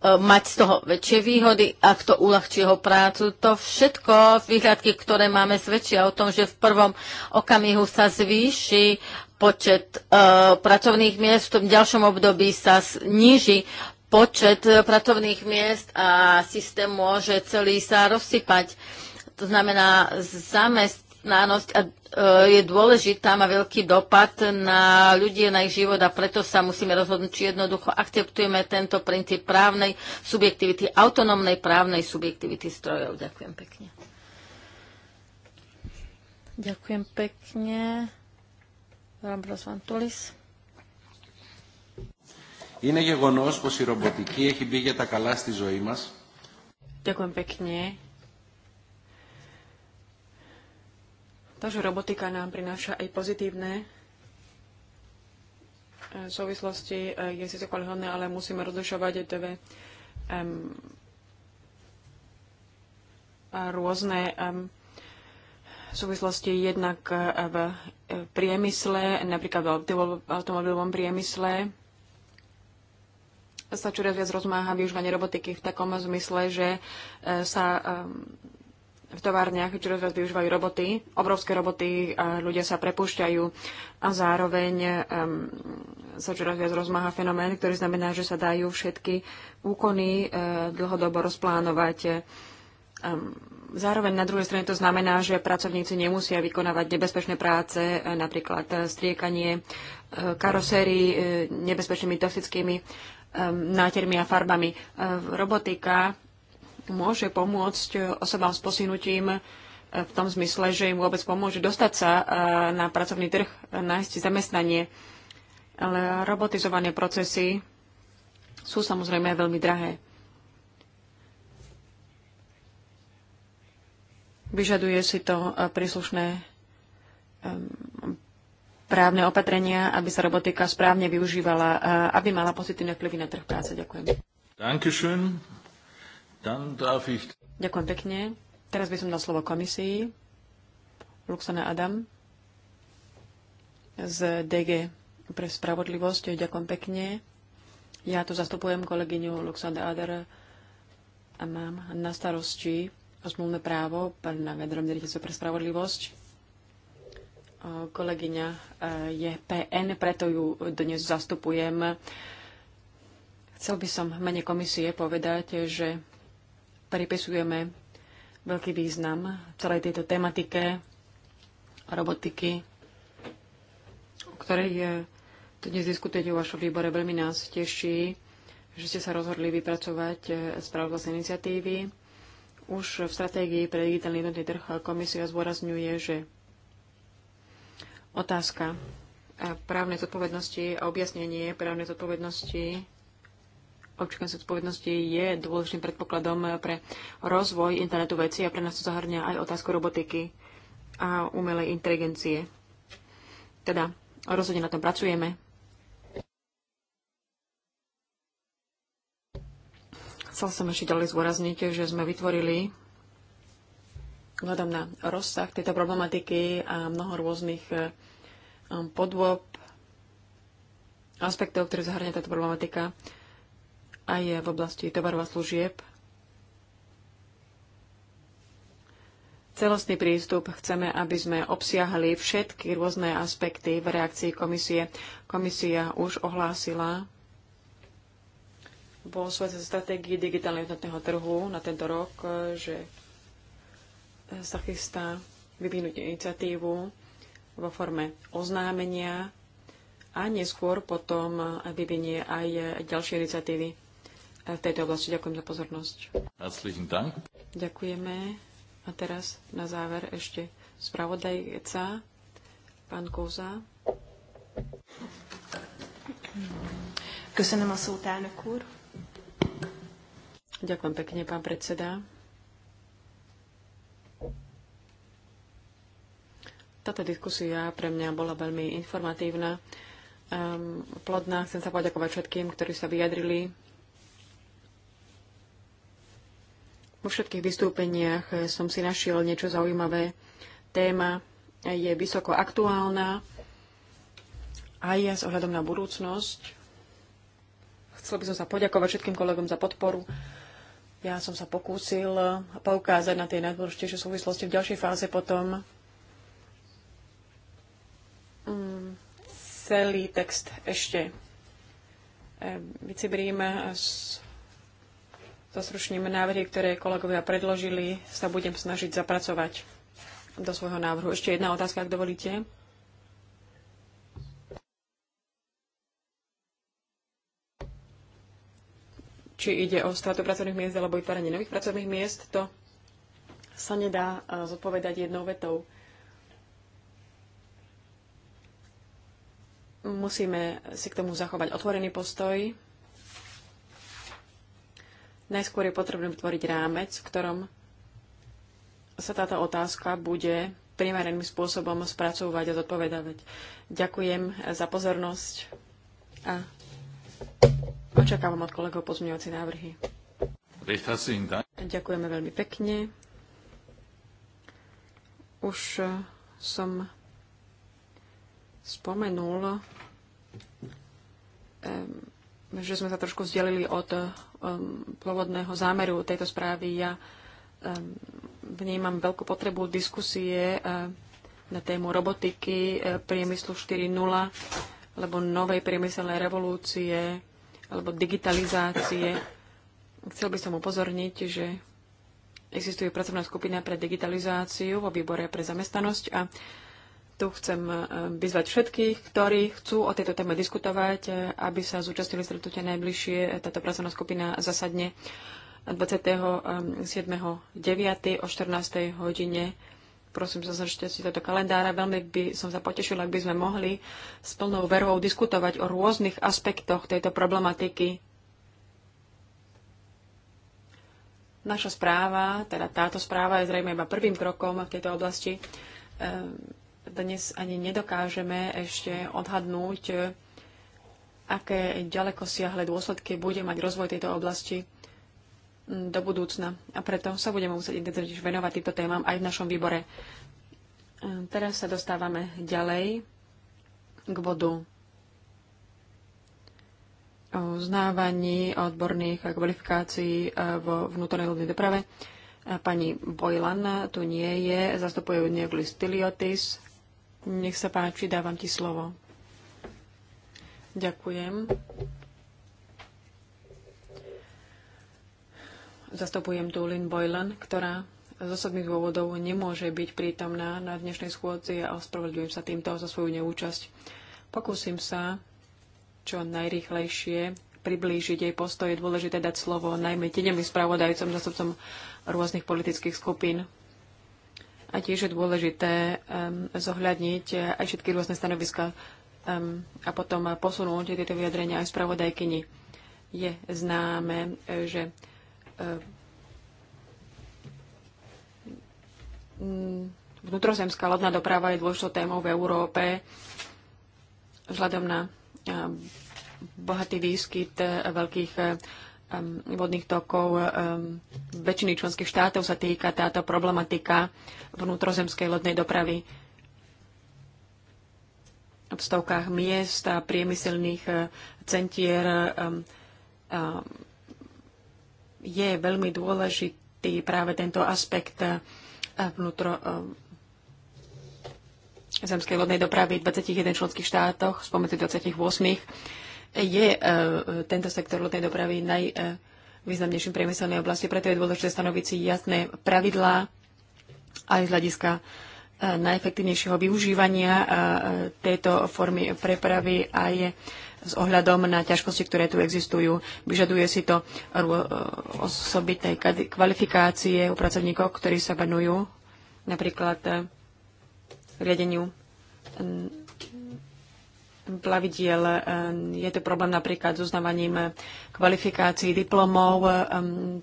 mať z toho väčšie výhody, ak to uľahčí jeho prácu. To všetko, výhľadky, ktoré máme, svedčia o tom, že v prvom okamihu sa zvýši počet e, pracovných miest, v tom ďalšom období sa zniží počet pracovných miest a systém môže celý sa rozsypať. To znamená, zamest zamestnanosť a, e, je dôležitá, má veľký dopad na ľudí, na ich život a preto sa musíme rozhodnúť, či jednoducho akceptujeme tento princíp právnej subjektivity, autonómnej právnej subjektivity strojov. Ďakujem pekne. Ďakujem pekne. Rambros Vantulis. Είναι γεγονός πως η ρομποτική έχει μπει για τα καλά στη ζωή μας. Ďakujem pekne. To, že robotika nám prináša aj pozitívne e, súvislosti, e, je to kvalitné, ale musíme rozlišovať aj dve um, rôzne um, súvislosti jednak e, v priemysle, napríklad v automobilovom priemysle, sa čoraz viac rozmáha využívanie robotiky v takom zmysle, že sa v továrniach čoraz viac využívajú roboty, obrovské roboty, ľudia sa prepušťajú a zároveň um, sa čoraz viac rozmáha fenomén, ktorý znamená, že sa dajú všetky úkony uh, dlhodobo rozplánovať. Um, zároveň na druhej strane to znamená, že pracovníci nemusia vykonávať nebezpečné práce, e, napríklad striekanie uh, e, karoséry uh, nebezpečnými toxickými um, nátermi a farbami. Uh, robotika môže pomôcť eh, osobám s posunutím eh, v tom zmysle, že im vôbec pomôže dostať sa eh, na pracovný trh, nájsť zamestnanie. Ale robotizované procesy sú samozrejme veľmi drahé. Vyžaduje si to príslušné ehm, právne opatrenia, aby sa robotika správne využívala, aby mala pozitívne vplyvy na trh práce. Ďakujem. Dankeschön. Ich... Ďakujem pekne. Teraz by som dal slovo komisii. Luxana Adam z DG pre spravodlivosť. Ďakujem pekne. Ja tu zastupujem kolegyňu Luxana Adar a mám na starosti zmluvné právo pána vedrom riaditeľstva pre spravodlivosť. Kolegyňa e, je PN, preto ju dnes zastupujem. Chcel by som mene komisie povedať, že pripisujeme veľký význam celej tejto tematike robotiky, o ktorej je, tu dnes diskutujete o vašom výbore. Veľmi nás teší, že ste sa rozhodli vypracovať eh, správu z iniciatívy. Už v stratégii pre digitálny jednotný trh komisia zdôrazňuje, že otázka právnej zodpovednosti a objasnenie právnej zodpovednosti občianskej zodpovednosti je dôležitým predpokladom pre rozvoj internetu veci a pre nás to zahrňa aj otázku robotiky a umelej inteligencie. Teda rozhodne na tom pracujeme. Chcel som ešte ďalej zvorazniť, že sme vytvorili vzhľadom na rozsah tejto problematiky a mnoho rôznych um, podôb, aspektov, ktoré zahrňa táto problematika, aj v oblasti tovarov a služieb. Celostný prístup chceme, aby sme obsiahli všetky rôzne aspekty v reakcii komisie. Komisia už ohlásila vo svojej stratégii digitálneho jednotného trhu na tento rok, že sa chystá vyvinúť iniciatívu vo forme oznámenia a neskôr potom vyvinie aj ďalšie iniciatívy v tejto oblasti. Ďakujem za pozornosť. Ďakujeme. A teraz na záver ešte spravodajca, pán Kóza. Köszönöm a szót, elnök úr. Ďakujem pekne, pán predseda. Táto diskusia pre mňa bola veľmi informatívna, um, plodná. Chcem sa poďakovať všetkým, ktorí sa vyjadrili Vo všetkých vystúpeniach som si našiel niečo zaujímavé. Téma je vysoko aktuálna aj ja s ohľadom na budúcnosť. Chcel by som sa poďakovať všetkým kolegom za podporu. Ja som sa pokúsil poukázať na tie najdôležitejšie súvislosti v ďalšej fáze potom. Mm, celý text ešte eh, vycibrím s Zosrušníme návrhy, ktoré kolegovia predložili, sa budem snažiť zapracovať do svojho návrhu. Ešte jedna otázka, ak dovolíte. či ide o stratu pracovných miest alebo vytváranie nových pracovných miest, to sa nedá eh, zodpovedať jednou vetou. Musíme si k tomu zachovať otvorený postoj, Najskôr je potrebné vytvoriť rámec, v ktorom sa táto otázka bude primereným spôsobom spracovať a zodpovedať. Ďakujem za pozornosť a očakávam od kolegov pozmeňovacie návrhy. Ďakujeme veľmi pekne. Už eh, som spomenul um, že sme sa trošku vzdelili od eh, um, pôvodného zámeru tejto správy. Ja um, vnímam veľkú potrebu diskusie uh, na tému robotiky, uh, priemyslu 4.0, alebo novej priemyselnej revolúcie, alebo digitalizácie. Chcel by som upozorniť, že existuje pracovná skupina pre digitalizáciu vo výbore pre zamestnanosť a uh, tu chcem e, vyzvať všetkých, ktorí chcú o tejto téme diskutovať, e, aby sa zúčastnili stretnutia najbližšie. E, táto pracovná skupina zasadne 27.9. o 14. hodine. Prosím, zaznačte si toto kalendára. Veľmi by som sa potešila, ak by sme mohli s plnou verou diskutovať o rôznych aspektoch tejto problematiky. Naša správa, teda táto správa je zrejme iba prvým krokom v tejto oblasti ehm, dnes ani nedokážeme ešte odhadnúť, aké ďaleko siahle dôsledky bude mať rozvoj tejto oblasti do budúcna. A preto sa budeme musieť intenzívne venovať týmto témam aj v našom výbore. Teraz sa dostávame ďalej k bodu o uznávaní odborných kvalifikácií e, vo vnútornej ľudnej doprave. E, pani Bojlan tu nie je, zastupuje ju Neoglis nech sa páči, dávam ti slovo. Ďakujem. Zastupujem tu Lynn Boylan, ktorá z osobných dôvodov nemôže byť prítomná na dnešnej schôdzi a ospravedlňujem sa týmto za svoju neúčasť. Pokúsim sa čo najrychlejšie priblížiť jej postoj. Je dôležité dať slovo najmä tedem spravodajcom, zastupcom rôznych politických skupín a tiež je dôležité um, zohľadniť aj všetky rôzne stanoviska um, a potom posunúť tieto vyjadrenia aj spravodajkyni. Je známe, že um, vnútrozemská lodná doprava je dôležitou témou v Európe vzhľadom na bohatý výskyt eh, veľkých vodných tokov väčšiny členských štátov sa týka táto problematika vnútrozemskej lodnej dopravy. V stovkách miest a priemyselných eh, centier je veľmi dôležitý práve tento aspekt eh, vnútro zemskej lodnej dopravy v 21 členských štátoch, spomedzi 28 je e, tento sektor letnej dopravy najvýznamnejším priemyselnej oblasti, preto je dôležité stanoviť si jasné pravidlá aj z hľadiska e, najefektívnejšieho využívania e, tejto formy prepravy a je s ohľadom na ťažkosti, ktoré tu existujú. Vyžaduje si to osobitej kvalifikácie u pracovníkov, ktorí sa venujú napríklad riadeniu plavidiel. Eh, je to problém napríklad s uznávaním eh, kvalifikácií, diplomov eh,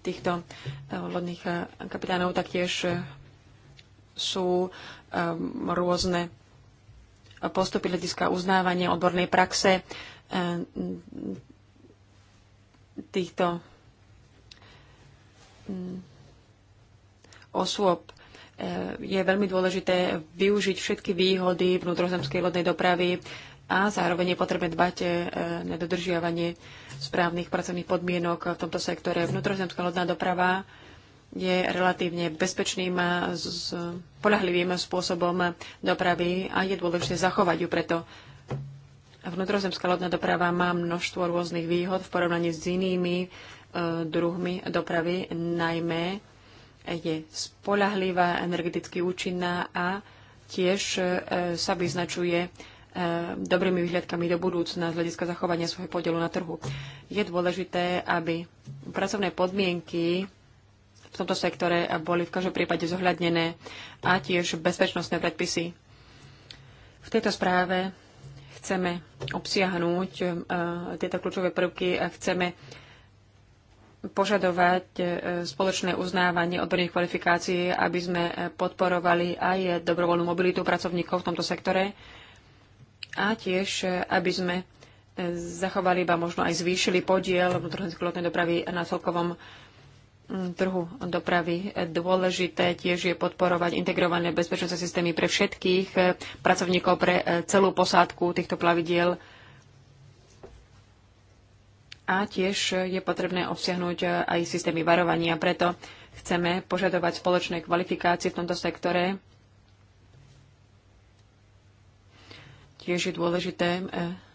týchto lodných kapitánov. Taktiež sú rôzne postupy hľadiska uznávania odbornej praxe týchto mm, osôb je veľmi dôležité využiť všetky výhody vnútrozemskej lodnej dopravy a zároveň je potrebné dbať e, na dodržiavanie správnych pracovných podmienok v tomto sektore. Vnútrozemská lodná doprava je relatívne bezpečným a poľahlivým spôsobom dopravy a je dôležité zachovať ju preto. Vnútrozemská lodná doprava má množstvo rôznych výhod v porovnaní s inými e, druhmi dopravy, najmä je spolahlivá, energeticky účinná a tiež e, sa vyznačuje Eh, dobrými výhľadkami do budúcna z hľadiska zachovania svojho podielu na trhu. Je dôležité, aby pracovné podmienky v tomto sektore boli v každom prípade zohľadnené a tiež bezpečnostné predpisy. V tejto správe chceme obsiahnuť eh, tieto kľúčové prvky a chceme požadovať eh, spoločné uznávanie odborných kvalifikácií, aby sme podporovali aj dobrovoľnú mobilitu pracovníkov v tomto sektore a tiež, e, aby sme e, zachovali iba možno aj zvýšili podiel lotnej dopravy na celkovom mm, trhu dopravy. E, dôležité tiež je podporovať integrované bezpečnostné systémy pre všetkých pracovníkov, pre celú posádku týchto plavidiel. A tiež je potrebné obsiahnuť aj systémy varovania. Preto chceme požadovať spoločné kvalifikácie v tomto sektore Tiež je dôležité e,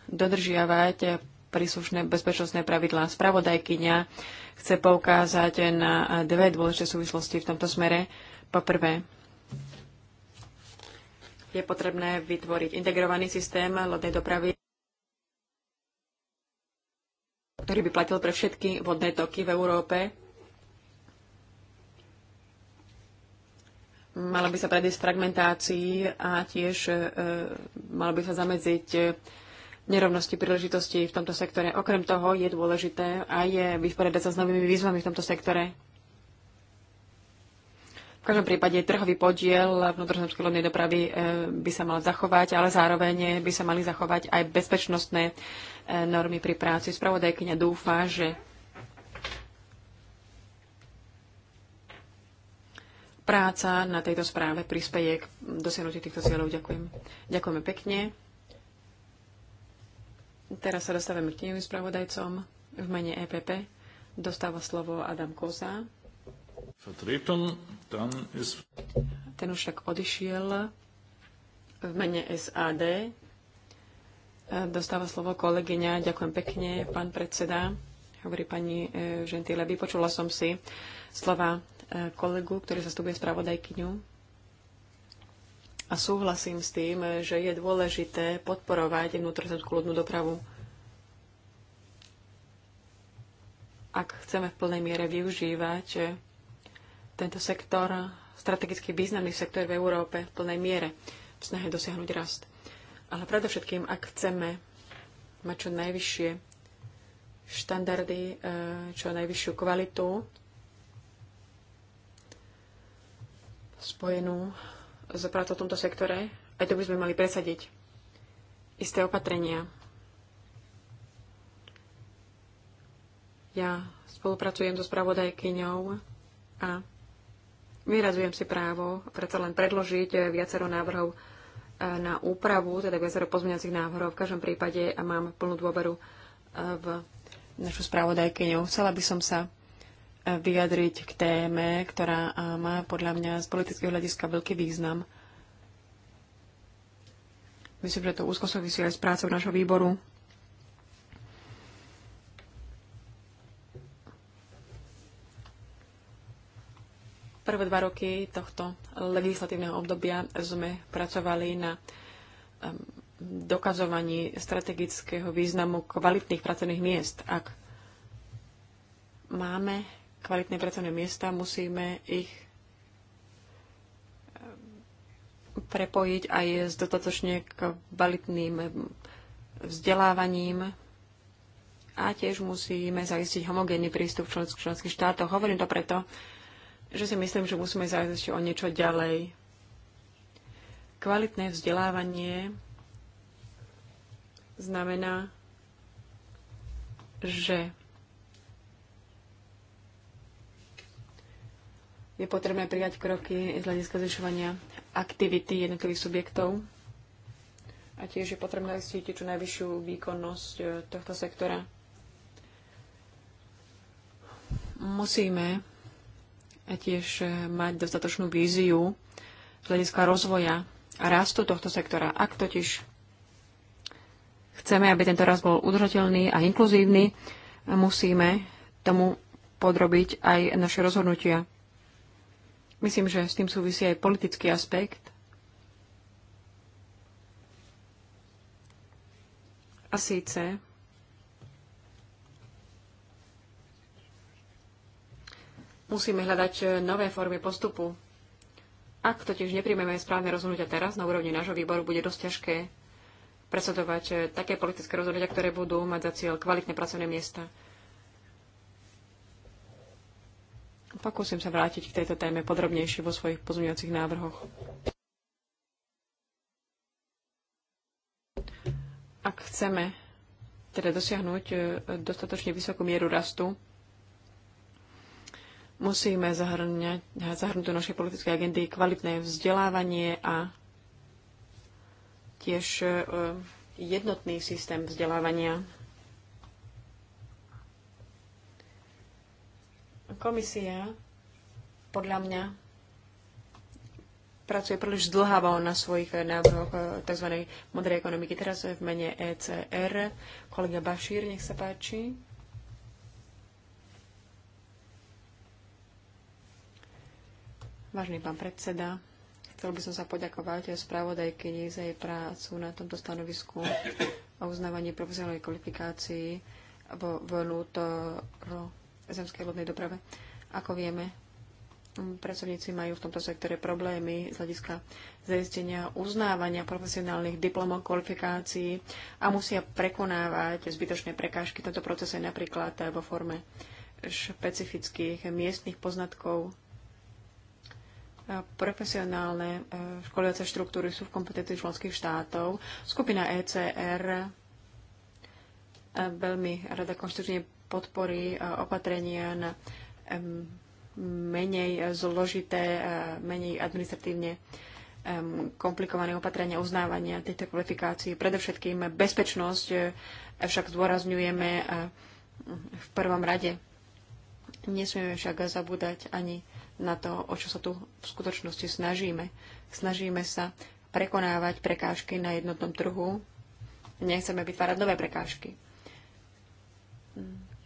dodržiavať príslušné bezpečnostné pravidlá. Spravodajkyňa chce poukázať na dve dôležité súvislosti v tomto smere. Poprvé je potrebné vytvoriť integrovaný systém lodnej dopravy, ktorý by platil pre všetky vodné toky v Európe Mala by sa predísť fragmentácii a tiež e, malo by sa zamedziť e, nerovnosti príležitostí v tomto sektore. Okrem toho je dôležité aj e, vysporiadať sa s novými výzvami v tomto sektore. V každom prípade trhový podiel vnútrozemskej lodnej dopravy e, by sa mal zachovať, ale zároveň by sa mali zachovať aj bezpečnostné normy pri práci. Spravodajkyňa dúfa, že práca na tejto správe prispieje k dosiahnutiu týchto cieľov. Ďakujem. Ďakujeme pekne. Teraz sa dostávame k tým spravodajcom v mene EPP. Dostáva slovo Adam Koza. Ten už tak odišiel v mene SAD. Dostáva slovo kolegyňa. Ďakujem pekne, pán predseda. Hovorí pani Žentýle. Eh, Vypočula som si slova Eh, kolegu, ktorý zastupuje spravodajkyňu. A súhlasím s tým, že je dôležité podporovať vnútrozemskú lodnú dopravu. Ak chceme v plnej miere využívať eh, tento sektor, strategicky významný sektor v Európe v plnej miere v snahe dosiahnuť rast. Ale predovšetkým, ak chceme mať čo najvyššie štandardy, eh, čo najvyššiu kvalitu spojenú s prácou v tomto sektore. Aj to by sme mali presadiť. Isté opatrenia. Ja spolupracujem so spravodajkyňou a vyrazujem si právo predsa len predložiť viacero návrhov e, na úpravu, teda viacero pozmeňacích návrhov. V každom prípade a mám plnú dôveru e, v našu spravodajkyňu. Chcela by som sa vyjadriť k téme, ktorá má podľa mňa z politického hľadiska veľký význam. Myslím, že to úzko súvisí aj s prácou našho výboru. Prvé dva roky tohto legislatívneho obdobia sme pracovali na dokazovaní strategického významu kvalitných pracovných miest. Ak máme kvalitné pracovné miesta, musíme ich ehm, prepojiť aj s dostatočne kvalitným ehm, vzdelávaním a tiež musíme zaistiť homogénny prístup v členských, členských štátoch. Hovorím to preto, že si myslím, že musíme zaistiť o niečo ďalej. Kvalitné vzdelávanie znamená, že je potrebné prijať kroky z hľadiska zvyšovania aktivity jednotlivých subjektov a tiež je potrebné zistiť čo najvyššiu výkonnosť e, tohto sektora. Musíme tiež e, mať dostatočnú víziu z hľadiska rozvoja a rastu tohto sektora. Ak totiž chceme, aby tento rast bol udržateľný a inkluzívny, musíme tomu podrobiť aj naše rozhodnutia. Myslím, že s tým súvisí aj politický aspekt. A síce musíme hľadať nové formy postupu. Ak totiž nepríjmeme správne rozhodnutia teraz, na úrovni nášho výboru bude dosť ťažké presadovať také politické rozhodnutia, ktoré budú mať za cieľ kvalitné pracovné miesta. Pokúsim sa vrátiť k tejto téme podrobnejšie vo svojich pozmeňujúcich návrhoch. Ak chceme teda dosiahnuť e, dostatočne vysokú mieru rastu, musíme zahrňať, zahrnúť do našej politickej agendy kvalitné vzdelávanie a tiež e, jednotný systém vzdelávania. Komisia, podľa mňa, pracuje príliš zdlhávo na svojich návrhoch eh, tzv. modrej ekonomiky. Teraz v mene ECR. Kolega Bašír, nech sa páči. Vážený pán predseda, chcel by som sa poďakovať spravodajkyni za jej prácu na tomto stanovisku o uznávaní profesionálnej kvalifikácii vo vnútro zemskej vodnej doprave. Ako vieme, pracovníci majú v tomto sektore problémy z hľadiska zaistenia uznávania profesionálnych diplomov, kvalifikácií a musia prekonávať zbytočné prekážky. Tento proces je napríklad vo forme špecifických miestnych poznatkov. Profesionálne e, školiace štruktúry sú v kompetencii členských štátov. Skupina ECR e, veľmi rada konštruktívne podpory e, opatrenia na menej zložité, e, menej administratívne komplikované opatrenia uznávania tejto kvalifikácií. Predovšetkým bezpečnosť e, však zdôrazňujeme v prvom rade. Nesmieme však zabúdať ani na to, o čo sa tu v skutočnosti snažíme. Snažíme sa prekonávať prekážky na jednotnom trhu. Nechceme vytvárať nové prekážky.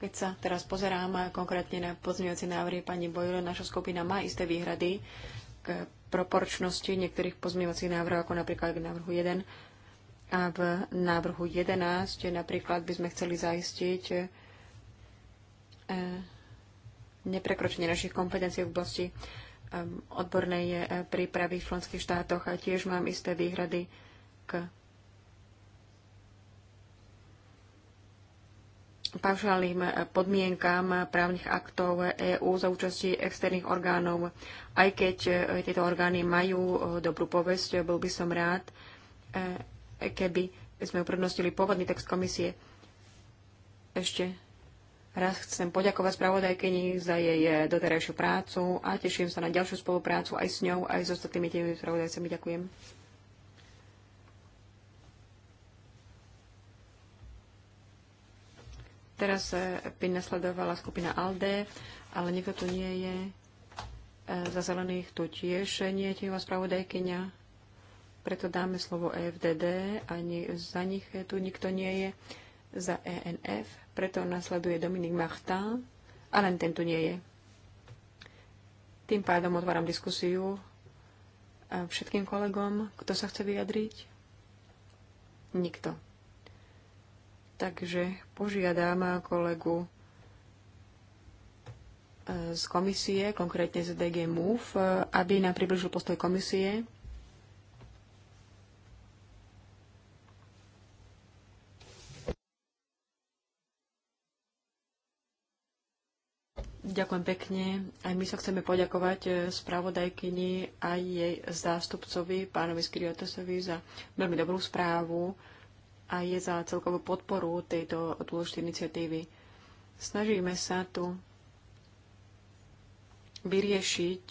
Keď sa teraz pozerám konkrétne na pozmeňujúce návrhy pani Bojle, naša skupina má isté výhrady k proporčnosti niektorých pozmeňovacích návrhov, ako napríklad k návrhu 1. A v návrhu 11 napríklad by sme chceli zaistiť e, neprekročenie našich kompetencií v oblasti e, odbornej e, prípravy v členských štátoch a tiež mám isté výhrady k paušálnym podmienkám právnych aktov EÚ za účasti externých orgánov. Aj keď e, tieto orgány majú e, dobrú povesť, e, bol by som rád, keby sme uprednostili pôvodný text komisie. Ešte raz chcem poďakovať spravodajkyni za jej doterajšiu prácu a teším sa na ďalšiu spoluprácu aj s ňou, aj s ostatnými tými spravodajcami. Ďakujem. Teraz eh, by nasledovala skupina ALDE, ale nikto tu nie je. Eh, za zelených tu tiež nie je tieho spravodajkynia. Preto dáme slovo EFDD, ani za nich eh, tu nikto nie je. Za ENF, preto nasleduje Dominik Machta, ale len ten tu nie je. Tým pádom otváram diskusiu všetkým kolegom, kto sa chce vyjadriť. Nikto. Takže požiadam kolegu e, z komisie, konkrétne z DG MOVE, e, aby nám približil postoj komisie. Ďakujem pekne. Aj my sa chceme poďakovať e, spravodajkyni a jej zástupcovi, pánovi Skriotesovi, za veľmi dobrú správu a je za celkovú podporu tejto dôležitej iniciatívy. Snažíme sa tu vyriešiť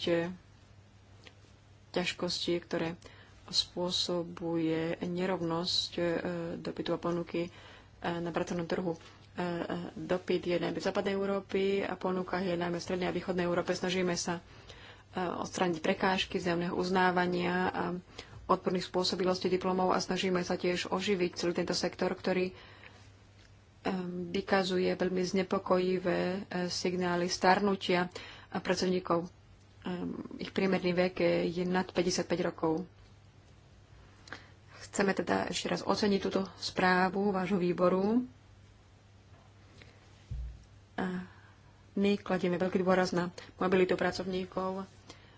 ťažkosti, ktoré spôsobuje nerovnosť e, dopytu a ponuky e, na pracovnom trhu. E, dopyt je najmä v západnej Európy a ponuka je najmä v strednej a východnej Európe. Snažíme sa odstrániť prekážky vzájomného uznávania a odborných spôsobilostí diplomov a snažíme sa tiež oživiť celý tento sektor, ktorý vykazuje veľmi znepokojivé e, signály starnutia a pracovníkov. Ich priemerný vek je nad 55 rokov. Chceme teda ešte raz oceniť túto správu vášho výboru. A my kladieme veľký dôraz na mobilitu pracovníkov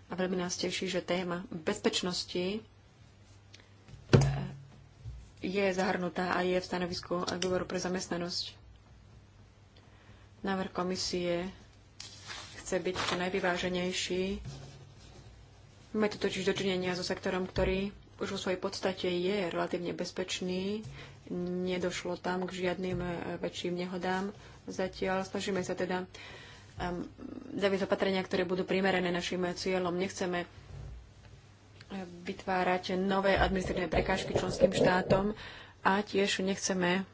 a veľmi nás teší, že téma bezpečnosti je zahrnutá a je v stanovisku výboru pre zamestnanosť. Návrh komisie chce byť čo najvyváženejší. Máme tu totiž dočinenia so sektorom, ktorý už vo svojej podstate je relatívne bezpečný. Nedošlo tam k žiadnym eh, väčším nehodám zatiaľ. Snažíme sa teda um, zaviesť opatrenia, ktoré budú primerané našim cieľom. Nechceme vytvárať nové administratívne prekážky členským štátom a tiež nechceme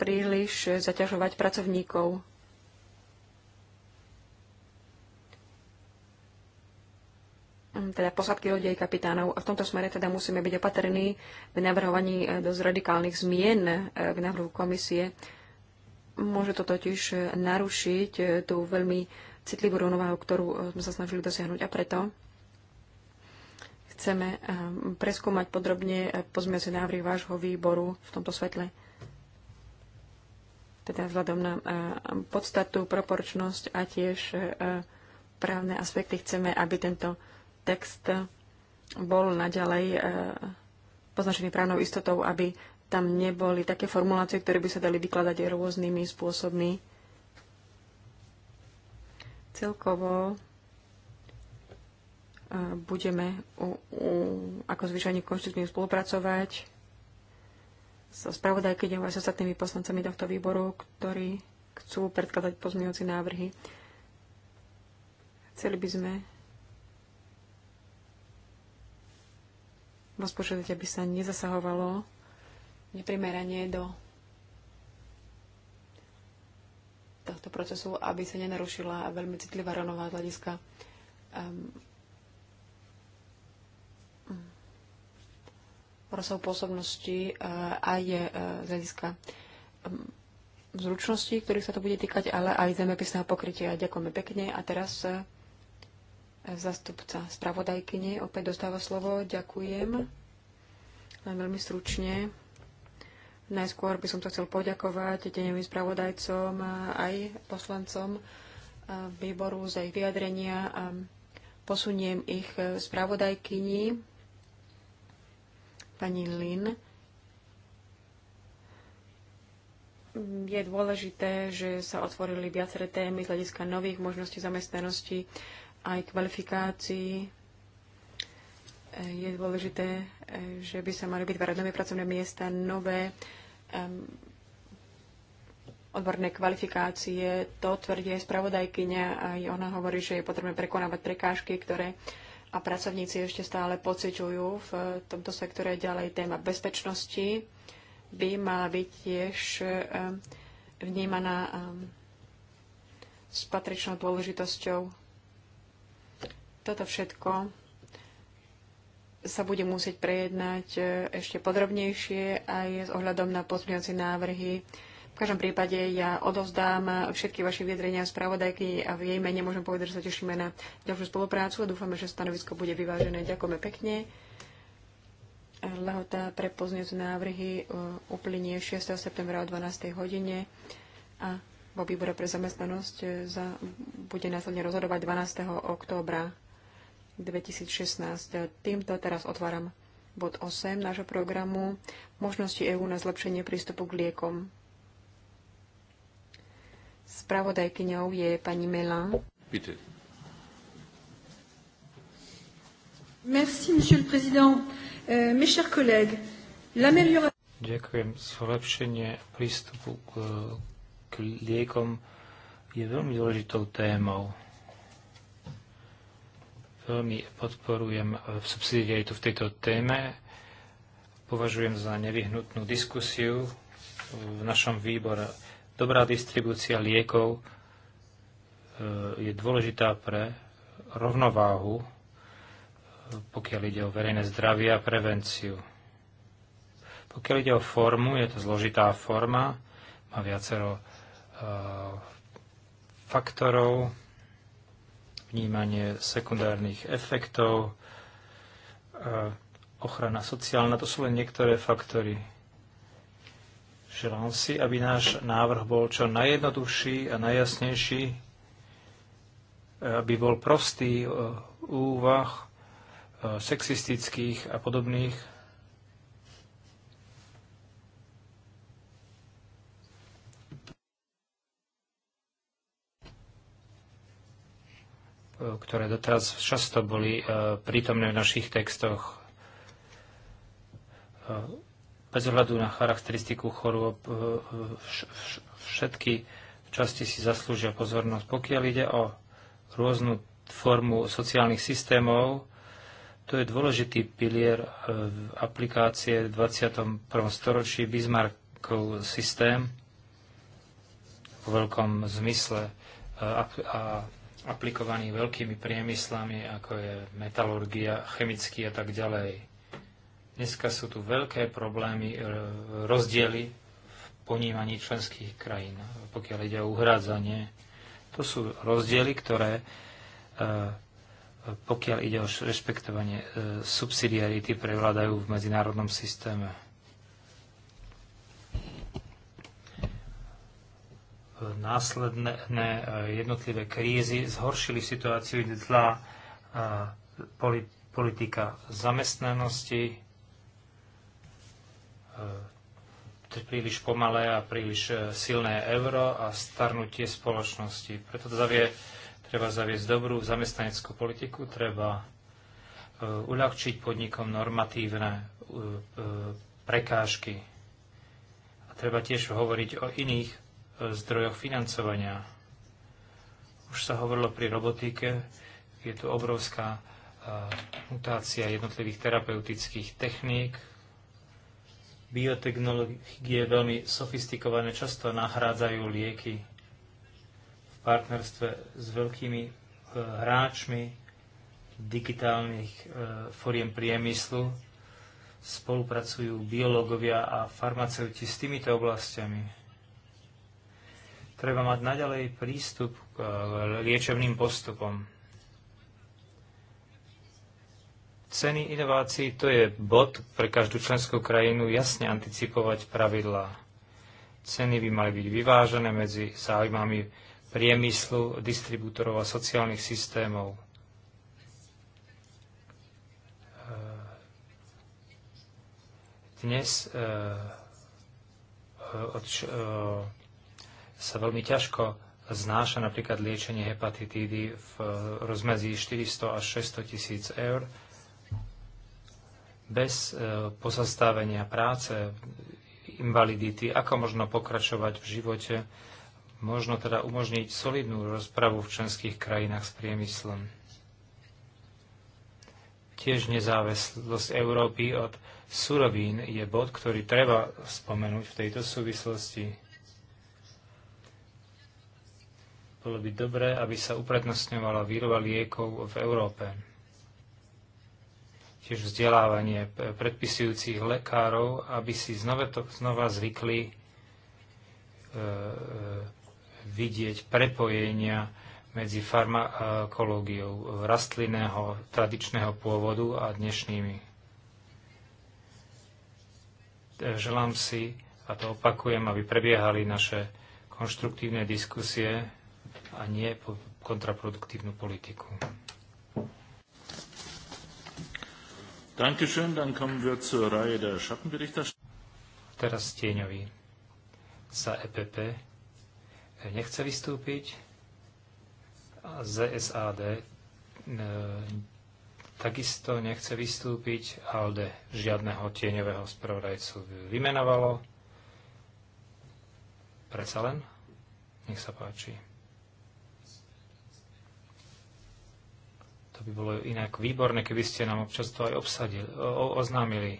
príliš zaťažovať pracovníkov. teda posadky lodí kapitánov. A v tomto smere teda musíme byť opatrní v navrhovaní e, dosť radikálnych zmien k e, návrhu komisie. Môže to totiž narušiť e, tú veľmi citlivú rovnováhu, ktorú e, sme sa snažili dosiahnuť. A preto chceme e, preskúmať podrobne e, pozmiace návrhy vášho výboru v tomto svetle. Teda vzhľadom na podstatu, proporčnosť a tiež právne aspekty chceme, aby tento text bol naďalej poznačený právnou istotou, aby tam neboli také formulácie, ktoré by sa dali vykladať rôznymi spôsobmi Celkovo e, budeme u, u, ako zvyšenie konštruktívne spolupracovať so spravodajkyňou a s ostatnými poslancami tohto výboru, ktorí chcú predkladať pozmeňujúce návrhy. Chceli by sme vás požiadať, aby sa nezasahovalo neprimerane do tohto procesu, aby sa nenarušila veľmi citlivá rovnováha hľadiska um, rozsahu pôsobnosti uh, aj uh, z hľadiska um, zručností, ktorých sa to bude týkať, ale aj zemepisného pokrytia. Ďakujeme pekne. A teraz uh, zastupca spravodajkyne opäť dostáva slovo. Ďakujem. Len veľmi stručne. Najskôr by som to chcel poďakovať deňovým spravodajcom a aj poslancom výboru za ich vyjadrenia a posuniem ich spravodajkyni pani Lin. Je dôležité, že sa otvorili viaceré témy z hľadiska nových možností zamestnanosti aj kvalifikácií. Je dôležité, e, že by sa mali vytvárať nové pracovné miesta, nové uh, odborné kvalifikácie. To tvrdí aj spravodajkyňa, aj ona hovorí, že je potrebné prekonávať prekážky, ktoré a pracovníci ešte stále pociťujú v tomto sektore ďalej téma bezpečnosti by mala byť tiež vnímaná s patričnou dôležitosťou. Toto všetko sa bude musieť prejednať e, ešte podrobnejšie aj s ohľadom na pozmeňovacie návrhy. V každom prípade ja odovzdám všetky vaše vyjadrenia spravodajky a v jej mene môžem povedať, že sa tešíme na ďalšiu spoluprácu a dúfame, že stanovisko bude vyvážené. Ďakujeme pekne. Lehota pre pozmeňujúce návrhy e, uplynie 6. septembra o 12. hodine a vo výbore pre zamestnanosť e, za, bude následne rozhodovať 12. októbra. 2016. Týmto teraz otváram bod 8 nášho programu Možnosti EÚ na zlepšenie prístupu k liekom. Spravodajkyňou je pani Mela. Bitte. Merci, monsieur le président. Euh, mes chers collègues, l'amélioration... Ďakujem. Zlepšenie prístupu k, eh, k liekom je veľmi dôležitou témou. Veľmi podporujem subsidiaritu v tejto téme. Považujem za nevyhnutnú diskusiu v našom výbore. Dobrá distribúcia liekov e, je dôležitá pre rovnováhu, e, pokiaľ ide o verejné zdravie a prevenciu. Pokiaľ ide o formu, je to zložitá forma, má viacero e, faktorov, vnímanie sekundárnych efektov, e, ochrana sociálna, to sú len niektoré faktory. Želám si, aby náš návrh bol čo najjednoduchší a najjasnejší, e, aby bol prostý e, úvah sexistických a podobných ktoré doteraz často boli e, prítomné v našich textoch. E, bez ohľadu na charakteristiku chorôb e, všetky časti si zaslúžia pozornosť. Pokiaľ ide o rôznu formu sociálnych systémov, to je dôležitý pilier aplikácie v 21. storočí Bismarckov systém v veľkom zmysle a, a aplikovaný veľkými priemyslami, ako je metalurgia, chemický a tak ďalej. Dneska sú tu veľké problémy, e, rozdiely v ponímaní členských krajín, pokiaľ ide o uhrádzanie. To sú rozdiely, ktoré e, pokiaľ ide o rešpektovanie e, subsidiarity, prevládajú v medzinárodnom systéme následné eh, jednotlivé krízy zhoršili situáciu dla eh, politika zamestnanosti eh, príliš pomalé a príliš silné euro a starnutie spoločnosti. Preto zavie, treba zaviesť dobrú zamestnaneckú politiku, treba uľahčiť podnikom normatívne prekážky. A treba tiež hovoriť o iných zdrojoch financovania. Už sa hovorilo pri robotike, je tu obrovská e, mutácia jednotlivých terapeutických techník. Biotechnológie veľmi sofistikované často nahrádzajú lieky v partnerstve s veľkými e, hráčmi digitálnych e, foriem priemyslu. Spolupracujú biológovia a farmaceuti s týmito oblastiami Treba mať naďalej prístup k e, liečebným postupom. Ceny inovácií to je bod pre každú členskú krajinu jasne anticipovať pravidlá. Ceny by mali byť vyvážené medzi záujmami priemyslu, distribútorov a sociálnych systémov. E, dnes e, od sa veľmi ťažko znáša napríklad liečenie hepatitídy v rozmezí 400 až 600 tisíc eur. Bez e, pozastavenia práce, invalidity, ako možno pokračovať v živote, možno teda umožniť solidnú rozpravu v členských krajinách s priemyslom. Tiež nezávislosť Európy od surovín je bod, ktorý treba spomenúť v tejto súvislosti Bolo by dobré, aby sa uprednostňovala výroba liekov v Európe. Tiež vzdelávanie predpisujúcich lekárov, aby si znova, to, znova zvykli e, e, vidieť prepojenia medzi farmakológiou rastlinného tradičného pôvodu a dnešnými. E, želám si, a to opakujem, aby prebiehali naše konštruktívne diskusie a nie kontraproduktívnu politiku. Dankeschön, dann kommen wir zur Reihe der Schattenberichterstatter. Teraz Tieňovi za EPP nechce vystúpiť. A ZSAD e, takisto nechce vystúpiť, ALDE žiadneho tieňového spravodajcu vymenovalo. Predsa len, nech sa páči. To by bolo inak výborné, keby ste nám občas to aj obsadili, o, oznámili.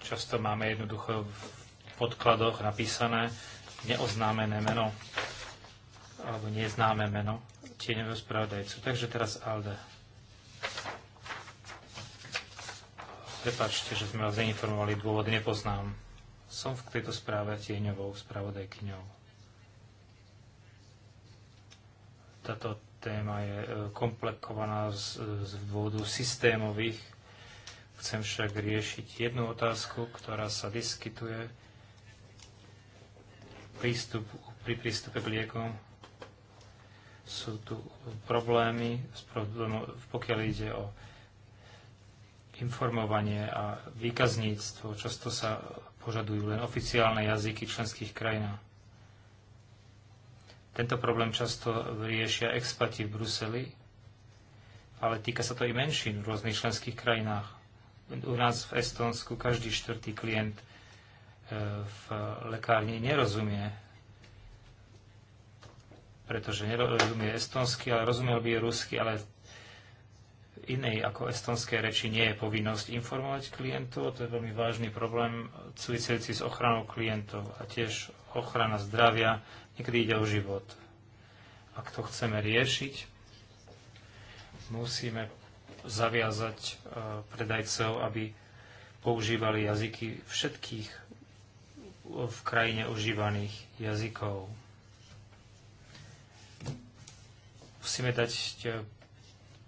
Často máme jednoducho v podkladoch napísané neoznámené meno alebo neznáme meno tieňového spravodajcu. Takže teraz Alde. Prepačte, že sme vás neinformovali, dôvod nepoznám. Som v tejto správe tieňovou spravodajkyňou. Táto téma je e, komplikovaná z, z dôvodu systémových. Chcem však riešiť jednu otázku, ktorá sa diskutuje prístup, pri prístupe k liekom. Sú tu problémy, pokiaľ ide o informovanie a výkazníctvo. Často sa požadujú len oficiálne jazyky členských krajinách. Tento problém často riešia expati v Bruseli, ale týka sa to i menšín v rôznych členských krajinách. U nás v Estonsku každý štvrtý klient e, v lekárni nerozumie, pretože nerozumie estonsky, ale rozumel by je rusky, ale inej ako estonskej reči nie je povinnosť informovať klientov. To je veľmi vážny problém súvisiaci s ochranou klientov a tiež ochrana zdravia niekedy ide o život. Ak to chceme riešiť, musíme zaviazať e, predajcov, aby používali jazyky všetkých v krajine užívaných jazykov. Musíme dať e,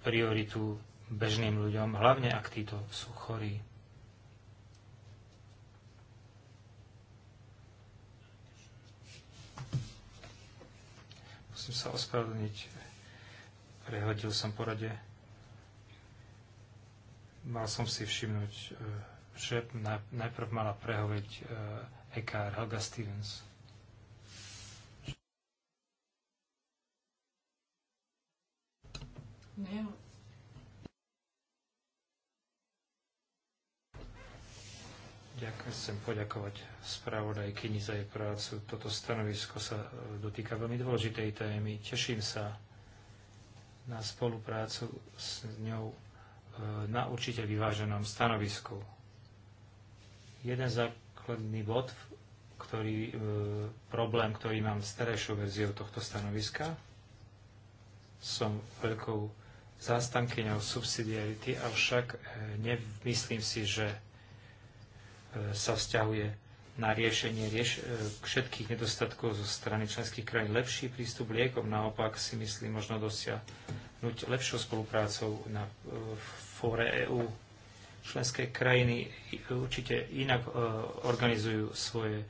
prioritu bežným ľuďom, hlavne ak títo sú chorí. musím sa ospravedlniť. Prehľadil som porade. Mal som si všimnúť, e, že najprv mala prehoveť Ekár Helga Stevens. Yeah. Ďakujem, chcem poďakovať spravodajkyni za jej prácu. Toto stanovisko sa e, dotýka veľmi dôležitej témy. Teším sa na spoluprácu s ňou e, na určite vyváženom stanovisku. Jeden základný bod, ktorý, e, problém, ktorý mám s terajšou verziou tohto stanoviska, som veľkou zástankyňou subsidiarity, avšak nemyslím si, že E, sa vzťahuje na riešenie rieš- e, všetkých nedostatkov zo strany členských krajín. Lepší prístup liekom naopak si myslím možno dosiahnuť lepšou spoluprácou na e, fóre EÚ. Členské krajiny určite inak organizujú svoje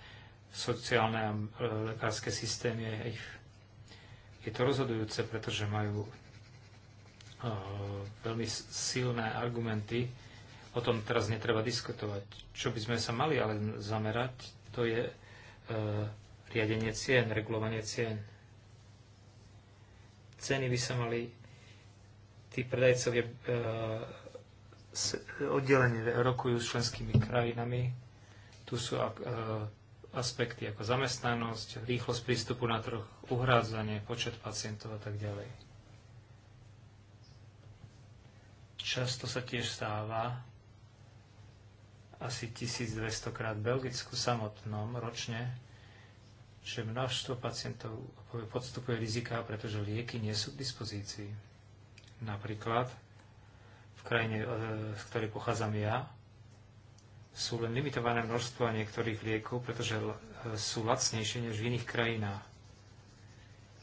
sociálne a lekárske systémy. Je to rozhodujúce, pretože majú veľmi silné argumenty, o tom teraz netreba diskutovať. Čo by sme sa mali ale zamerať, to je e, riadenie cien, regulovanie cien. Ceny by sa mali tí predajcovia e, oddelenie rokujú s členskými krajinami. Tu sú a, e, aspekty ako zamestnanosť, rýchlosť prístupu na trh, uhrádzanie, počet pacientov a tak ďalej. Často sa tiež stáva, asi 1200 krát v Belgicku samotnom ročne, že množstvo pacientov podstupuje riziká, pretože lieky nie sú k dispozícii. Napríklad v krajine, e, z ktorej pochádzam ja, sú len limitované množstvo niektorých liekov, pretože e, sú lacnejšie než v iných krajinách.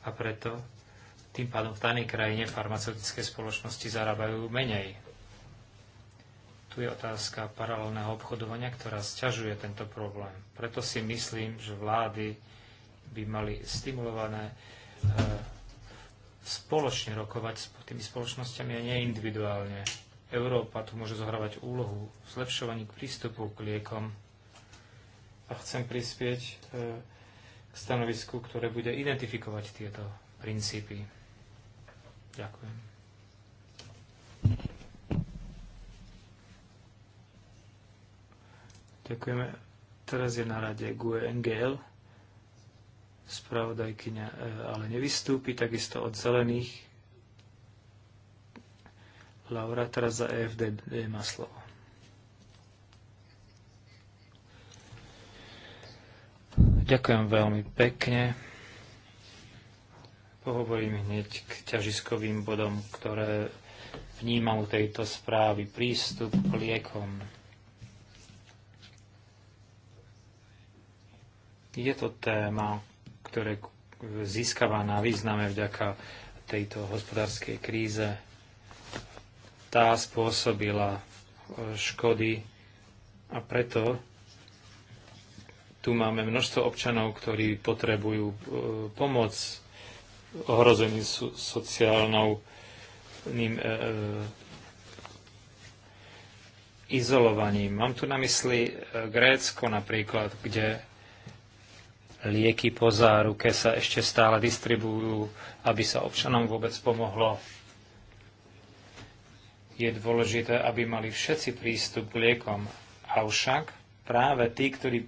A preto tým pádom v danej krajine farmaceutické spoločnosti zarábajú menej. Tu je otázka paralelného obchodovania, ktorá sťažuje tento problém. Preto si myslím, že vlády by mali stimulované e, spoločne rokovať s tými spoločnosťami a nie individuálne. Európa tu môže zohrávať úlohu v zlepšovaní k prístupu k liekom a chcem prispieť e, k stanovisku, ktoré bude identifikovať tieto princípy. Ďakujem. Ďakujeme. Teraz je na rade GUE Engel, Spravodajkyňa e, ale nevystúpi, takisto od zelených. Laura teraz za EFD e, má slovo. Ďakujem veľmi pekne. Pohovorím hneď k ťažiskovým bodom, ktoré vnímam u tejto správy. Prístup k liekom Je to téma, ktoré získava na význame vďaka tejto hospodárskej kríze. Tá spôsobila e, škody a preto tu máme množstvo občanov, ktorí potrebujú e, pomoc, ohrození sociálnou ním, e, e, izolovaním. Mám tu na mysli e, Grécko napríklad, kde lieky po záruke sa ešte stále distribujú, aby sa občanom vôbec pomohlo. Je dôležité, aby mali všetci prístup k liekom. Avšak práve tí, ktorí,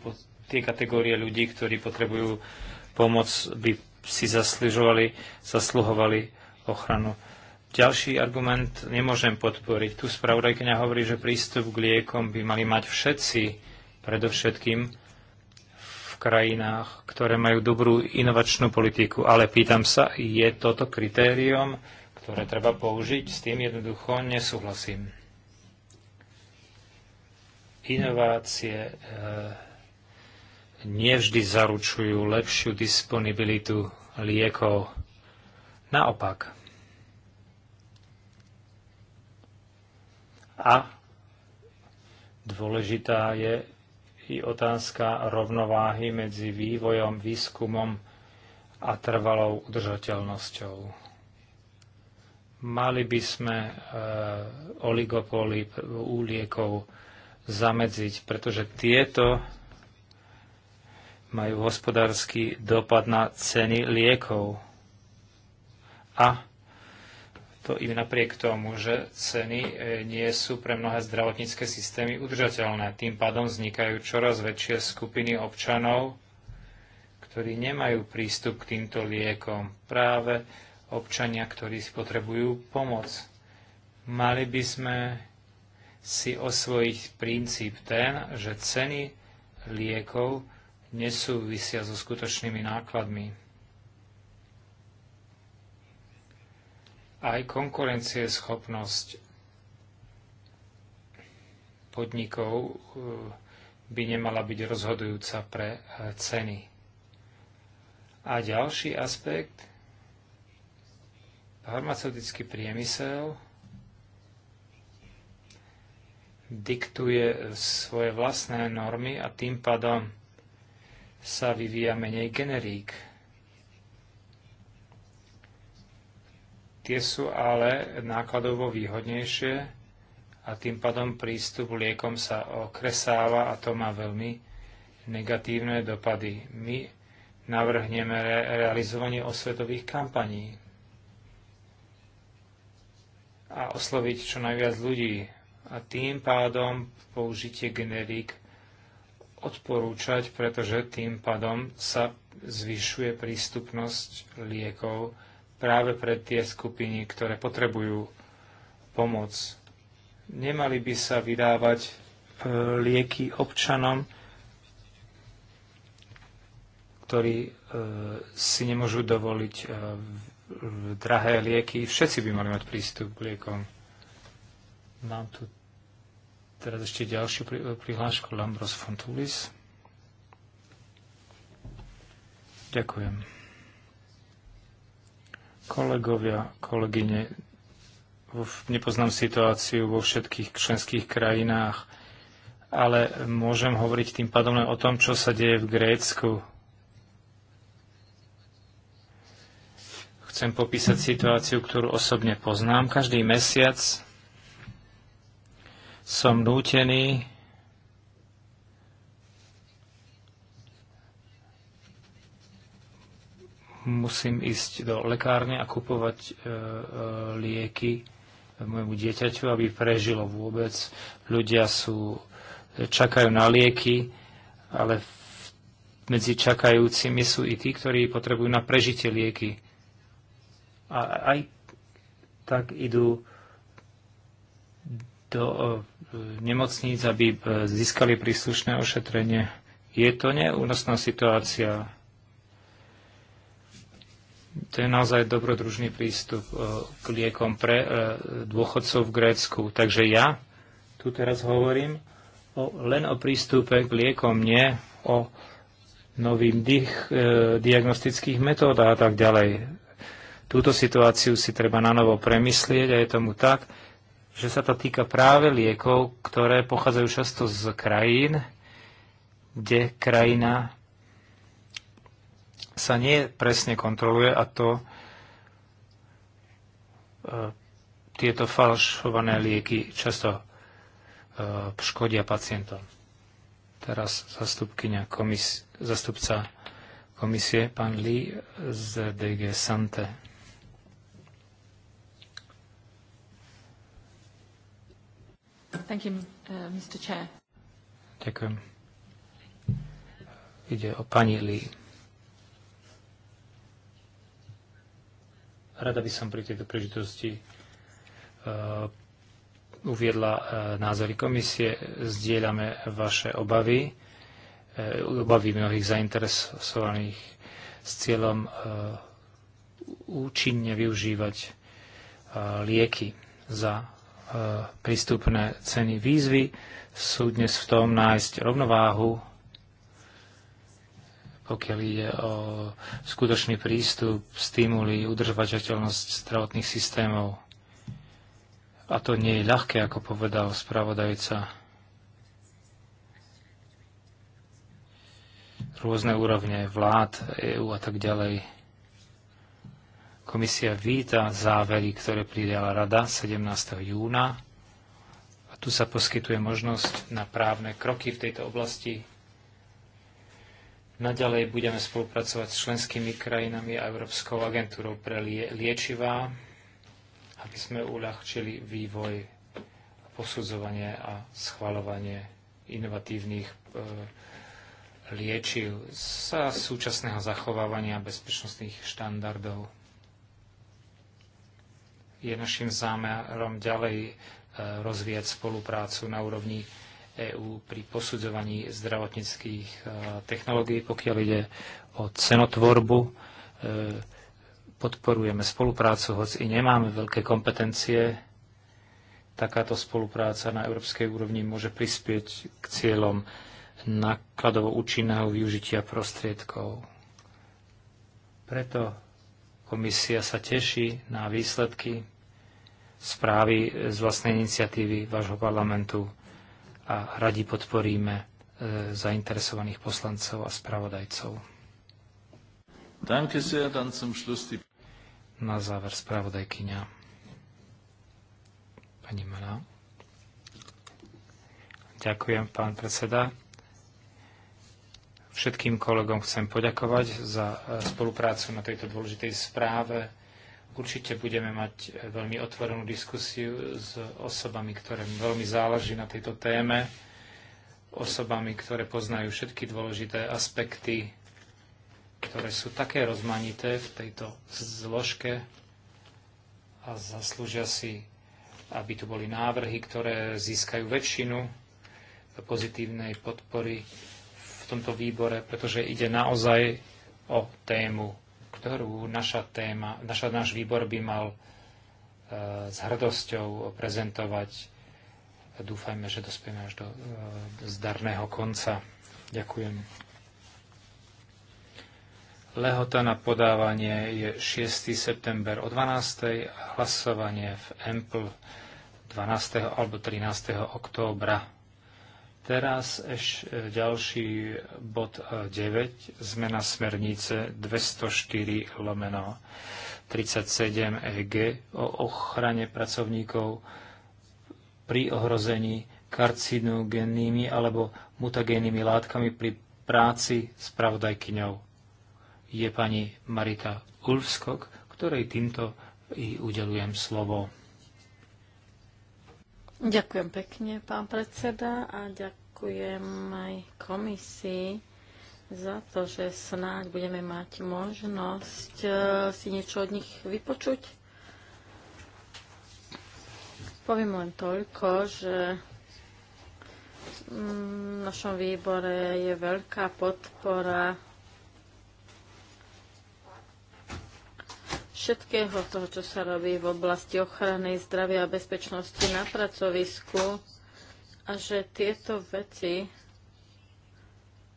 tie kategórie ľudí, ktorí potrebujú pomoc, by si zaslužovali, zasluhovali ochranu. Ďalší argument nemôžem podporiť. Tu spravodajkňa hovorí, že prístup k liekom by mali mať všetci, predovšetkým krajinách, ktoré majú dobrú inovačnú politiku. Ale pýtam sa, je toto kritérium, ktoré treba použiť? S tým jednoducho nesúhlasím. Inovácie e, nevždy zaručujú lepšiu disponibilitu liekov. Naopak. A dôležitá je i otázka rovnováhy medzi vývojom, výskumom a trvalou udržateľnosťou. Mali by sme e, oligopoly úliekov zamedziť, pretože tieto majú hospodársky dopad na ceny liekov a to im napriek tomu, že ceny e, nie sú pre mnohé zdravotnícke systémy udržateľné. Tým pádom vznikajú čoraz väčšie skupiny občanov, ktorí nemajú prístup k týmto liekom. Práve občania, ktorí si potrebujú pomoc. Mali by sme si osvojiť princíp ten, že ceny liekov nesúvisia so skutočnými nákladmi. aj konkurencieschopnosť podnikov e, by nemala byť rozhodujúca pre e, ceny. A ďalší aspekt, farmaceutický priemysel diktuje svoje vlastné normy a tým pádom sa vyvíja menej generík. Tie sú ale nákladovo výhodnejšie a tým pádom prístup liekom sa okresáva a to má veľmi negatívne dopady. My navrhneme re- realizovanie osvetových kampaní a osloviť čo najviac ľudí a tým pádom použitie generík odporúčať, pretože tým pádom sa zvyšuje prístupnosť liekov práve pre tie skupiny, ktoré potrebujú pomoc. Nemali by sa vydávať e, lieky občanom, ktorí e, si nemôžu dovoliť e, drahé lieky. Všetci by mali mať prístup k liekom. Mám tu teraz ešte ďalšiu prihlášku Lambros Fontulis. Ďakujem. Kolegovia, kolegyne, nepoznám situáciu vo všetkých členských krajinách, ale môžem hovoriť tým pádom len o tom, čo sa deje v Grécku. Chcem popísať situáciu, ktorú osobne poznám. Každý mesiac som nútený musím ísť do lekárne a kupovať e, e, lieky môjmu dieťaťu, aby prežilo vôbec. Ľudia sú, e, čakajú na lieky, ale v, medzi čakajúcimi sú i tí, ktorí potrebujú na prežitie lieky. A aj tak idú do e, nemocníc, aby e, získali príslušné ošetrenie. Je to neúnosná situácia to je naozaj dobrodružný prístup e, k liekom pre e, dôchodcov v Grécku. Takže ja tu teraz hovorím o, len o prístupe k liekom, nie o novým dých, e, diagnostických metódach a tak ďalej. Túto situáciu si treba na novo premyslieť a je tomu tak, že sa to týka práve liekov, ktoré pochádzajú často z krajín, kde krajina sa nie presne kontroluje a to e, tieto falšované lieky často e, škodia pacientom. Teraz zastupkynia komis- zastupca komisie, pán Lee z DG Sante. Thank you, uh, e, Mr. Chair. Ďakujem. Ide o pani Lee. Rada by som pri tejto príležitosti uh, uviedla uh, názory komisie. Zdieľame vaše obavy, uh, obavy mnohých zainteresovaných s cieľom účinne využívať lieky za prístupné ceny výzvy sú dnes v tom nájsť rovnováhu pokiaľ ide o skutočný prístup, stimuly, udržovateľnosť zdravotných systémov. A to nie je ľahké, ako povedal spravodajca. Rôzne úrovne vlád, EÚ a tak ďalej. Komisia víta závery, ktoré pridala Rada 17. júna. A tu sa poskytuje možnosť na právne kroky v tejto oblasti Naďalej budeme spolupracovať s členskými krajinami a Európskou agentúrou pre liečivá, aby sme uľahčili vývoj, posudzovanie a schvalovanie inovatívnych e, liečiv sa súčasného zachovávania bezpečnostných štandardov. Je našim zámerom ďalej e, rozvíjať spoluprácu na úrovni EÚ pri posudzovaní zdravotníckých e, technológií, pokiaľ ide o cenotvorbu. E, podporujeme spoluprácu, hoci i nemáme veľké kompetencie. Takáto spolupráca na európskej úrovni môže prispieť k cieľom nakladovo účinného využitia prostriedkov. Preto komisia sa teší na výsledky správy z vlastnej iniciatívy vášho parlamentu a radi podporíme e, zainteresovaných poslancov a spravodajcov. Na záver spravodajkyňa. Pani Mela. Ďakujem, pán predseda. Všetkým kolegom chcem poďakovať za e, spoluprácu na tejto dôležitej správe. Určite budeme mať e, veľmi otvorenú diskusiu s osobami, ktoré veľmi záleží na tejto téme, osobami, ktoré poznajú všetky dôležité aspekty, ktoré sú také rozmanité v tejto zložke a zaslúžia si, aby tu boli návrhy, ktoré získajú väčšinu pozitívnej podpory v tomto výbore, pretože ide naozaj o tému ktorú naša téma, naša, náš výbor by mal e, s hrdosťou prezentovať. Dúfajme, že dospieme až do e, zdarného konca. Ďakujem. Lehota na podávanie je 6. september o 12. a hlasovanie v EMPL 12. alebo 13. októbra Teraz ešte ďalší bod 9, e, zmena smernice 204 lomeno 37 EG o ochrane pracovníkov pri ohrození karcinogennými alebo mutagénnymi látkami pri práci s pravodajkyňou. Je pani Marita Ulfskok, ktorej týmto i udelujem slovo. Ďakujem pekne, pán predseda, a ďakujem aj komisii za to, že snáď budeme mať možnosť e, si niečo od nich vypočuť. Poviem len toľko, že mm, v našom výbore je veľká podpora všetkého toho, čo sa robí v oblasti ochrany zdravia a bezpečnosti na pracovisku a že tieto veci,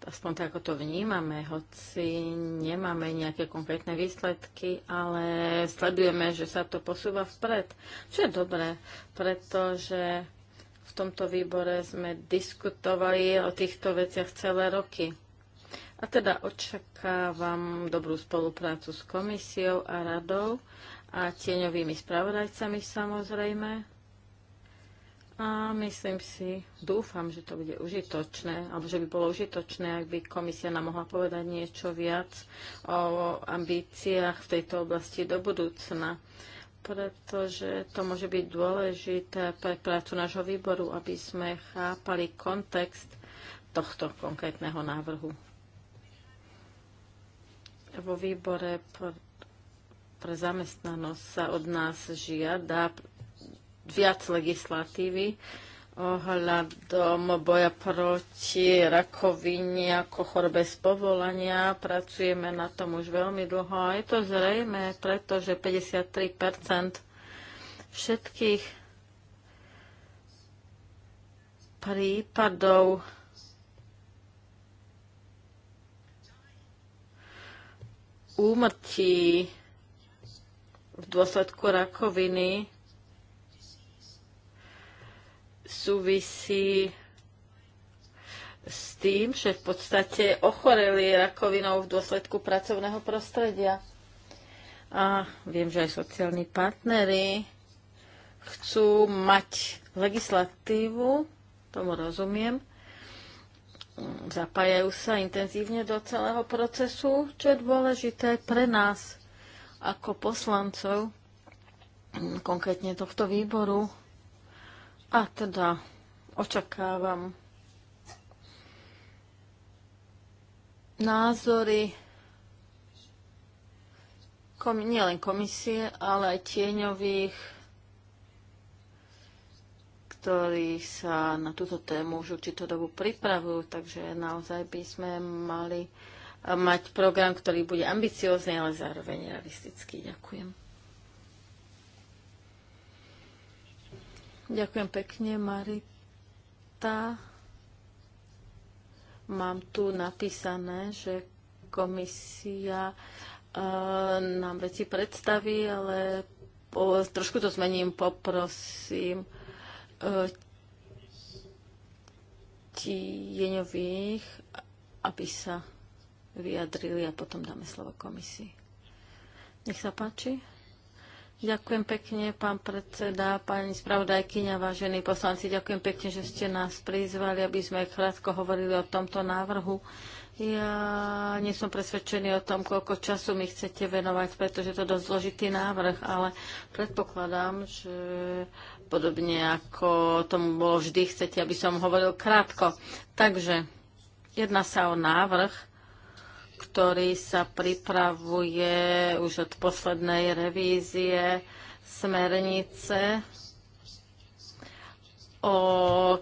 aspoň tak, ako to vnímame, hoci nemáme nejaké konkrétne výsledky, ale sledujeme, že sa to posúva vpred, čo je dobré, pretože v tomto výbore sme diskutovali o týchto veciach celé roky. A teda očakávam dobrú spoluprácu s komisiou a radou a tieňovými spravodajcami samozrejme. A myslím si, dúfam, že to bude užitočné, alebo že by bolo užitočné, ak by komisia nám mohla povedať niečo viac o ambíciách v tejto oblasti do budúcna pretože to môže byť dôležité pre prácu nášho výboru, aby sme chápali kontext tohto konkrétneho návrhu. Vo výbore pre zamestnanosť sa od nás žiada viac legislatívy ohľadom boja proti rakovine ako chorbe z povolania. Pracujeme na tom už veľmi dlho a je to zrejme, pretože 53% všetkých prípadov úmrtí v dôsledku rakoviny súvisí s tým, že v podstate ochoreli rakovinou v dôsledku pracovného prostredia. A viem, že aj sociálni partnery chcú mať legislatívu, tomu rozumiem, zapájajú sa intenzívne do celého procesu, čo je dôležité pre nás ako poslancov, konkrétne tohto výboru. A teda očakávam názory kom- nielen komisie, ale aj tieňových ktorí sa na túto tému už určitú dobu pripravujú, takže naozaj by sme mali mať program, ktorý bude ambiciózny, ale zároveň realistický. Ďakujem. Ďakujem pekne, Marita. Mám tu napísané, že komisia e, nám veci predstaví, ale po, trošku to zmením, poprosím tieňových, aby sa vyjadrili a potom dáme slovo komisii. Nech sa páči. Ďakujem pekne, pán predseda, pani spravodajkyňa, vážení poslanci. Ďakujem pekne, že ste nás prizvali, aby sme krátko hovorili o tomto návrhu. Ja nie som presvedčený o tom, koľko času mi chcete venovať, pretože to je dosť zložitý návrh, ale predpokladám, že Podobne ako tomu bolo vždy, chcete, aby som hovoril krátko. Takže jedná sa o návrh, ktorý sa pripravuje už od poslednej revízie smernice o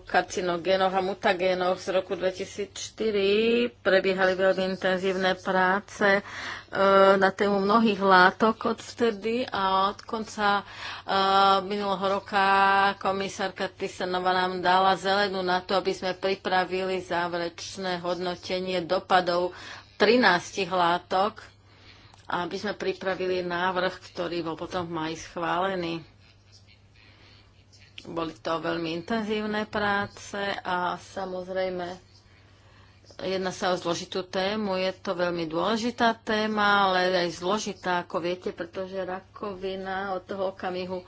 karcinogénoch a mutagénoch z roku 2004 prebiehali veľmi intenzívne práce e, na tému mnohých látok odvtedy a od konca e, minulého roka komisárka Tysenova nám dala zelenú na to, aby sme pripravili záverečné hodnotenie dopadov 13 látok, aby sme pripravili návrh, ktorý bol potom v maji schválený. Boli to veľmi intenzívne práce a samozrejme jedna sa o zložitú tému. Je to veľmi dôležitá téma, ale aj zložitá, ako viete, pretože rakovina od toho okamihu,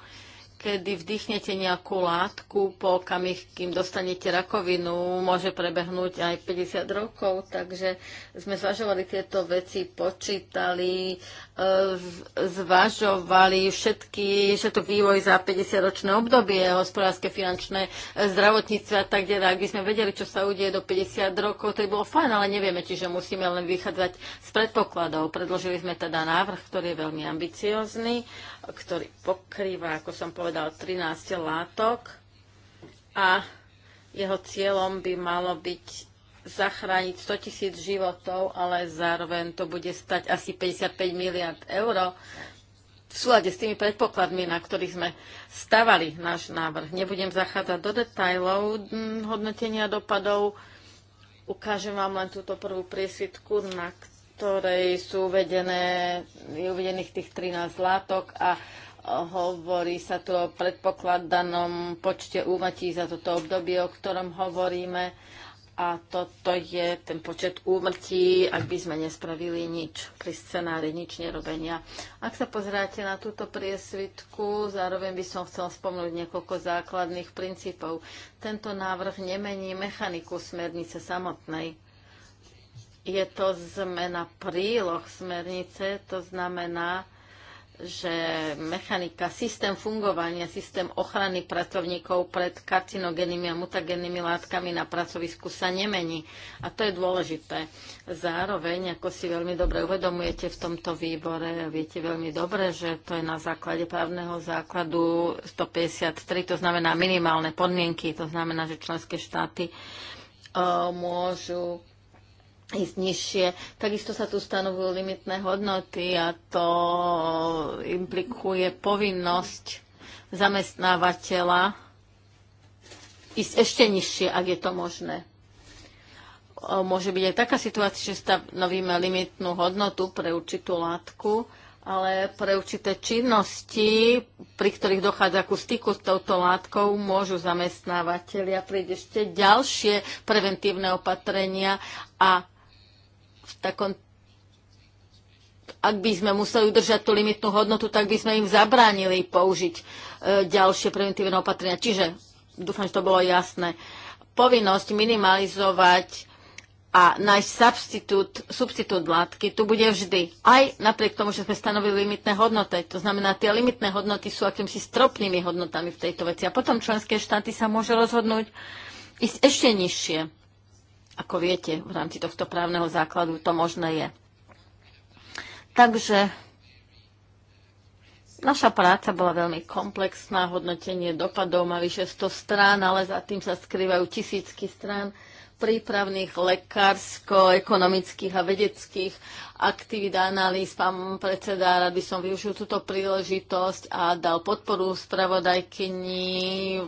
kedy vdychnete nejakú látku, po okamih, kým dostanete rakovinu, môže prebehnúť aj 50 rokov, takže sme zvažovali tieto veci, počítali, E, zvažovali všetky, všetok vývoj za 50-ročné obdobie, hospodárske, finančné, e, zdravotníctve a tak ďalej. Ak by sme vedeli, čo sa udeje do 50 rokov, to by bolo fajn, ale nevieme, čiže musíme len vychádzať z predpokladov. Predložili sme teda návrh, ktorý je veľmi ambiciózny, ktorý pokrýva, ako som povedal, 13 látok a jeho cieľom by malo byť zachrániť 100 tisíc životov, ale zároveň to bude stať asi 55 miliard eur v súlade s tými predpokladmi, na ktorých sme stavali náš návrh. Nebudem zachádzať do detajlov hodnotenia dopadov. Ukážem vám len túto prvú priesvitku, na ktorej sú uvedené, je uvedených tých 13 látok a hovorí sa tu o predpokladanom počte úmatí za toto obdobie, o ktorom hovoríme a toto je ten počet úmrtí, ak by sme nespravili nič pri scenári, nič nerobenia. Ak sa pozráte na túto priesvitku, zároveň by som chcel spomnúť niekoľko základných princípov. Tento návrh nemení mechaniku smernice samotnej. Je to zmena príloh smernice, to znamená, že mechanika, systém fungovania, systém ochrany pracovníkov pred karcinogenými a mutagennými látkami na pracovisku sa nemení. A to je dôležité. Zároveň, ako si veľmi dobre uvedomujete v tomto výbore, viete veľmi dobre, že to je na základe právneho základu 153, to znamená minimálne podmienky, to znamená, že členské štáty e, môžu ísť nižšie. Takisto sa tu stanovujú limitné hodnoty a to implikuje povinnosť zamestnávateľa ísť ešte nižšie, ak je to možné. Môže byť aj taká situácia, že stanovíme limitnú hodnotu pre určitú látku, ale pre určité činnosti, pri ktorých dochádza ku styku s touto látkou, môžu zamestnávateľia prieť ešte ďalšie preventívne opatrenia a v takom ak by sme museli udržať tú limitnú hodnotu, tak by sme im zabránili použiť e, ďalšie preventívne opatrenia. Čiže dúfam, že to bolo jasné. Povinnosť minimalizovať a nájsť substitút, substitút látky tu bude vždy. Aj napriek tomu, že sme stanovili limitné hodnoty. To znamená, tie limitné hodnoty sú akýmsi stropnými hodnotami v tejto veci. A potom členské štáty sa môže rozhodnúť ísť ešte nižšie ako viete, v rámci tohto právneho základu to možné je. Takže Naša práca bola veľmi komplexná, hodnotenie dopadov má vyše 100 strán, ale za tým sa skrývajú tisícky strán prípravných lekársko-ekonomických a vedeckých aktivít a analýz. Pán predseda, rád by som využil túto príležitosť a dal podporu spravodajkyni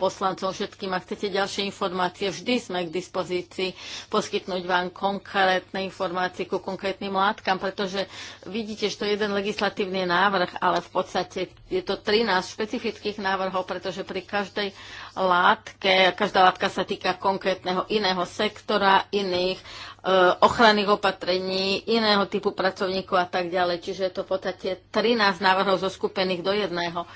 poslancom všetkým. Ak chcete ďalšie informácie, vždy sme k dispozícii poskytnúť vám konkrétne informácie ku konkrétnym látkam, pretože vidíte, že to je jeden legislatívny návrh, ale v podstate je to 13 špecifických návrhov, pretože pri každej látke. Každá látka sa týka konkrétneho iného sektora, iných e, ochranných opatrení, iného typu pracovníkov a tak ďalej. Čiže je to v podstate 13 návrhov zoskupených do jedného.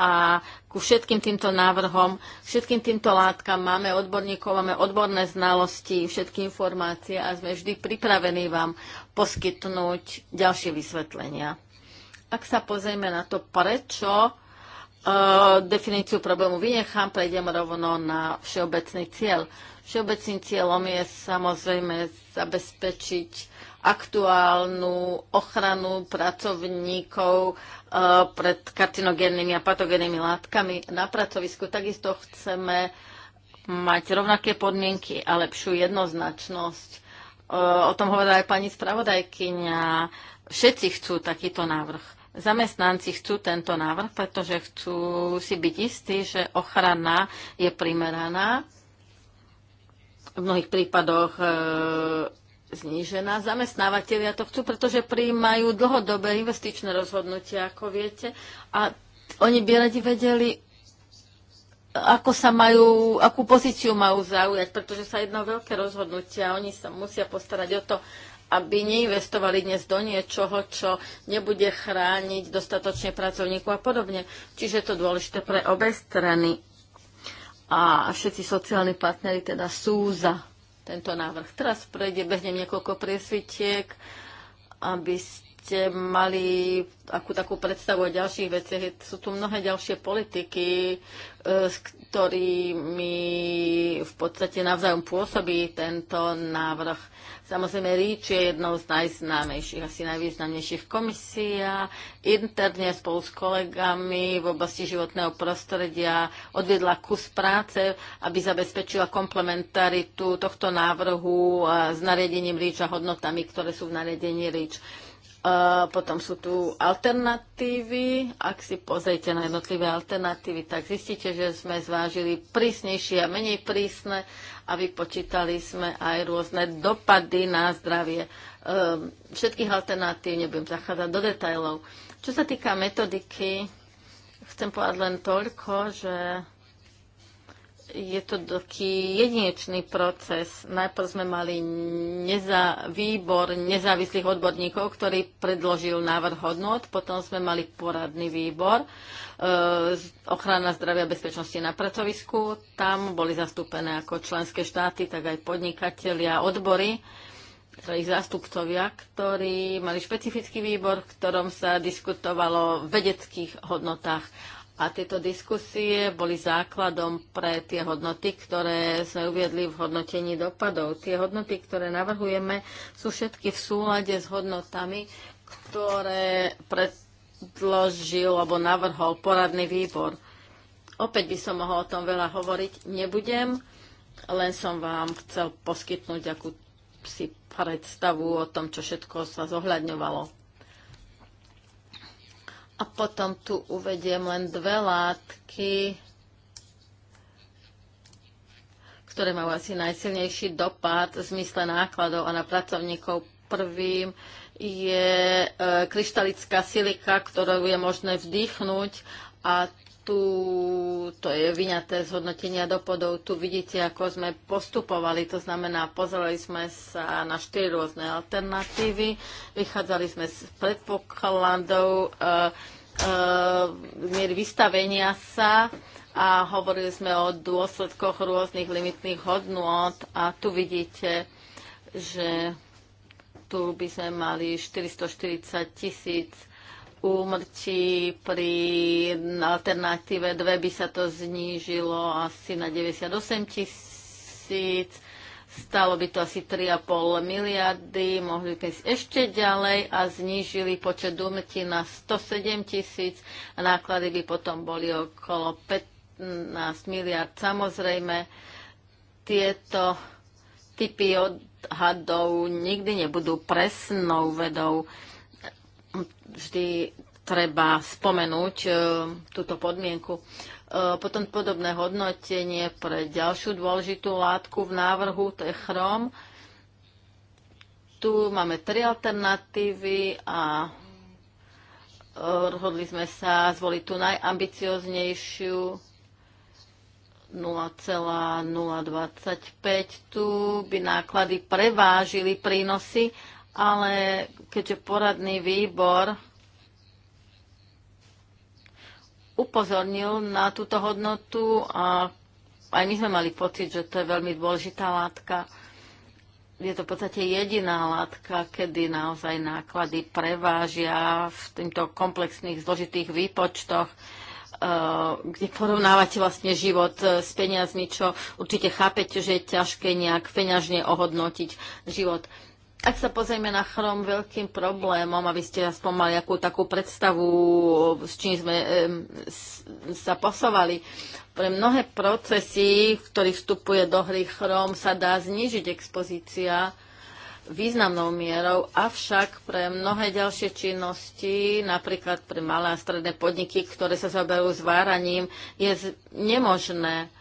A ku všetkým týmto návrhom, všetkým týmto látkam máme odborníkov, máme odborné znalosti, všetky informácie a sme vždy pripravení vám poskytnúť ďalšie vysvetlenia. Ak sa pozrieme na to, prečo E, definíciu problému vynechám, prejdem rovno na všeobecný cieľ. Všeobecným cieľom je samozrejme zabezpečiť aktuálnu ochranu pracovníkov e, pred karcinogénnymi a patogénnymi látkami na pracovisku. Takisto chceme mať rovnaké podmienky a lepšiu jednoznačnosť. E, o tom hovorila aj pani spravodajkyňa. Všetci chcú takýto návrh Zamestnanci chcú tento návrh, pretože chcú si byť istí, že ochrana je primeraná, v mnohých prípadoch e, znížená. Zamestnávateľia to chcú, pretože prijímajú dlhodobé investičné rozhodnutia, ako viete, a oni by radi vedeli, ako sa majú, akú pozíciu majú zaujať, pretože sa jedno veľké rozhodnutia, oni sa musia postarať o to, aby neinvestovali dnes do niečoho, čo nebude chrániť dostatočne pracovníku a podobne. Čiže je to dôležité pre obe strany. A všetci sociálni partnery teda sú za tento návrh. Teraz prejde, behnem niekoľko presvitiek, aby ste ste mali akú takú predstavu o ďalších veciach. Sú tu mnohé ďalšie politiky, e, s ktorými v podstate navzájom pôsobí tento návrh. Samozrejme, Ríč je jednou z najznámejších, asi najvýznamnejších a Interne spolu s kolegami v oblasti životného prostredia odviedla kus práce, aby zabezpečila komplementaritu tohto návrhu s nariadením REACH a hodnotami, ktoré sú v nariadení Ríč. Potom sú tu alternatívy. Ak si pozrite na jednotlivé alternatívy, tak zistíte, že sme zvážili prísnejšie a menej prísne a vypočítali sme aj rôzne dopady na zdravie. Ehm, všetkých alternatív nebudem zachádzať do detajlov. Čo sa týka metodiky, chcem povedať len toľko, že je to taký jedinečný proces. Najprv sme mali neza, výbor nezávislých odborníkov, ktorý predložil návrh hodnot, potom sme mali poradný výbor e, ochrana zdravia a bezpečnosti na pracovisku. Tam boli zastúpené ako členské štáty, tak aj podnikatelia, odbory teda ich zástupcovia, ktorí mali špecifický výbor, v ktorom sa diskutovalo o vedeckých hodnotách a tieto diskusie boli základom pre tie hodnoty, ktoré sme uviedli v hodnotení dopadov. Tie hodnoty, ktoré navrhujeme, sú všetky v súlade s hodnotami, ktoré predložil alebo navrhol poradný výbor. Opäť by som mohol o tom veľa hovoriť, nebudem, len som vám chcel poskytnúť akú si predstavu o tom, čo všetko sa zohľadňovalo a potom tu uvediem len dve látky, ktoré majú asi najsilnejší dopad v zmysle nákladov a na pracovníkov. Prvým je e, kryštalická silika, ktorú je možné vdýchnuť a tu to je vyňaté z hodnotenia dopodov. Tu vidíte, ako sme postupovali, to znamená, pozreli sme sa na štyri rôzne alternatívy, vychádzali sme z predpokladov e, e, miery vystavenia sa a hovorili sme o dôsledkoch rôznych limitných hodnôt a tu vidíte, že tu by sme mali 440 tisíc úmrtí pri alternatíve 2 by sa to znížilo asi na 98 tisíc. Stalo by to asi 3,5 miliardy, mohli by ísť ešte ďalej a znížili počet úmrtí na 107 tisíc. Náklady by potom boli okolo 15 miliard. Samozrejme, tieto typy odhadov nikdy nebudú presnou vedou vždy treba spomenúť e, túto podmienku. E, potom podobné hodnotenie pre ďalšiu dôležitú látku v návrhu, to je chrom. Tu máme tri alternatívy a e, rozhodli sme sa zvoliť tú najambicioznejšiu 0,025. Tu by náklady prevážili prínosy ale keďže poradný výbor upozornil na túto hodnotu a aj my sme mali pocit, že to je veľmi dôležitá látka. Je to v podstate jediná látka, kedy naozaj náklady prevážia v týmto komplexných, zložitých výpočtoch, eh, kde porovnávate vlastne život eh, s peniazmi, čo určite chápete, že je ťažké nejak peňažne ohodnotiť život ak sa pozrieme na chrom veľkým problémom, aby ste aspoň mali akú takú predstavu, s čím sme e, sa posovali, pre mnohé procesy, v ktorých vstupuje do hry chrom, sa dá znižiť expozícia významnou mierou, avšak pre mnohé ďalšie činnosti, napríklad pre malé a stredné podniky, ktoré sa zaoberajú zváraním, je nemožné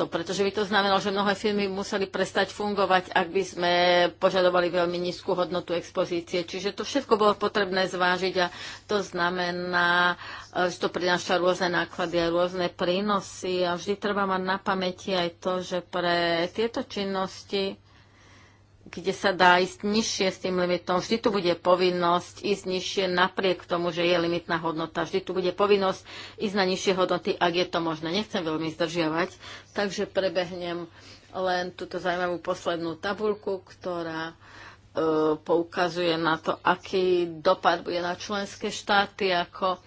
to, no, pretože by to znamenalo, že mnohé firmy museli prestať fungovať, ak by sme požadovali veľmi nízku hodnotu expozície. Čiže to všetko bolo potrebné zvážiť a to znamená, e, že to prináša rôzne náklady a rôzne prínosy a vždy treba mať na pamäti aj to, že pre tieto činnosti kde sa dá ísť nižšie s tým limitom. Vždy tu bude povinnosť ísť nižšie napriek tomu, že je limitná hodnota. Vždy tu bude povinnosť ísť na nižšie hodnoty, ak je to možné. Nechcem veľmi zdržiavať, takže prebehnem len túto zaujímavú poslednú tabulku, ktorá e, poukazuje na to, aký dopad bude na členské štáty. Ako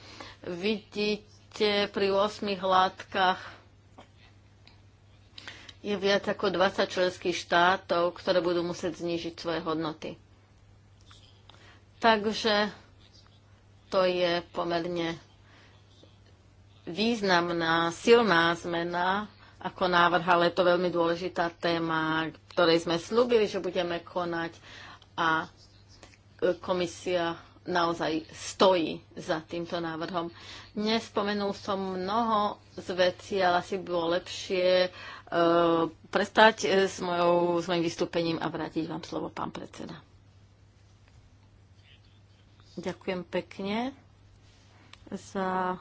vidíte, pri 8 látkach je viac ako 20 členských štátov, ktoré budú musieť znižiť svoje hodnoty. Takže to je pomerne významná, silná zmena ako návrh, ale je to veľmi dôležitá téma, ktorej sme slúbili, že budeme konať a komisia naozaj stojí za týmto návrhom. Nespomenul som mnoho z vecí, ale asi bolo lepšie, Eh, prestať eh, s, mojou, s mojim vystúpením a vrátiť vám slovo, pán predseda. Ďakujem pekne za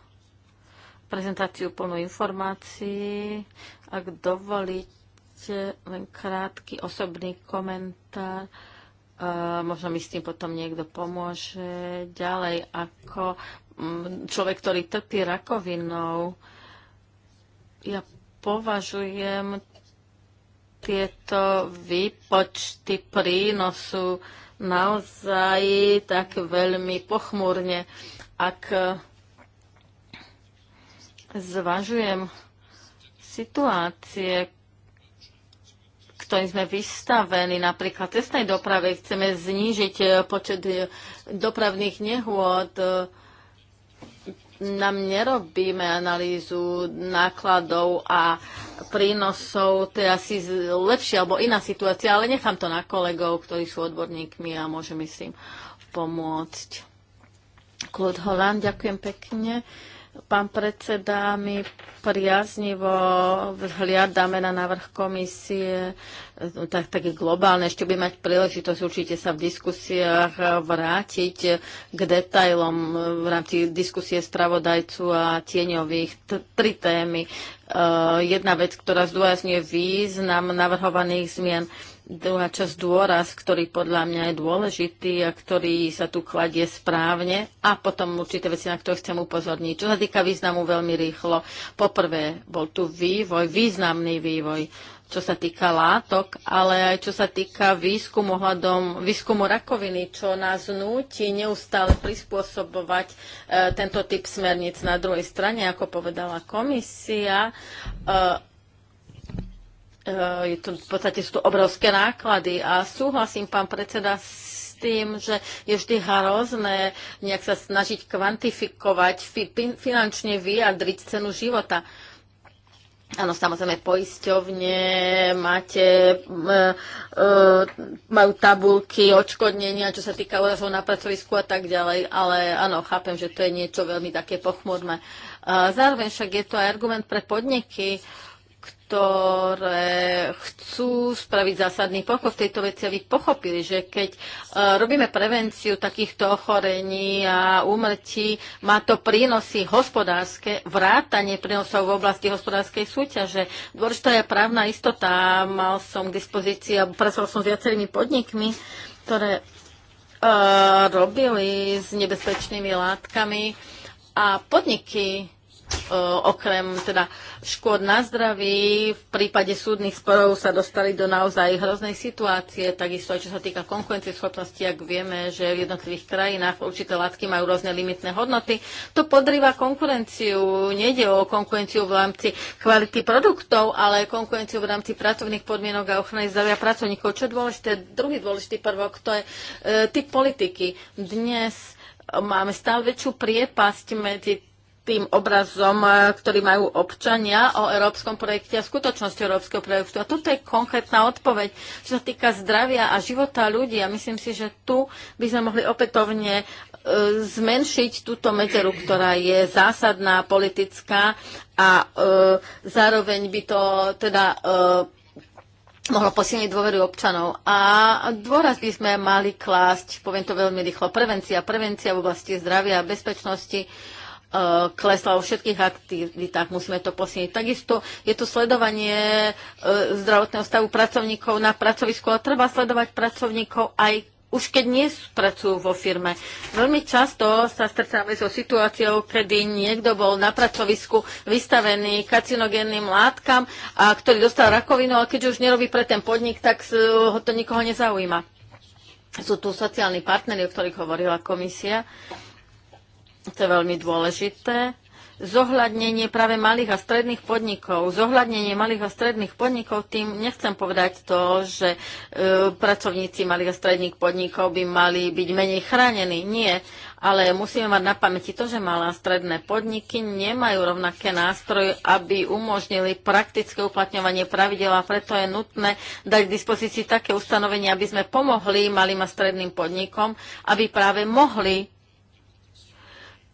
prezentáciu plnú informácií. Ak dovolíte, len krátky osobný komentár. Eh, možno mi s tým potom niekto pomôže ďalej. Ako mm, človek, ktorý trpí rakovinou, ja považujem tieto výpočty prínosu naozaj tak veľmi pochmúrne. Ak zvažujem situácie, ktorým sme vystavení, napríklad cestnej doprave, chceme znížiť počet dopravných nehôd, nám nerobíme analýzu nákladov a prínosov, to je asi lepšia alebo iná situácia, ale nechám to na kolegov, ktorí sú odborníkmi a môžem im pomôcť. Klod Holand, ďakujem pekne. Pán predseda, my priaznivo hliadame na návrh komisie tak, tak globálne. Ešte by mať príležitosť určite sa v diskusiách vrátiť k detailom v rámci diskusie spravodajcu a tieňových. tri témy. E, jedna vec, ktorá zdôrazňuje význam navrhovaných zmien Druhá časť dôraz, ktorý podľa mňa je dôležitý a ktorý sa tu kladie správne a potom určité veci, na ktoré chcem upozorniť. Čo sa týka významu veľmi rýchlo. Poprvé bol tu vývoj, významný vývoj čo sa týka látok, ale aj čo sa týka výskumu hľadom výskumu rakoviny, čo nás núti neustále prispôsobovať e, tento typ smerníc na druhej strane, ako povedala komisia. E, Eh, je to, v podstate sú to obrovské náklady a súhlasím, pán predseda, s tým, že je vždy hrozné nejak sa snažiť kvantifikovať, finančne vyjadriť cenu života. Áno, samozrejme, poisťovne, máte, eh, eh, majú tabulky, odškodnenia, čo sa týka úrazov na pracovisku a tak ďalej, ale áno, chápem, že to je niečo veľmi také pochmurné. zároveň však je to aj argument pre podniky, ktoré chcú spraviť zásadný pokrok v tejto veci, aby pochopili, že keď e, robíme prevenciu takýchto ochorení a úmrtí, má to prínosy hospodárske, vrátanie prínosov v oblasti hospodárskej súťaže. Dôležitá je právna istota. Mal som k dispozícii, alebo pracoval som s viacerými podnikmi, ktoré uh, robili s nebezpečnými látkami a podniky E, okrem teda škôd na zdraví, v prípade súdnych sporov sa dostali do naozaj hroznej situácie, takisto aj čo sa týka konkurencieschopnosti, ak vieme, že v jednotlivých krajinách určité látky majú rôzne limitné hodnoty, to podrýva konkurenciu. Nejde o konkurenciu v rámci kvality produktov, ale konkurenciu v rámci pracovných podmienok a ochrany zdravia pracovníkov. Čo je dôležité? Druhý dôležitý prvok, to je e, typ politiky. Dnes máme stále väčšiu priepasť medzi tým obrazom, e, ktorý majú občania o európskom projekte a skutočnosti európskeho projektu. A toto je konkrétna odpoveď, čo sa týka zdravia a života ľudí. A myslím si, že tu by sme mohli opätovne e, zmenšiť túto medzeru, ktorá je zásadná, politická a e, zároveň by to teda e, mohlo posilniť dôveru občanov. A dôraz by sme mali klásť, poviem to veľmi rýchlo, prevencia, prevencia v oblasti zdravia a bezpečnosti, E, klesla vo všetkých aktivitách. Musíme to posilniť. Takisto je tu sledovanie e, zdravotného stavu pracovníkov na pracovisku, ale treba sledovať pracovníkov aj už keď nie pracujú vo firme. Veľmi často sa stretávame so situáciou, kedy niekto bol na pracovisku vystavený kacinogénnym látkam, a ktorý dostal rakovinu, a keďže už nerobí pre ten podnik, tak ho to nikoho nezaujíma. Sú tu sociálni partnery, o ktorých hovorila komisia. Uh, to je veľmi dôležité, zohľadnenie práve malých a stredných podnikov. Zohľadnenie malých a stredných podnikov, tým nechcem povedať to, že e, pracovníci malých a stredných podnikov by mali byť menej chránení. Nie, ale musíme mať na pamäti to, že malé a stredné podniky nemajú rovnaké nástroje, aby umožnili praktické uplatňovanie pravidel a preto je nutné dať k dispozícii také ustanovenie, aby sme pomohli malým a stredným podnikom, aby práve mohli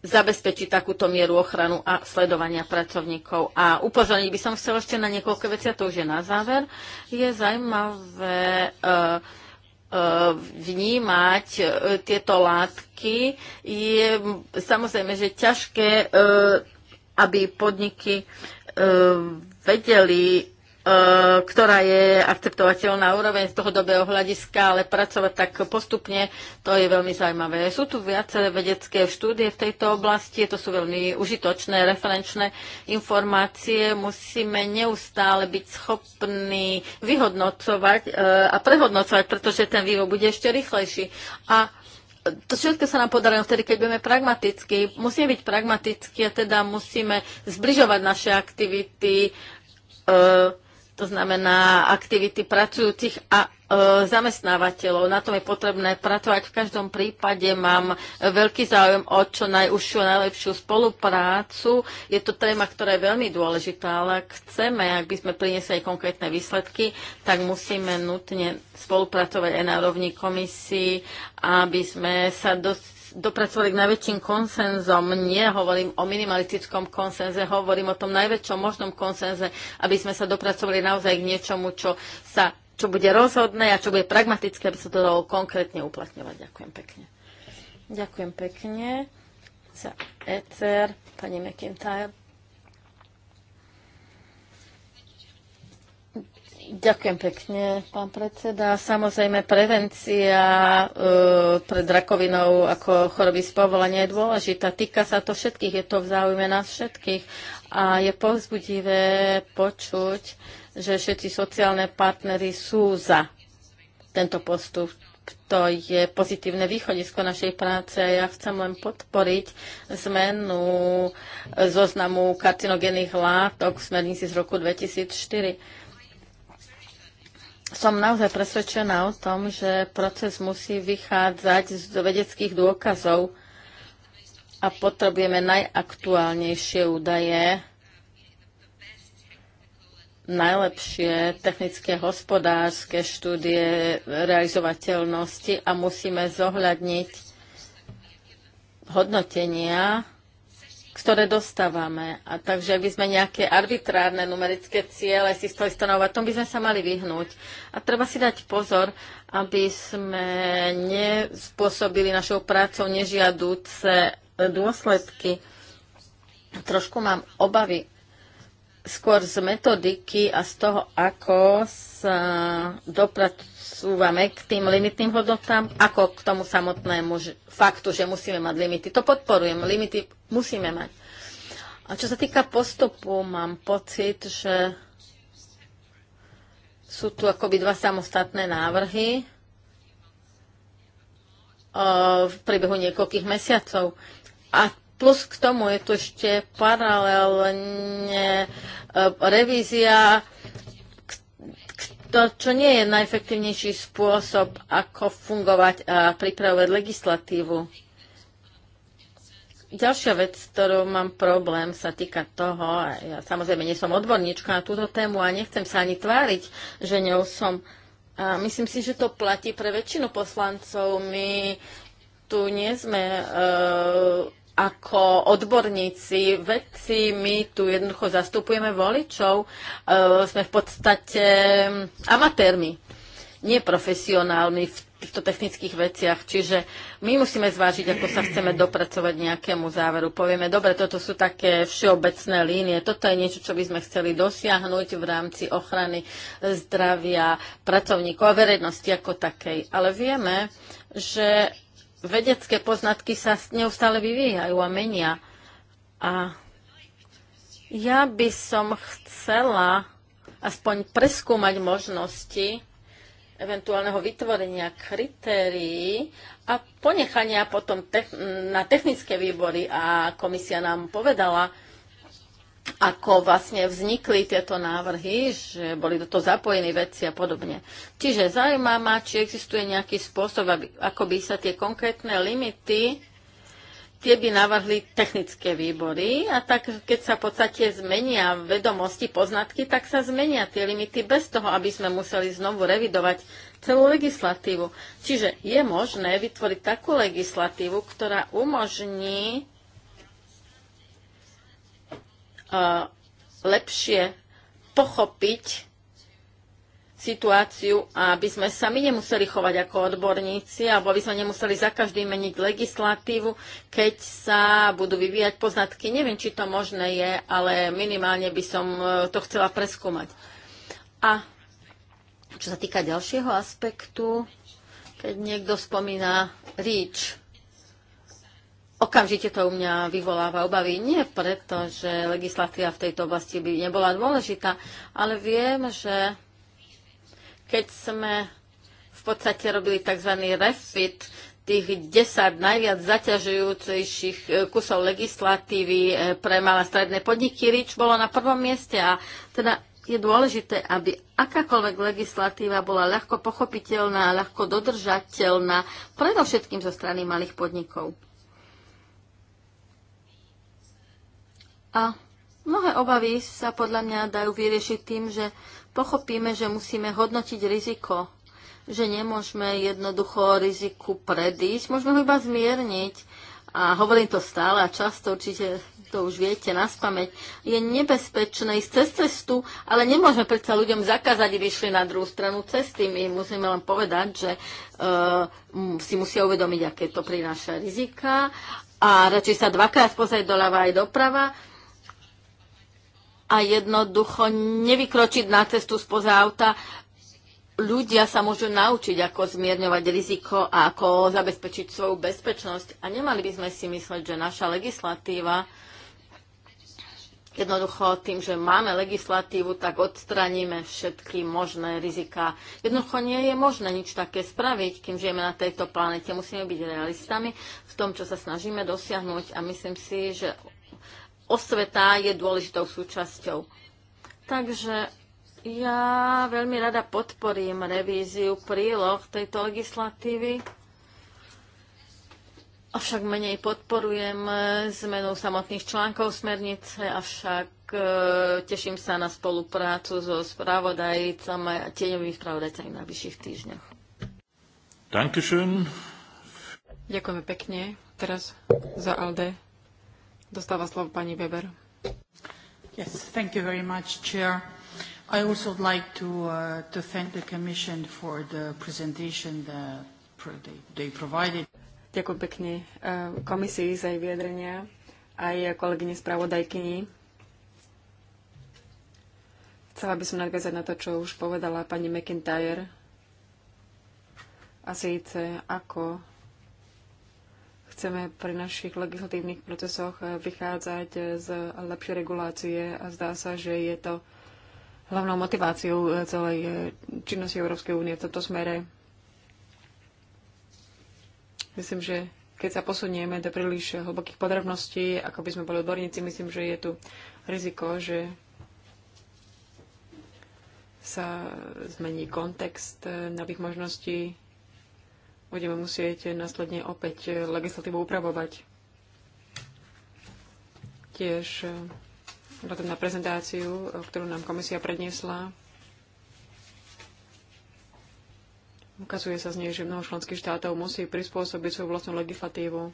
zabezpečiť takúto mieru ochranu a sledovania pracovníkov. A upozorniť by som chcel ešte na niekoľko vecí, a to už je na záver. Je zaujímavé e, e, vnímať e, tieto látky. Je samozrejme, že ťažké, aby podniky vedeli E, ktorá je akceptovateľná úroveň z dlhodobého hľadiska, ale pracovať tak postupne, to je veľmi zaujímavé. Sú tu viaceré vedecké štúdie v tejto oblasti, to sú veľmi užitočné referenčné informácie. Musíme neustále byť schopní vyhodnocovať e, a prehodnocovať, pretože ten vývoj bude ešte rýchlejší. A to všetko sa nám podarilo vtedy, keď budeme pragmatickí. Musíme byť pragmatickí a teda musíme zbližovať naše aktivity, e, to znamená aktivity pracujúcich a e, zamestnávateľov. Na tom je potrebné pracovať. V každom prípade mám veľký záujem o čo najúžšiu, najlepšiu spoluprácu. Je to téma, ktorá je veľmi dôležitá, ale ak chceme, ak by sme priniesli aj konkrétne výsledky, tak musíme nutne spolupracovať aj na rovni komisii, aby sme sa dosť dopracovali k najväčším konsenzom. Nie hovorím o minimalistickom konsenze, hovorím o tom najväčšom možnom konsenze, aby sme sa dopracovali naozaj k niečomu, čo, sa, čo bude rozhodné a čo bude pragmatické, aby sa to dalo konkrétne uplatňovať. Ďakujem pekne. Ďakujem pekne za ECR, pani McIntyre. Ďakujem pekne, pán predseda. Samozrejme, prevencia e, pred rakovinou ako choroby z povolenia je dôležitá. Týka sa to všetkých, je to v záujme nás všetkých. A je povzbudivé počuť, že všetci sociálne partnery sú za tento postup. To je pozitívne východisko našej práce a ja chcem len podporiť zmenu zoznamu karcinogénnych látok v smernici z roku 2004 som naozaj presvedčená o tom, že proces musí vychádzať z vedeckých dôkazov a potrebujeme najaktuálnejšie údaje, najlepšie technické hospodárske štúdie realizovateľnosti a musíme zohľadniť hodnotenia ktoré dostávame. A takže ak by sme nejaké arbitrárne numerické ciele si stali stanovať, tom by sme sa mali vyhnúť. A treba si dať pozor, aby sme nespôsobili našou prácou nežiadúce dôsledky. Trošku mám obavy skôr z metodiky a z toho, ako sa dopracúvame k tým limitným hodnotám, ako k tomu samotnému faktu, že musíme mať limity. To podporujem, limity musíme mať. A čo sa týka postupu, mám pocit, že sú tu akoby dva samostatné návrhy e, v priebehu niekoľkých mesiacov. A plus k tomu je tu ešte paralelne E, revízia, to, čo nie je najefektívnejší spôsob, ako fungovať a pripravovať legislatívu. Ďalšia vec, s ktorou mám problém, sa týka toho, a ja samozrejme nie som odborníčka na túto tému a nechcem sa ani tváriť, že ňou som. A myslím si, že to platí pre väčšinu poslancov. My tu nie sme uh, ako odborníci, vedci, my tu jednoducho zastupujeme voličov, e, sme v podstate amatérmi, nie profesionálmi v týchto technických veciach. Čiže my musíme zvážiť, ako sa chceme dopracovať nejakému záveru. Povieme, dobre, toto sú také všeobecné línie, toto je niečo, čo by sme chceli dosiahnuť v rámci ochrany zdravia pracovníkov a verejnosti ako takej. Ale vieme, že vedecké poznatky sa neustále vyvíjajú a menia. A ja by som chcela aspoň preskúmať možnosti eventuálneho vytvorenia kritérií a ponechania potom te- na technické výbory. A komisia nám povedala, ako vlastne vznikli tieto návrhy, že boli do toho zapojení veci a podobne. Čiže zaujímá ma, či existuje nejaký spôsob, aby, ako by sa tie konkrétne limity, tie by navrhli technické výbory a tak, keď sa v podstate zmenia vedomosti, poznatky, tak sa zmenia tie limity bez toho, aby sme museli znovu revidovať celú legislatívu. Čiže je možné vytvoriť takú legislatívu, ktorá umožní Eh, lepšie pochopiť situáciu aby sme sa my nemuseli chovať ako odborníci, alebo aby sme nemuseli za každý meniť legislatívu, keď sa budú vyvíjať poznatky. Neviem, či to možné je, ale minimálne by som eh, to chcela preskúmať. A čo sa týka ďalšieho aspektu, keď niekto spomína REACH, Okamžite to u mňa vyvoláva obavy. Nie preto, že legislatíva v tejto oblasti by nebola dôležitá, ale viem, že keď sme v podstate robili tzv. refit tých 10 najviac zaťažujúcejších eh, kusov legislatívy eh, pre malé stredné podniky, RIČ bolo na prvom mieste a teda je dôležité, aby akákoľvek legislatíva bola ľahko pochopiteľná a ľahko dodržateľná, predovšetkým zo strany malých podnikov. A mnohé obavy sa podľa mňa dajú vyriešiť tým, že pochopíme, že musíme hodnotiť riziko, že nemôžeme jednoducho riziku predísť, môžeme ho iba zmierniť. A hovorím to stále a často, určite to už viete na spameť, je nebezpečné ísť cez cestu, ale nemôžeme predsa ľuďom zakázať, aby išli na druhú stranu cesty. My musíme len povedať, že uh, si musia uvedomiť, aké to prináša rizika a radšej sa dvakrát pozrieť doľava aj doprava, a jednoducho nevykročiť na cestu spoza auta. Ľudia sa môžu naučiť, ako zmierňovať riziko a ako zabezpečiť svoju bezpečnosť. A nemali by sme si mysleť, že naša legislatíva Jednoducho tým, že máme legislatívu, tak odstraníme všetky možné rizika. Jednoducho nie je možné nič také spraviť, kým žijeme na tejto planete. Musíme byť realistami v tom, čo sa snažíme dosiahnuť a myslím si, že osveta je dôležitou súčasťou. Takže ja veľmi rada podporím revíziu príloh tejto legislatívy. Avšak menej podporujem zmenu samotných článkov smernice, avšak e, teším sa na spoluprácu so spravodajcom a tieňovými spravodajcami na vyšších týždňoch. Ďakujem Ďakujeme pekne. Teraz za Alde Dostáva slovo pani Weber. Yes, thank you very much, Chair. I also would like to, uh, to thank the Commission for the presentation that they, provided. Ďakujem pekne uh, komisii za jej vyjadrenia aj kolegyne spravodajkyni. Chcela by som nadviazať na to, čo už povedala pani McIntyre a síce ako chceme pri našich legislatívnych procesoch eh, vychádzať eh, z lepšej regulácie a zdá sa, že je to hlavnou motiváciou eh, celej činnosti Európskej únie v tomto smere. Myslím, že keď sa posunieme do príliš hlbokých podrobností, ako by sme boli odborníci, myslím, že je tu riziko, že sa zmení kontext nových možností budeme musieť následne opäť legislatívu upravovať. Tiež e, vzhľadom na prezentáciu, e, ktorú nám komisia predniesla, Ukazuje sa z nej, že mnoho členských štátov musí prispôsobiť svoju vlastnú legislatívu.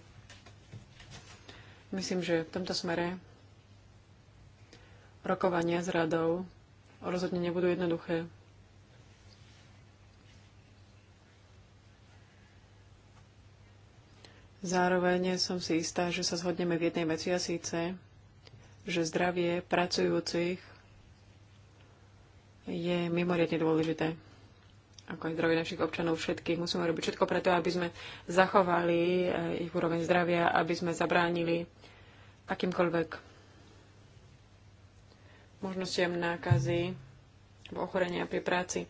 Myslím, že v tomto smere rokovania s radou rozhodne nebudú jednoduché. Zároveň som si istá, že sa zhodneme v jednej veci a síce, že zdravie pracujúcich je mimoriadne dôležité. Ako aj zdravie našich občanov všetkých. Musíme robiť všetko preto, aby sme zachovali eh, ich úroveň zdravia, aby sme zabránili akýmkoľvek možnostiam nákazy, alebo ochorenia pri práci.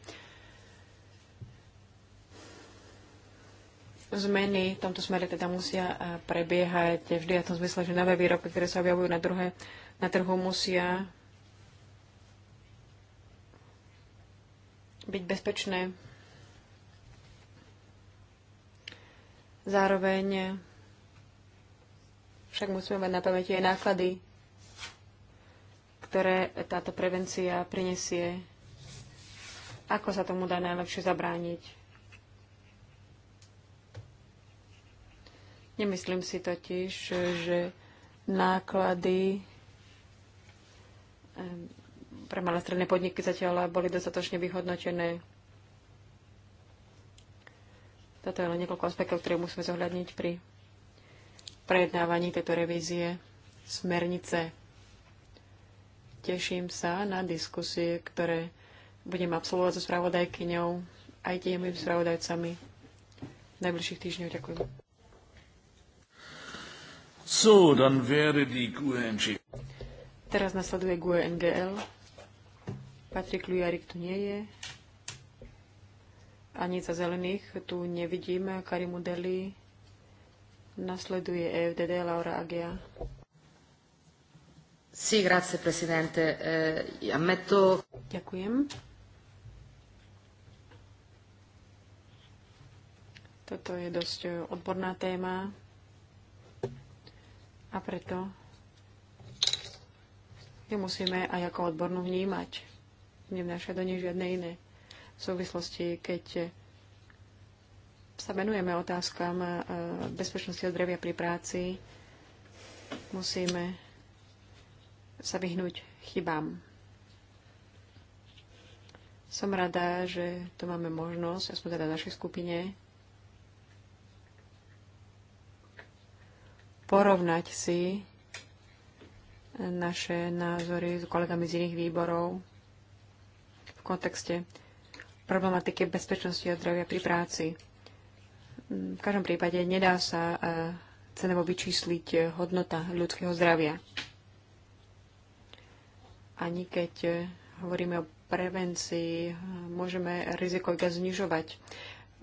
Zmeny v tomto smere teda musia e, prebiehať vždy v tom zmysle, že nové výrobky, ktoré sa objavujú na, druhé, na trhu, musia byť bezpečné. Zároveň však musíme mať na pamäti aj náklady, ktoré táto prevencia prinesie. Ako sa tomu dá najlepšie zabrániť? Nemyslím si totiž, že náklady pre malé stredné podniky zatiaľ boli dostatočne vyhodnotené. Toto je len niekoľko aspektov, ktoré musíme zohľadniť pri prejednávaní tejto revízie smernice. Teším sa na diskusie, ktoré budem absolvovať so spravodajkyňou aj tými spravodajcami v najbližších týždňoch. Ďakujem. So, dann wäre die QNG. Teraz nasleduje GUE NGL. Patrik Lujarik tu nie je. Ani za zelených tu nevidíme. Karimu Deli. Nasleduje EFDD Laura Agia. Sì, sí, grazie Presidente. Eh, ammetto... Ďakujem. Toto je dosť odborná téma a preto ju musíme aj ako odbornú vnímať. Nevnáša do nej žiadne iné v súvislosti, keď sa venujeme otázkam e, bezpečnosti a zdravia pri práci, musíme sa vyhnúť chybám. Som rada, že tu máme možnosť, aspoň teda v našej skupine, porovnať si naše názory s kolegami z iných výborov v kontexte problematiky bezpečnosti a zdravia pri práci. V každom prípade nedá sa e, cenovo vyčísliť hodnota ľudského zdravia. Ani keď hovoríme o prevencii, môžeme riziko iba znižovať.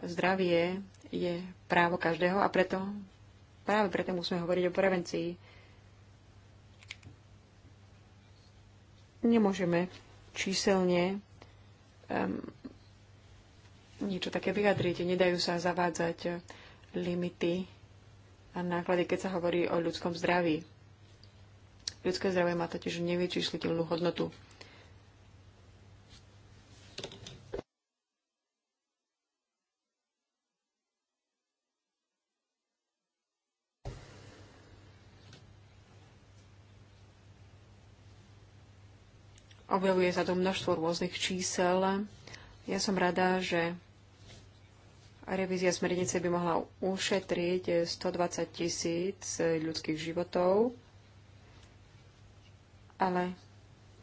Zdravie je právo každého a preto Práve preto musíme hovoriť o prevencii. Nemôžeme číselne um, niečo také vyjadriť. Nedajú sa zavádzať limity a náklady, keď sa hovorí o ľudskom zdraví. Ľudské zdravie má totiž nevyčísliteľnú hodnotu. Objavuje sa to množstvo rôznych čísel. Ja som rada, že revízia smernice by mohla ušetriť 120 tisíc ľudských životov, ale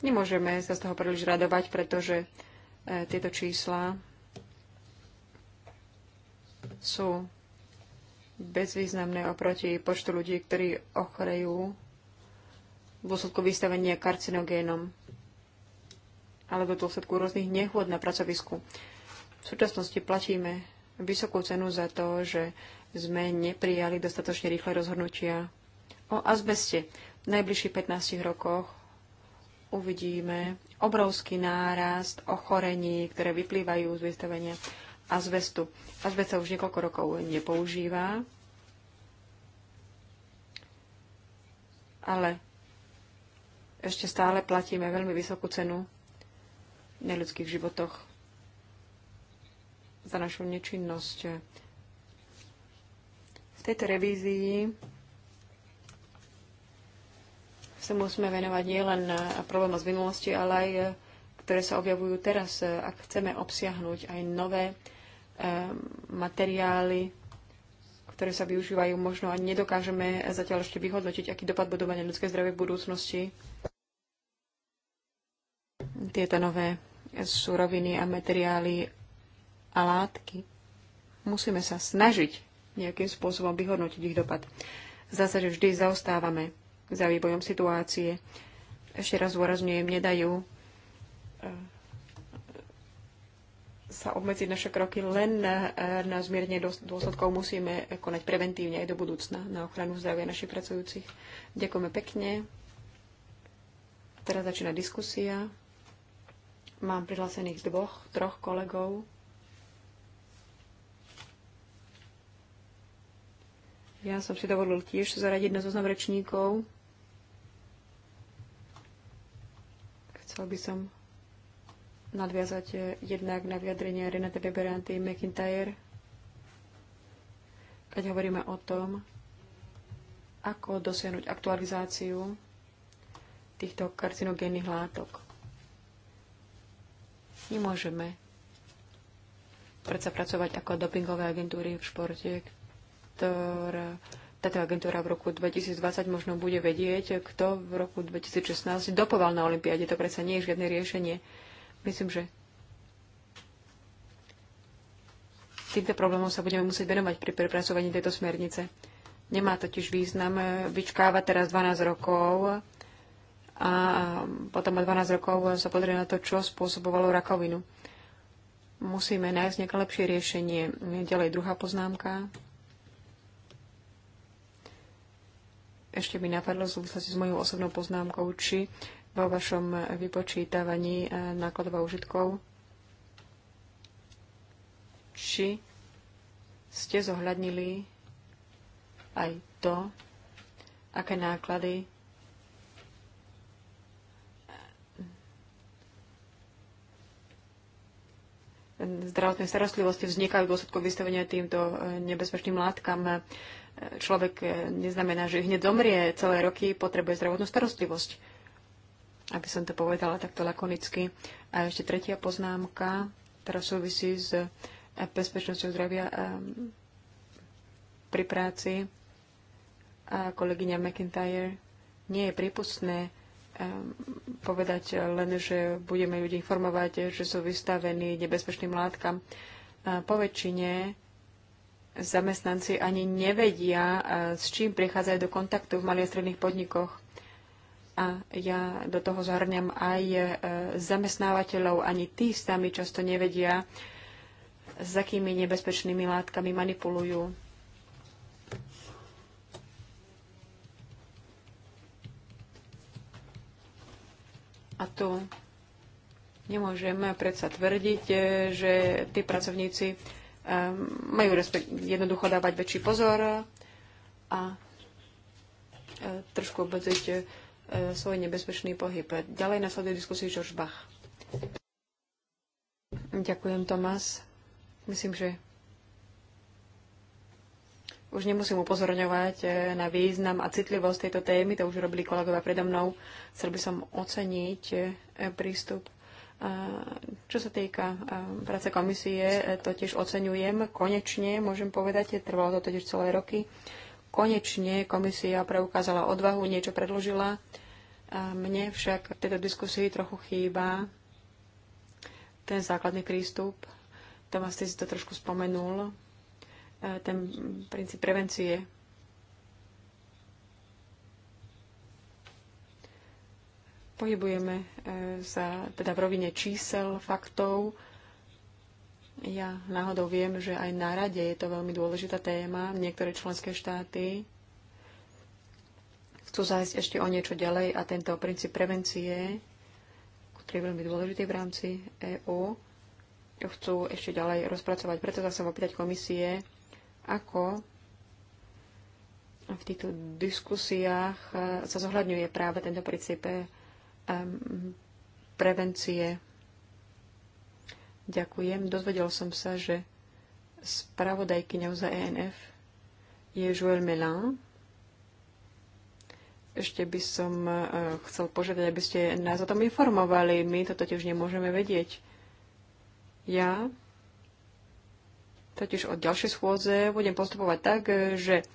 nemôžeme sa z toho príliš radovať, pretože e, tieto čísla sú bezvýznamné oproti počtu ľudí, ktorí ochorejú v dôsledku vystavenia karcinogénom alebo v dôsledku rôznych nehôd na pracovisku. V súčasnosti platíme vysokú cenu za to, že sme neprijali dostatočne rýchle rozhodnutia o azbeste. V najbližších 15 rokoch uvidíme obrovský nárast ochorení, ktoré vyplývajú z vystavenia azbestu. Azbest sa už niekoľko rokov nepoužíva, ale ešte stále platíme veľmi vysokú cenu na ľudských životoch, za našu nečinnosť. V tejto revízii sa musíme venovať nielen problémom z minulosti, ale aj eh, ktoré sa objavujú teraz, ak chceme obsiahnuť aj nové eh, materiály, ktoré sa využívajú, možno ani nedokážeme zatiaľ ešte vyhodnotiť, aký dopad budú mať ľudské zdravie v budúcnosti. Tieto nové suroviny a materiály a látky. Musíme sa snažiť nejakým spôsobom vyhodnotiť ich dopad. Zdá sa, že vždy zaostávame za vývojom situácie. Ešte raz zôrazňujem, nedajú eh, sa obmedziť naše kroky len na, eh, na zmierne dôsledkov. Musíme konať preventívne aj do budúcna na ochranu zdravia našich pracujúcich. Ďakujeme pekne. Teraz začína diskusia. Mám prihlásených dvoch, troch kolegov. Ja som si dovolil tiež zaradiť na zoznam rečníkov. Chcel by som nadviazať eh, jednak na vyjadrenie Renate Beberanty McIntyre, keď hovoríme o tom, ako dosiahnuť aktualizáciu týchto karcinogénnych látok. Nemôžeme predsa pracovať ako dopingové agentúry v športe, ktorá táto agentúra v roku 2020 možno bude vedieť, kto v roku 2016 dopoval na Olympiáde. To predsa nie je žiadne riešenie. Myslím, že týmto problémom sa budeme musieť venovať pri prepracovaní tejto smernice. Nemá totiž význam vyčkávať teraz 12 rokov, a potom o 12 rokov sa pozrie na to, čo spôsobovalo rakovinu. Musíme nájsť nejaké lepšie riešenie. Ďalej druhá poznámka. Ešte by napadlo v súvislosti s mojou osobnou poznámkou, či vo vašom vypočítavaní e, nákladov a užitkov, či ste zohľadnili aj to, aké náklady zdravotnej starostlivosti vznikajú v dôsledku vystavenia týmto e, nebezpečným látkam. E, človek e, neznamená, že hneď zomrie celé roky, potrebuje zdravotnú starostlivosť. Aby som to povedala takto lakonicky. A ešte tretia poznámka, ktorá súvisí s bezpečnosťou zdravia pri práci. A kolegyňa McIntyre nie je prípustné Ehm, povedať len, že budeme ľudí informovať, že sú vystavení nebezpečným látkam. Po väčšine zamestnanci ani nevedia, e, s čím prichádzajú do kontaktu v malých a stredných podnikoch. A ja do toho zahrňam aj e, zamestnávateľov, ani tí sami často nevedia, s akými nebezpečnými látkami manipulujú A tu nemôžeme predsa tvrdiť, e, že tí pracovníci e, majú respekt, jednoducho dávať väčší pozor a e, trošku obmedziť svoj nebezpečný pohyb. Ďalej nasleduje diskusiu George Bach. Ďakujem, Tomás. Myslím, že už nemusím upozorňovať e, na význam a citlivosť tejto témy, to už robili kolegovia predo mnou. Chcel by som oceniť e, prístup. E, čo sa týka práce komisie, to tiež oceňujem. Konečne, môžem povedať, trvalo to tiež celé roky. Konečne komisia preukázala odvahu, niečo predložila. mne však v tejto diskusii trochu chýba ten základný prístup. Tomas, ty si to trošku spomenul E, ten princíp prevencie. Pohybujeme e, sa teda v rovine čísel, faktov. Ja náhodou viem, že aj na rade je to veľmi dôležitá téma. Niektoré členské štáty chcú zájsť ešte o niečo ďalej a tento princíp prevencie, ktorý je veľmi dôležitý v rámci EÚ, chcú ešte ďalej rozpracovať. Preto sa chcem opýtať komisie, ako v týchto diskusiách eh, sa zohľadňuje práve tento princíp eh, prevencie. Ďakujem. Dozvedel som sa, že spravodajkyňou za ENF je Joël Melin. Ešte by som eh, chcel požiadať, aby ste nás o tom informovali. My to totiž nemôžeme vedieť. Ja totiž od ďalšej schôdze budem postupovať tak, že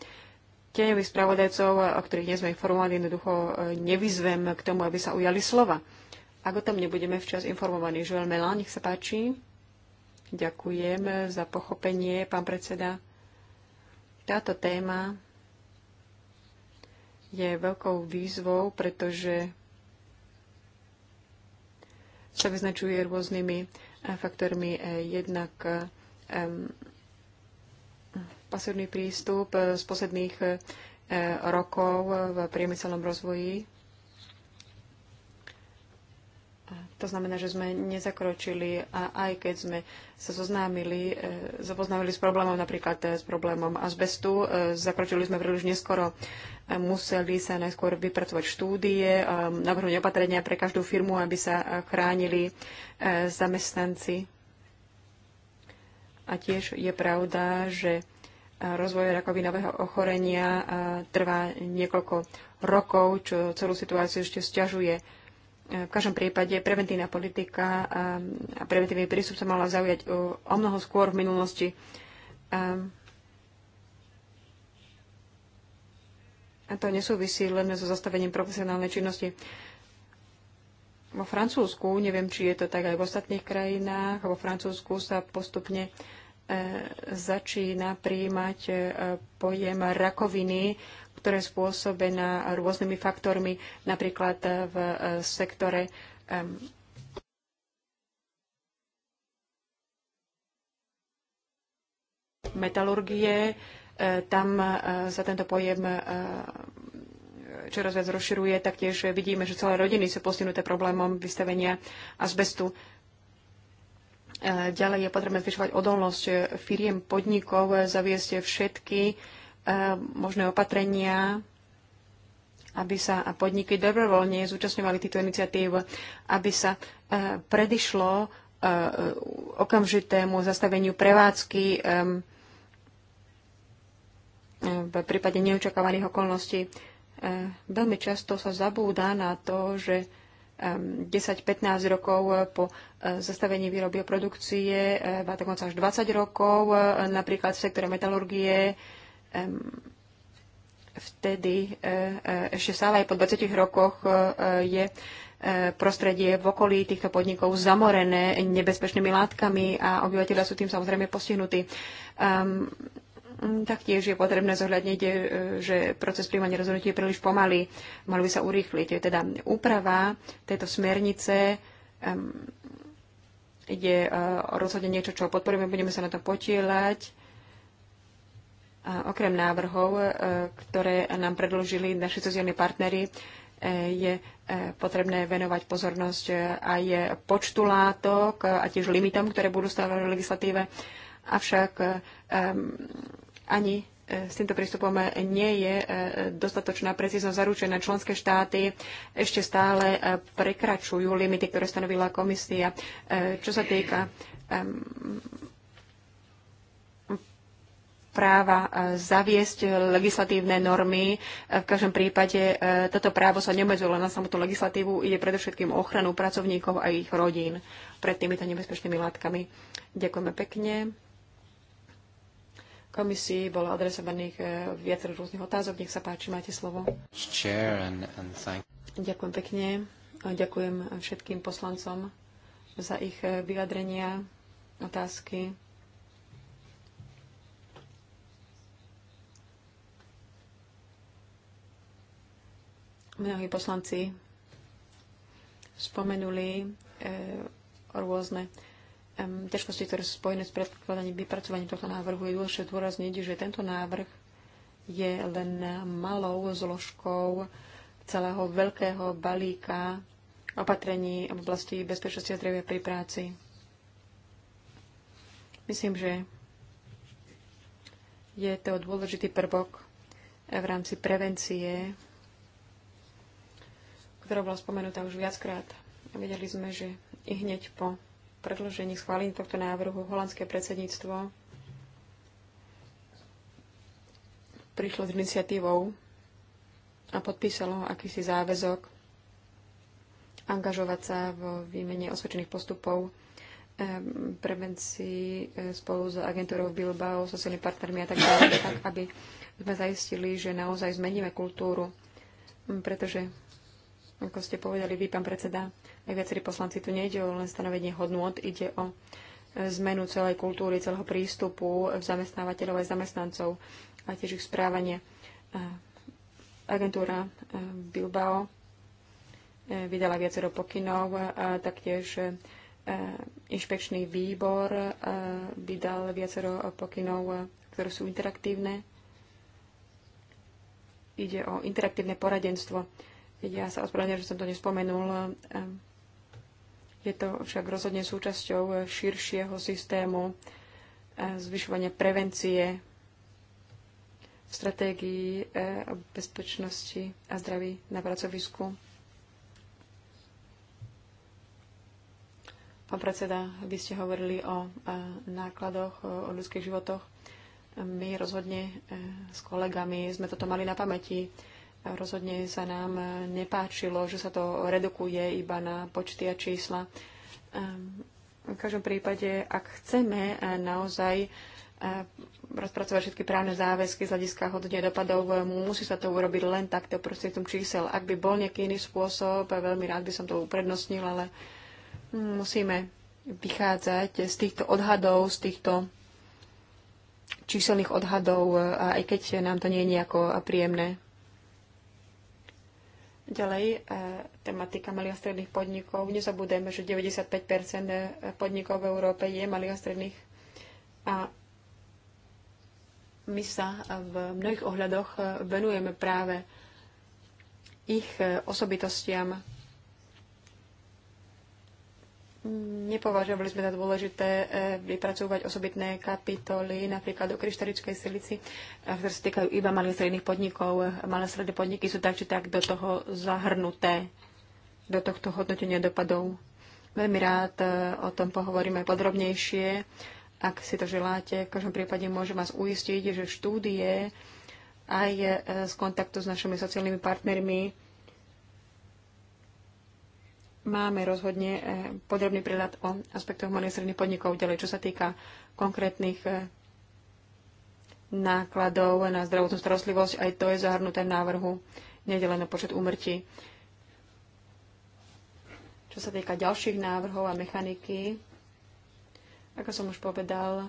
tieňových spravodajcov, o ktorých nie sme informovaní, jednoducho e, nevyzvem k tomu, aby sa ujali slova. Ak o tom nebudeme včas informovaní, Joel Melán, nech sa páči. Ďakujem za pochopenie, pán predseda. Táto téma je veľkou výzvou, pretože sa vyznačuje rôznymi faktormi. E, jednak pasívny prístup e, z posledných e, e, rokov v priemyselnom rozvoji. To znamená, že sme nezakročili a aj keď sme sa zoznámili, zapoznámili s problémom, napríklad s problémom azbestu, zakročili sme príliš neskoro. Museli sa najskôr vypracovať štúdie, navrhnúť opatrenia pre každú firmu, aby sa chránili zamestnanci. A tiež je pravda, že rozvoj rakovinového ochorenia trvá niekoľko rokov, čo celú situáciu ešte stiažuje. V každom prípade preventívna politika a preventívny prístup sa mala zaujať o, o mnoho skôr v minulosti. A to nesúvisí len so zastavením profesionálnej činnosti. Vo Francúzsku, neviem, či je to tak aj v ostatných krajinách, vo Francúzsku sa postupne E, začína príjmať e, pojem rakoviny, ktorá je spôsobená rôznymi faktormi, napríklad e, v sektore metalurgie. Tam sa tento pojem čoraz viac rozširuje. Taktiež vidíme, že celé rodiny sú postihnuté problémom vystavenia azbestu. Eh, ďalej je potrebné zvyšovať odolnosť firiem, podnikov, zaviesť všetky eh, možné opatrenia, aby sa podniky dobrovoľne zúčastňovali týchto iniciatív, aby sa eh, predišlo okamžitému zastaveniu prevádzky v prípade neočakávaných okolností. Veľmi často sa zabúda na to, že 10-15 rokov po e, zastavení výroby a produkcie, a e, dokonca až 20 rokov, e, napríklad v sektore metalurgie. Vtedy, ešte stále aj po 20 rokoch, je prostredie v okolí týchto podnikov zamorené nebezpečnými látkami a obyvateľia sú tým samozrejme postihnutí. Mm, taktiež je potrebné zohľadniť, e, že proces príjmania rozhodnutí je príliš pomalý, mal by sa urýchliť. Teda úprava tejto smernice je e, rozhodne niečo, čo podporujeme, budeme sa na to potielať. A okrem návrhov, e, ktoré nám predložili naši sociálni partnery, je potrebné venovať pozornosť aj počtu látok a tiež limitom, ktoré budú stávať v legislatíve. Avšak um, ani e, s týmto prístupom nie je e, dostatočná precíznosť zaručená. Členské štáty ešte stále e, prekračujú limity, ktoré stanovila komisia. Čo sa týka práva zaviesť legislatívne normy. V každom prípade toto právo sa nemedzuje len na samotnú legislatívu, ide predovšetkým o ochranu pracovníkov a ich rodín pred týmito nebezpečnými látkami. Ďakujeme pekne. Komisii bolo adresovaných e, viac rôznych otázok. Nech sa páči, máte slovo. Ďakujem pekne. Ďakujem všetkým poslancom za ich e, vyjadrenia, otázky. Mnohí poslanci spomenuli e, rôzne ťažkosti, ktoré sú spojené s predkladaním vypracovaním tohto návrhu, je dôležité zdôrazniť, že tento návrh je len malou zložkou celého veľkého balíka opatrení v oblasti bezpečnosti a zdravia pri práci. Myslím, že je to dôležitý prvok v rámci prevencie, ktorá bola spomenutá už viackrát. Vedeli sme, že i hneď po predložení schválení tohto návrhu holandské predsedníctvo prišlo s iniciatívou a podpísalo akýsi záväzok angažovať sa vo výmene osvedčených postupov prevencii e, spolu s agentúrou Bilbao, sociálnymi partnermi a tak ďalej, tak aby sme zaistili, že naozaj zmeníme kultúru, pretože ako ste povedali vy, pán predseda, aj viacerí poslanci, tu nejde o len stanovenie hodnot, ide o e, zmenu celej kultúry, celého prístupu e, zamestnávateľov aj zamestnancov a tiež ich správanie. E, agentúra Bilbao vydala viacero pokynov, a taktiež inšpekčný výbor vydal viacero pokynov, ktoré sú interaktívne. Ide o interaktívne poradenstvo ja sa ospravedlňujem, že som to nespomenul. Je to však rozhodne súčasťou širšieho systému zvyšovania prevencie v stratégii eh, bezpečnosti a zdraví na pracovisku. Pán predseda, vy ste hovorili o eh, nákladoch, o ľudských životoch. My rozhodne eh, s kolegami sme toto mali na pamäti Rozhodne sa nám nepáčilo, že sa to redukuje iba na počty a čísla. Ehm, v každom prípade, ak chceme eh, naozaj eh, rozpracovať všetky právne záväzky z hľadiska hodne dopadov, eh, musí sa to urobiť len takto prostredstvom čísel. Ak by bol nejaký iný spôsob, veľmi rád by som to uprednostnil, ale musíme vychádzať z týchto odhadov, z týchto číselných odhadov, aj keď nám to nie je nejako príjemné. Ďalej, e, tematika malých a stredných podnikov. Nezabúdajme, že 95 e, podnikov v Európe je malých a stredných. A my sa v mnohých ohľadoch e, venujeme práve ich osobitostiam. Nepovažovali sme za dôležité eh, vypracovať osobitné kapitoly, napríklad o kryštaričkej silici, eh, ktoré sa týkajú iba malých stredných podnikov. Malé stredné podniky sú tak či tak do toho zahrnuté, do tohto hodnotenia dopadov. Veľmi rád eh, o tom pohovoríme podrobnejšie, ak si to želáte. V každom prípade môžem vás uistiť, že štúdie aj z kontaktu s našimi sociálnymi partnermi máme rozhodne eh, podrobný prehľad o aspektoch malých stredných podnikov ďalej, čo sa týka konkrétnych eh, nákladov na zdravotnú starostlivosť. Aj to je zahrnuté v návrhu nedelené počet úmrtí. Čo sa týka ďalších návrhov a mechaniky, ako som už povedal,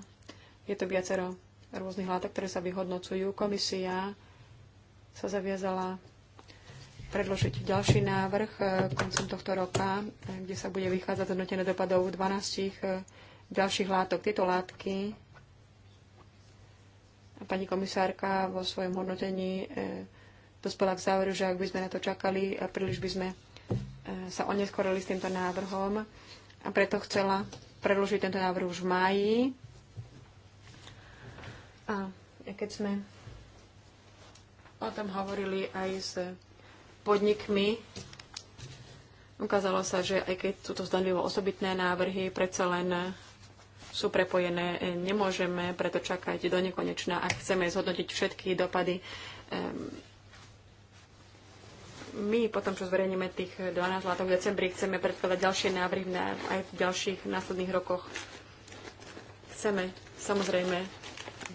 je to viacero rôznych látok, ktoré sa vyhodnocujú. Komisia sa zaviazala predložiť ďalší návrh e, koncom tohto roka, e, kde sa bude vychádzať zhodnotené dopadov 12 e, ďalších látok. Tieto látky pani komisárka vo svojom hodnotení dospela k záveru, že ak by sme na to čakali, príliš by sme sa oneskorili s týmto návrhom a preto chcela predložiť tento návrh už v máji. A keď sme o tom hovorili aj s podnikmi. Ukázalo sa, že aj keď sú to zdanlivo osobitné návrhy, predsa len sú prepojené. Nemôžeme preto čakať do nekonečna, ak chceme zhodnotiť všetky dopady. My potom, čo zverejníme tých 12 látok v decembri, chceme predkladať ďalšie návrhy aj v ďalších následných rokoch. Chceme samozrejme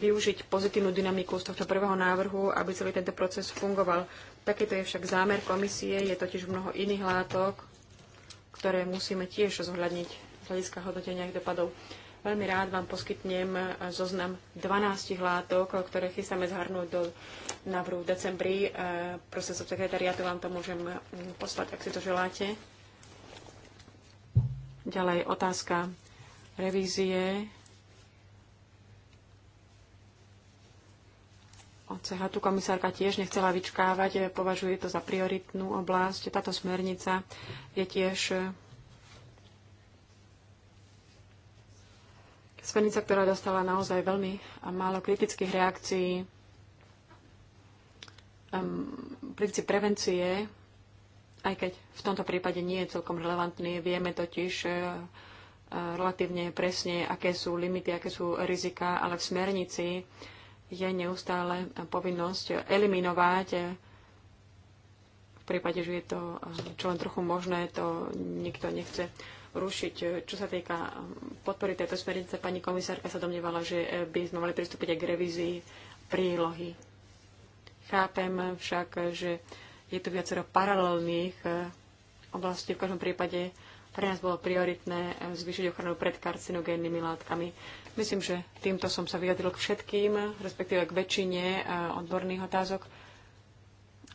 využiť pozitívnu dynamiku z tohto prvého návrhu, aby celý tento proces fungoval. Takýto je však zámer komisie, je totiž mnoho iných látok, ktoré musíme tiež zohľadniť z hľadiska hodnotenia ich dopadov. Veľmi rád vám poskytnem zoznam 12 látok, ktoré chystáme zhrnúť do návrhu v decembri. E, prosím som sekretariátu, vám to môžem mm, poslať, ak si to želáte. Ďalej otázka revízie OCH. Tu komisárka tiež nechcela vyčkávať, e, považuje to za prioritnú oblasť. Táto smernica je tiež e, smernica, ktorá dostala naozaj veľmi málo kritických reakcií. v princíp prevencie, aj keď v tomto prípade nie je celkom relevantný, vieme totiž e, relatívne presne, aké sú limity, aké sú rizika, ale v smernici je neustále povinnosť eliminovať v prípade, že je to eh, čo len trochu možné, to nikto nechce rušiť. Čo sa týka eh, podpory tejto smernice, pani komisárka sa domnievala, že eh, by sme mali pristúpiť aj k revízii prílohy. Chápem však, že je tu viacero paralelných oblastí. V každom prípade pre nás bolo prioritné zvýšiť ochranu pred karcinogénnymi látkami. Myslím, že týmto som sa vyjadril k všetkým, respektíve k väčšine eh, odborných otázok.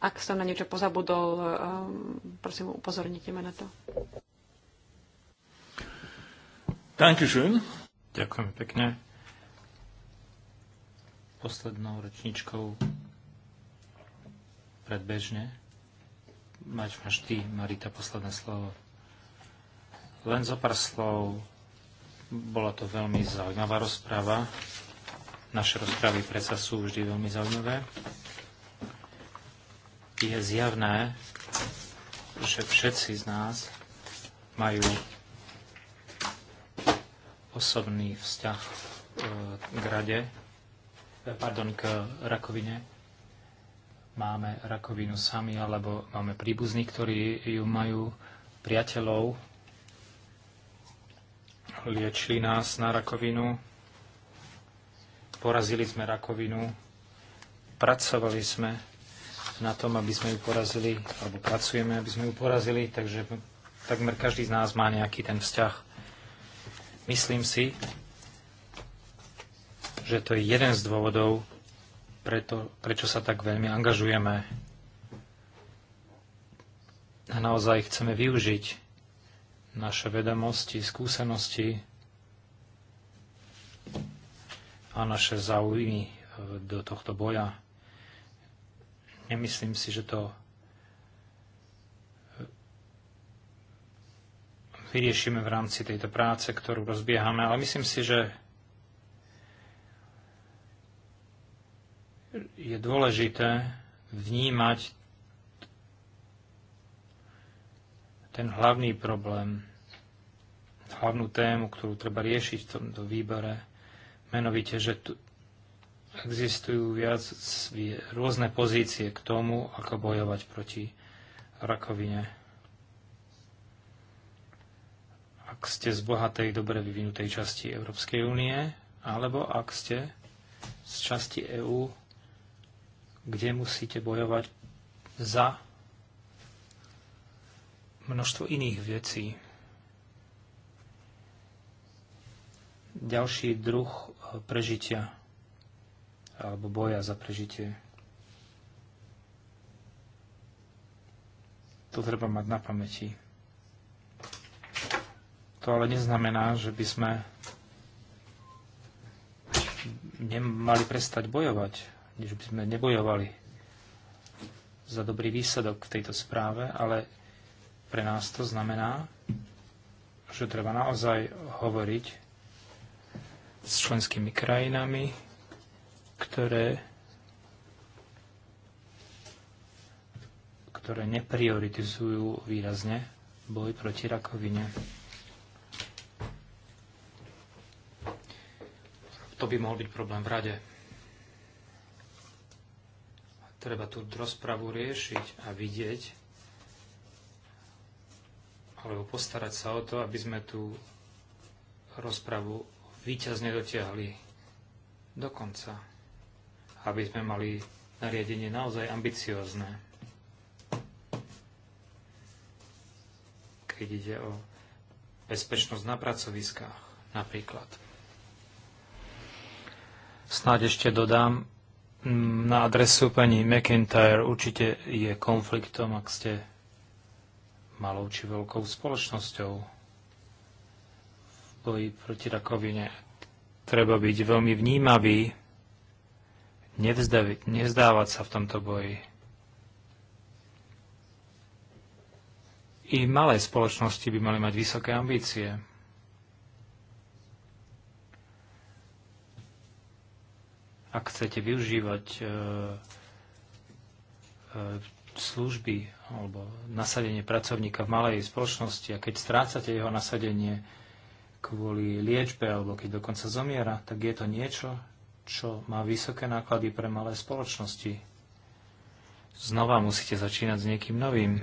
Ak som na niečo pozabudol, eh, prosím, upozornite ma na to. Dankeschön. Ďakujem pekne. Poslednou rečničkou predbežne. Mať máš ty, Marita, posledné slovo. Len zo pár slov bola to veľmi zaujímavá rozpráva. Naše rozprávy predsa sú vždy veľmi zaujímavé. Je zjavné, že všetci z nás majú osobný vzťah e, k rade, e, pardon, k rakovine. Máme rakovinu sami, alebo máme príbuzní, ktorí ju majú, priateľov, liečili nás na rakovinu, porazili sme rakovinu, pracovali sme na tom, aby sme ju porazili, alebo pracujeme, aby sme ju porazili, takže takmer každý z nás má nejaký ten vzťah. Myslím si, že to je jeden z dôvodov, preto, prečo sa tak veľmi angažujeme. A naozaj chceme využiť naše vedomosti, skúsenosti a naše záujmy e, do tohto boja. Nemyslím si, že to e, vyriešime v rámci tejto práce, ktorú rozbiehame, ale myslím si, že je dôležité vnímať ten hlavný problém, hlavnú tému, ktorú treba riešiť v tomto výbore, menovite, že tu existujú viac rôzne pozície k tomu, ako bojovať proti rakovine. Ak ste z bohatej, dobre vyvinutej časti Európskej únie, alebo ak ste z časti EÚ, kde musíte bojovať za množstvo iných vecí. Ďalší druh e, prežitia alebo boja za prežitie. To treba mať na pamäti. To ale neznamená, že by sme nemali prestať bojovať, že by sme nebojovali za dobrý výsledok v tejto správe, ale pre nás to znamená, že treba naozaj hovoriť s členskými krajinami, ktoré, ktoré neprioritizujú výrazne boj proti rakovine. To by mohol byť problém v rade. Treba tú rozpravu riešiť a vidieť, alebo postarať sa o to, aby sme tú rozpravu výťazne dotiahli do konca. Aby sme mali nariadenie naozaj ambiciozne. Keď ide o bezpečnosť na pracoviskách napríklad. Snáď ešte dodám na adresu pani McIntyre určite je konfliktom, ak ste malou či veľkou spoločnosťou. V boji proti rakovine treba byť veľmi vnímavý, nevzdávať sa v tomto boji. I malé spoločnosti by mali mať vysoké ambície. Ak chcete využívať e, e služby alebo nasadenie pracovníka v malej spoločnosti a keď strácate jeho nasadenie kvôli liečbe alebo keď dokonca zomiera, tak je to niečo, čo má vysoké náklady pre malé spoločnosti. Znova musíte začínať s niekým novým.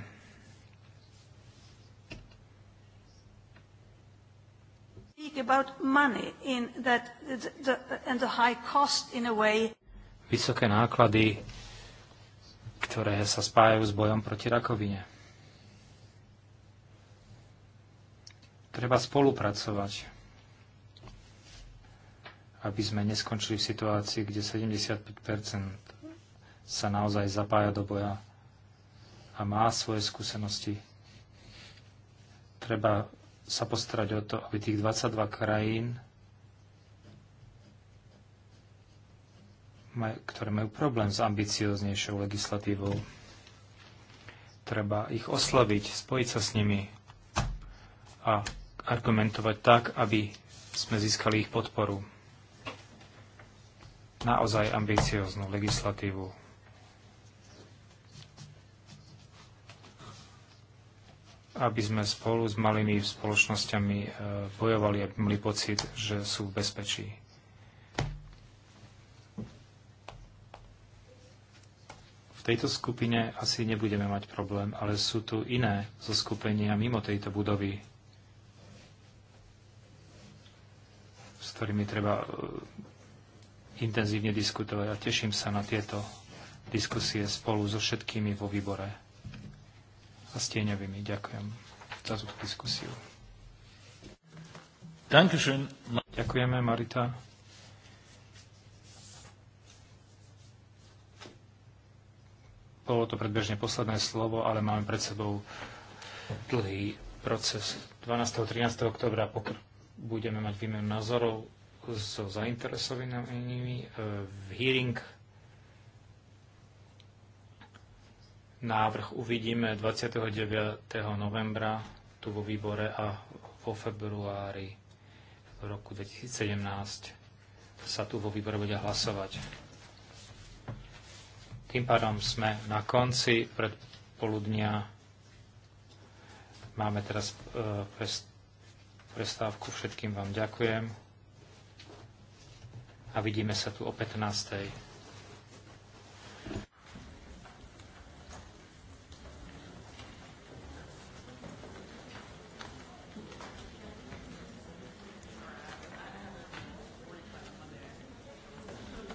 Vysoké náklady ktoré sa spájajú s bojom proti rakovine. Treba spolupracovať, aby sme neskončili v situácii, kde 75 sa naozaj zapája do boja a má svoje skúsenosti. Treba sa postarať o to, aby tých 22 krajín ktoré majú problém s ambicioznejšou legislatívou. Treba ich osloviť, spojiť sa s nimi a argumentovať tak, aby sme získali ich podporu. Naozaj ambicióznu legislatívu. Aby sme spolu s malými spoločnosťami e, bojovali, aby mali pocit, že sú v bezpečí. tejto skupine asi nebudeme mať problém, ale sú tu iné zoskupenia mimo tejto budovy, s ktorými treba e, intenzívne diskutovať a teším sa na tieto diskusie spolu so všetkými vo výbore a s tieňovými. Ďakujem za túto diskusiu. Ďakujeme, Marita. Bolo to predbežne posledné slovo, ale máme pred sebou dlhý proces. 12. 13. oktobra budeme mať výmenu názorov so zainteresovanými e, v hearing. Návrh uvidíme 29. novembra tu vo výbore a vo februári v roku 2017 sa tu vo výbore bude hlasovať. Tým pádom sme na konci predpoludnia. Máme teraz e, prestávku. Všetkým vám ďakujem. A vidíme sa tu o 15.